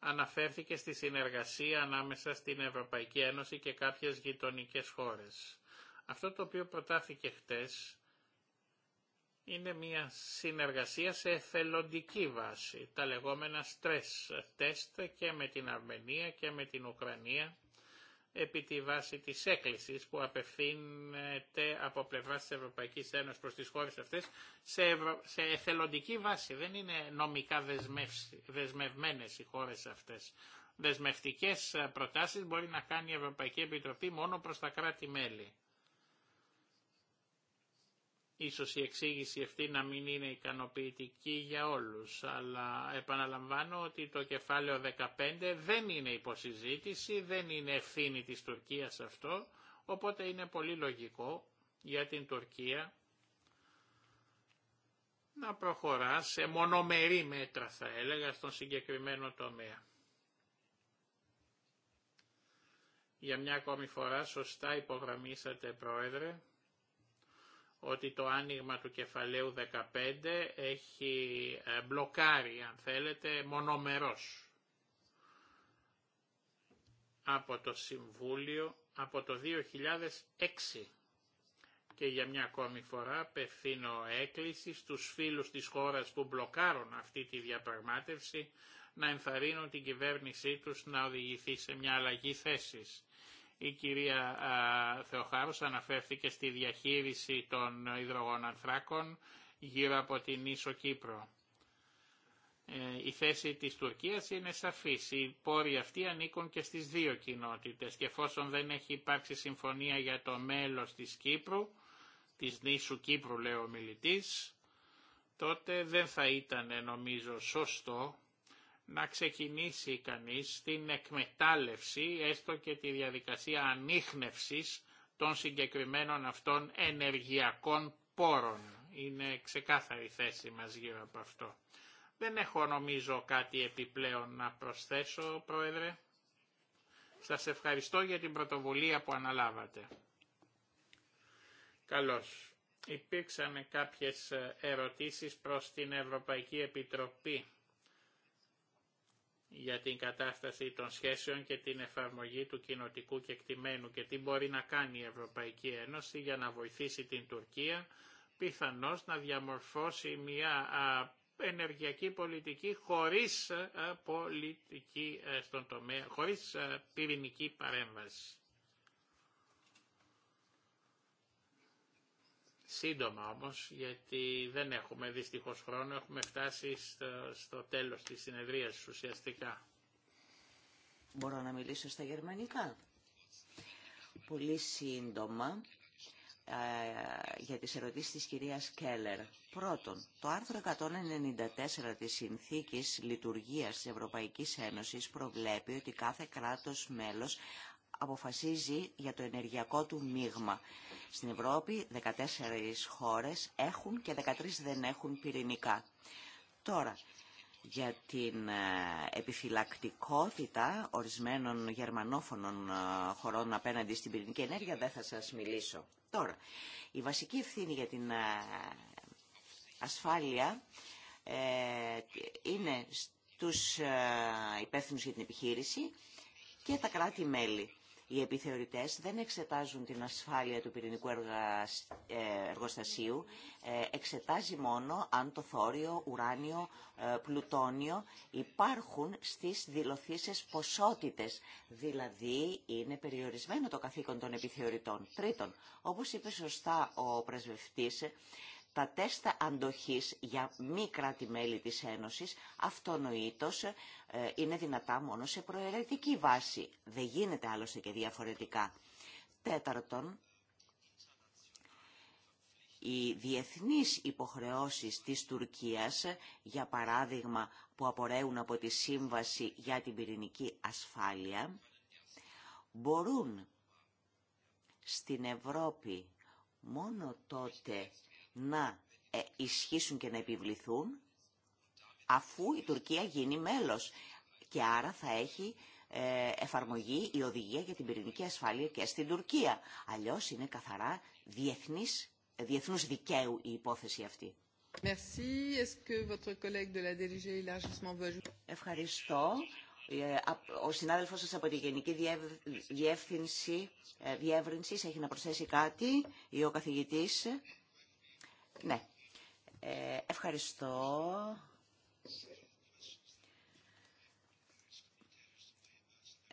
αναφέρθηκε στη συνεργασία ανάμεσα στην Ευρωπαϊκή Ένωση και κάποιες γειτονικές χώρες. Αυτό το οποίο προτάθηκε χτες είναι μια συνεργασία σε εθελοντική βάση, τα λεγόμενα stress test και με την Αρμενία και με την Ουκρανία επί τη βάση της έκκλησης που απευθύνεται από πλευρά της Ευρωπαϊκής Ένωσης προς τις χώρες αυτές σε, σε εθελοντική βάση. Δεν είναι νομικά δεσμευμένες οι χώρες αυτές. Δεσμευτικές προτάσεις μπορεί να κάνει η Ευρωπαϊκή Επιτροπή μόνο προς τα κράτη-μέλη. Ίσως η εξήγηση αυτή να μην είναι ικανοποιητική για όλους, αλλά επαναλαμβάνω ότι το κεφάλαιο 15 δεν είναι υποσυζήτηση, δεν είναι ευθύνη της Τουρκίας αυτό, οπότε είναι πολύ λογικό για την Τουρκία να προχωρά σε μονομερή μέτρα θα έλεγα στον συγκεκριμένο τομέα. Για μια ακόμη φορά σωστά υπογραμμίσατε Πρόεδρε ότι το άνοιγμα του κεφαλαίου 15 έχει ε, μπλοκάρει, αν θέλετε, μονομερός από το Συμβούλιο από το 2006. Και για μια ακόμη φορά απευθύνω έκκληση στους φίλους της χώρας που μπλοκάρουν αυτή τη διαπραγμάτευση να ενθαρρύνουν την κυβέρνησή τους να οδηγηθεί σε μια αλλαγή θέσης. Η κυρία Θεοχάρους αναφέρθηκε στη διαχείριση των υδρογων ανθράκων γύρω από την Ίσο Κύπρο. Ε, η θέση της Τουρκίας είναι σαφής. Οι πόροι αυτοί ανήκουν και στις δύο κοινότητες και εφόσον δεν έχει υπάρξει συμφωνία για το μέλος της Κύπρου, της νήσου Κύπρου λέει ο μιλητής, τότε δεν θα ήταν νομίζω σωστό να ξεκινήσει κανείς την εκμετάλλευση, έστω και τη διαδικασία ανείχνευσης των συγκεκριμένων αυτών ενεργειακών πόρων. Είναι ξεκάθαρη θέση μας γύρω από αυτό. Δεν έχω νομίζω κάτι επιπλέον να προσθέσω, Πρόεδρε. Σας ευχαριστώ για την πρωτοβουλία που αναλάβατε. Καλώς. Υπήρξαν κάποιες ερωτήσεις προς την Ευρωπαϊκή Επιτροπή για την κατάσταση των σχέσεων και την εφαρμογή του κοινοτικού κεκτημένου και τι μπορεί να κάνει η Ευρωπαϊκή Ένωση για να βοηθήσει την Τουρκία πιθανώς να διαμορφώσει μια ενεργειακή πολιτική χωρίς πολιτική ε, στον τομέα, χωρίς πυρηνική παρέμβαση. Σύντομα όμως, γιατί δεν έχουμε δυστυχώς χρόνο, έχουμε φτάσει στο, τέλος της συνεδρίας ουσιαστικά. Μπορώ να μιλήσω στα γερμανικά. Πολύ σύντομα ε, για τις ερωτήσεις της κυρίας Κέλλερ. Πρώτον, το άρθρο 194 της Συνθήκης Λειτουργίας της Ευρωπαϊκής Ένωσης προβλέπει ότι κάθε κράτος μέλος αποφασίζει για το ενεργειακό του μείγμα. Στην Ευρώπη 14 χώρες έχουν και 13 δεν έχουν πυρηνικά. Τώρα, για την ε, επιφυλακτικότητα ορισμένων γερμανόφωνων ε, χωρών απέναντι στην πυρηνική ενέργεια δεν θα σας μιλήσω. Τώρα, η βασική ευθύνη για την ε, ασφάλεια είναι στους υπεύθυνους για την επιχείρηση και τα κράτη-μέλη. Οι επιθεωρητές δεν εξετάζουν την ασφάλεια του πυρηνικού ε, εργοστασίου, ε, εξετάζει μόνο αν το θόριο, ουράνιο, ε, πλουτόνιο υπάρχουν στις δηλωθήσεις ποσότητες, δηλαδή είναι περιορισμένο το καθήκον των επιθεωρητών. Τρίτον, όπως είπε σωστά ο πρεσβευτής, τα τέστα αντοχής για μη κράτη-μέλη της Ένωσης αυτονοήτως ε, είναι δυνατά μόνο σε προαιρετική βάση. Δεν γίνεται άλλωστε και διαφορετικά. Τέταρτον, οι διεθνείς υποχρεώσεις της Τουρκίας, για παράδειγμα που απορρέουν από τη Σύμβαση για την Πυρηνική Ασφάλεια, μπορούν στην Ευρώπη μόνο τότε να ε, ισχύσουν και να επιβληθούν αφού η Τουρκία γίνει μέλος και άρα θα έχει ε, εφαρμογή η οδηγία για την πυρηνική ασφάλεια και στην Τουρκία. Αλλιώς είναι καθαρά διεθνής, ε, διεθνούς δικαίου η υπόθεση αυτή. Ευχαριστώ. Ο συνάδελφός σας από τη Γενική Διεύθυνση Διεύρυνσης έχει να προσθέσει κάτι ή ο καθηγητής. Ναι. Ε, ευχαριστώ.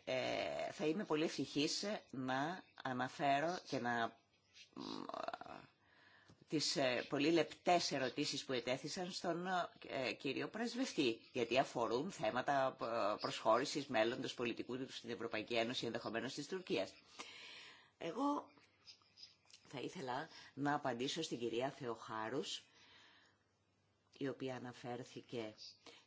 Ε, θα είμαι πολύ ευτυχής να αναφέρω και να τις ε, πολύ λεπτές ερωτήσεις που ετέθησαν στον κύριο Πρεσβευτή, γιατί αφορούν θέματα προσχώρησης μέλλοντος πολιτικού στην Ευρωπαϊκή Ένωση, ενδεχομένως της Τουρκίας. Εγώ θα ήθελα να απαντήσω στην κυρία Θεοχάρους, η οποία αναφέρθηκε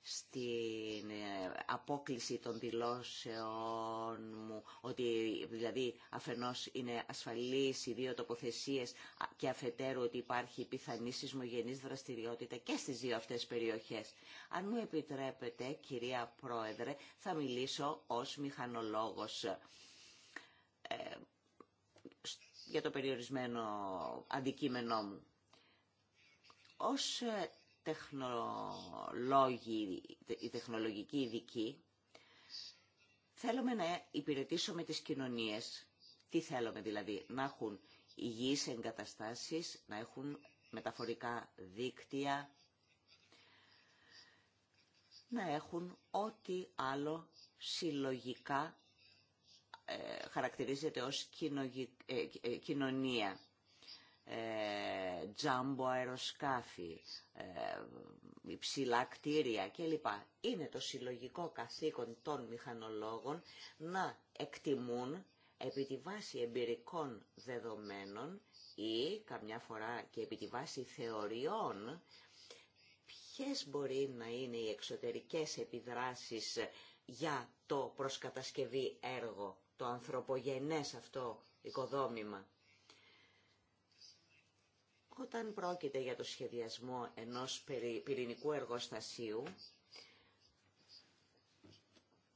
στην ε, απόκληση των δηλώσεων μου, ότι δηλαδή αφενός είναι ασφαλής οι δύο τοποθεσίες και αφετέρου ότι υπάρχει πιθανή σεισμογενής δραστηριότητα και στις δύο αυτές περιοχές. Αν μου επιτρέπετε, κυρία Πρόεδρε, θα μιλήσω ως μηχανολόγος για το περιορισμένο αντικείμενό μου. Ως ε, τεχνολόγοι, η τεχνολογικοί ειδικοί, θέλουμε να υπηρετήσουμε τις κοινωνίες. Τι θέλουμε δηλαδή, να έχουν υγιείς εγκαταστάσεις, να έχουν μεταφορικά δίκτυα, να έχουν ό,τι άλλο συλλογικά χαρακτηρίζεται ως ε, ε, κοινωνία. Ε, τζάμπο αεροσκάφη, υψηλά κτίρια κλπ. Είναι το συλλογικό καθήκον των μηχανολόγων να εκτιμούν επί τη βάση εμπειρικών δεδομένων ή καμιά φορά και επί τη βάση θεωριών ποιες μπορεί να είναι οι εξωτερικές επιδράσεις για το προσκατασκευή έργο το ανθρωπογενές αυτό οικοδόμημα. Όταν πρόκειται για το σχεδιασμό ενός πυρηνικού εργοστασίου,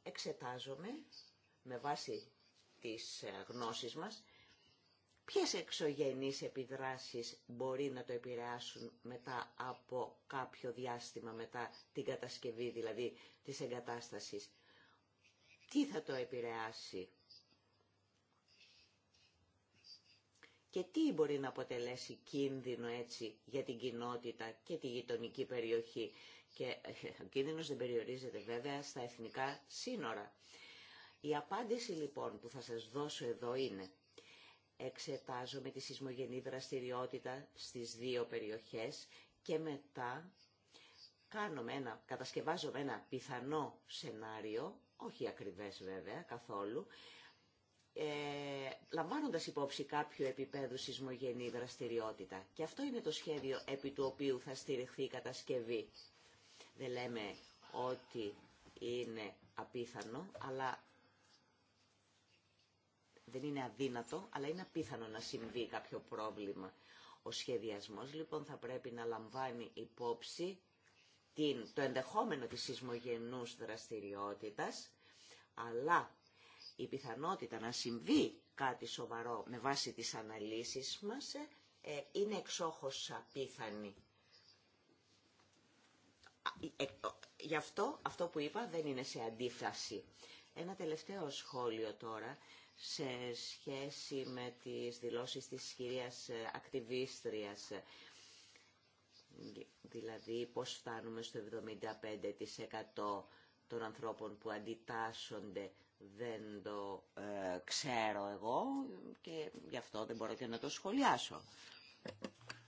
εξετάζομαι με βάση τις ε, γνώσεις μας ποιες εξωγενείς επιδράσεις μπορεί να το επηρεάσουν μετά από κάποιο διάστημα, μετά την κατασκευή δηλαδή της εγκατάστασης. Τι θα το επηρεάσει και τι μπορεί να αποτελέσει κίνδυνο έτσι για την κοινότητα και τη γειτονική περιοχή. Και ε, ο κίνδυνος δεν περιορίζεται βέβαια στα εθνικά σύνορα. Η απάντηση λοιπόν που θα σας δώσω εδώ είναι εξετάζομαι τη σεισμογενή δραστηριότητα στις δύο περιοχές και μετά κάνουμε ένα, κατασκευάζομαι ένα πιθανό σενάριο, όχι ακριβές βέβαια καθόλου, ε, λαμβάνοντας υπόψη κάποιο επίπεδο σεισμογενή δραστηριότητα. Και αυτό είναι το σχέδιο επί του οποίου θα στηριχθεί η κατασκευή. Δεν λέμε ότι είναι απίθανο, αλλά δεν είναι αδύνατο, αλλά είναι απίθανο να συμβεί κάποιο πρόβλημα. Ο σχεδιασμός λοιπόν θα πρέπει να λαμβάνει υπόψη την, το ενδεχόμενο της σεισμογενούς δραστηριότητας, αλλά η πιθανότητα να συμβεί κάτι σοβαρό με βάση τις αναλύσεις μας ε, ε, είναι εξόχως απίθανη. Ε, γι' αυτό αυτό που είπα δεν είναι σε αντίφαση. Ένα τελευταίο σχόλιο τώρα σε σχέση με τις δηλώσεις της κυρίας ακτιβίστριας. Δηλαδή πώς φτάνουμε στο 75% των ανθρώπων που αντιτάσσονται δεν το ε, ξέρω εγώ και γι' αυτό δεν μπορώ και να το σχολιάσω.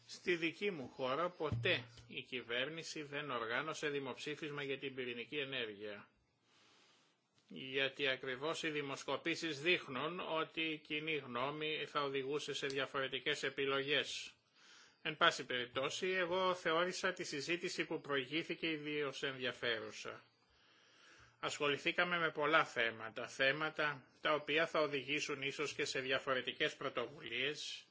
Στη δική μου χώρα ποτέ η κυβέρνηση δεν οργάνωσε δημοψήφισμα για την πυρηνική ενέργεια. Γιατί ακριβώς οι δημοσκοπήσεις δείχνουν ότι η κοινή γνώμη θα οδηγούσε σε διαφορετικές επιλογές. Εν πάση περιπτώσει, εγώ θεώρησα τη συζήτηση που προηγήθηκε ιδίως ενδιαφέρουσα. Ασχοληθήκαμε με πολλά θέματα, θέματα τα οποία θα οδηγήσουν ίσως και σε διαφορετικές πρωτοβουλίες,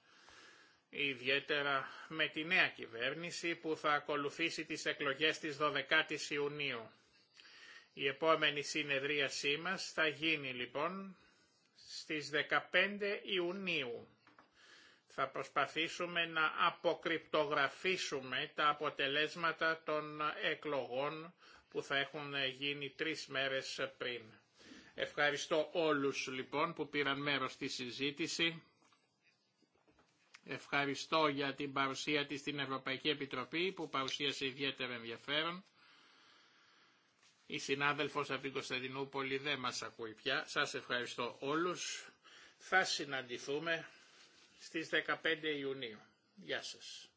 ιδιαίτερα με τη νέα κυβέρνηση που θα ακολουθήσει τις εκλογές της 12ης Ιουνίου. Η επόμενη συνεδρίασή μας θα γίνει λοιπόν στις 15 Ιουνίου. Θα προσπαθήσουμε να αποκρυπτογραφήσουμε τα αποτελέσματα των εκλογών που θα έχουν γίνει τρεις μέρες πριν. Ευχαριστώ όλους λοιπόν που πήραν μέρος στη συζήτηση. Ευχαριστώ για την παρουσία της στην Ευρωπαϊκή Επιτροπή που παρουσίασε ιδιαίτερο ενδιαφέρον. Η συνάδελφος από την Κωνσταντινούπολη δεν μας ακούει πια. Σας ευχαριστώ όλους. Θα συναντηθούμε στις 15 Ιουνίου. Γεια σας.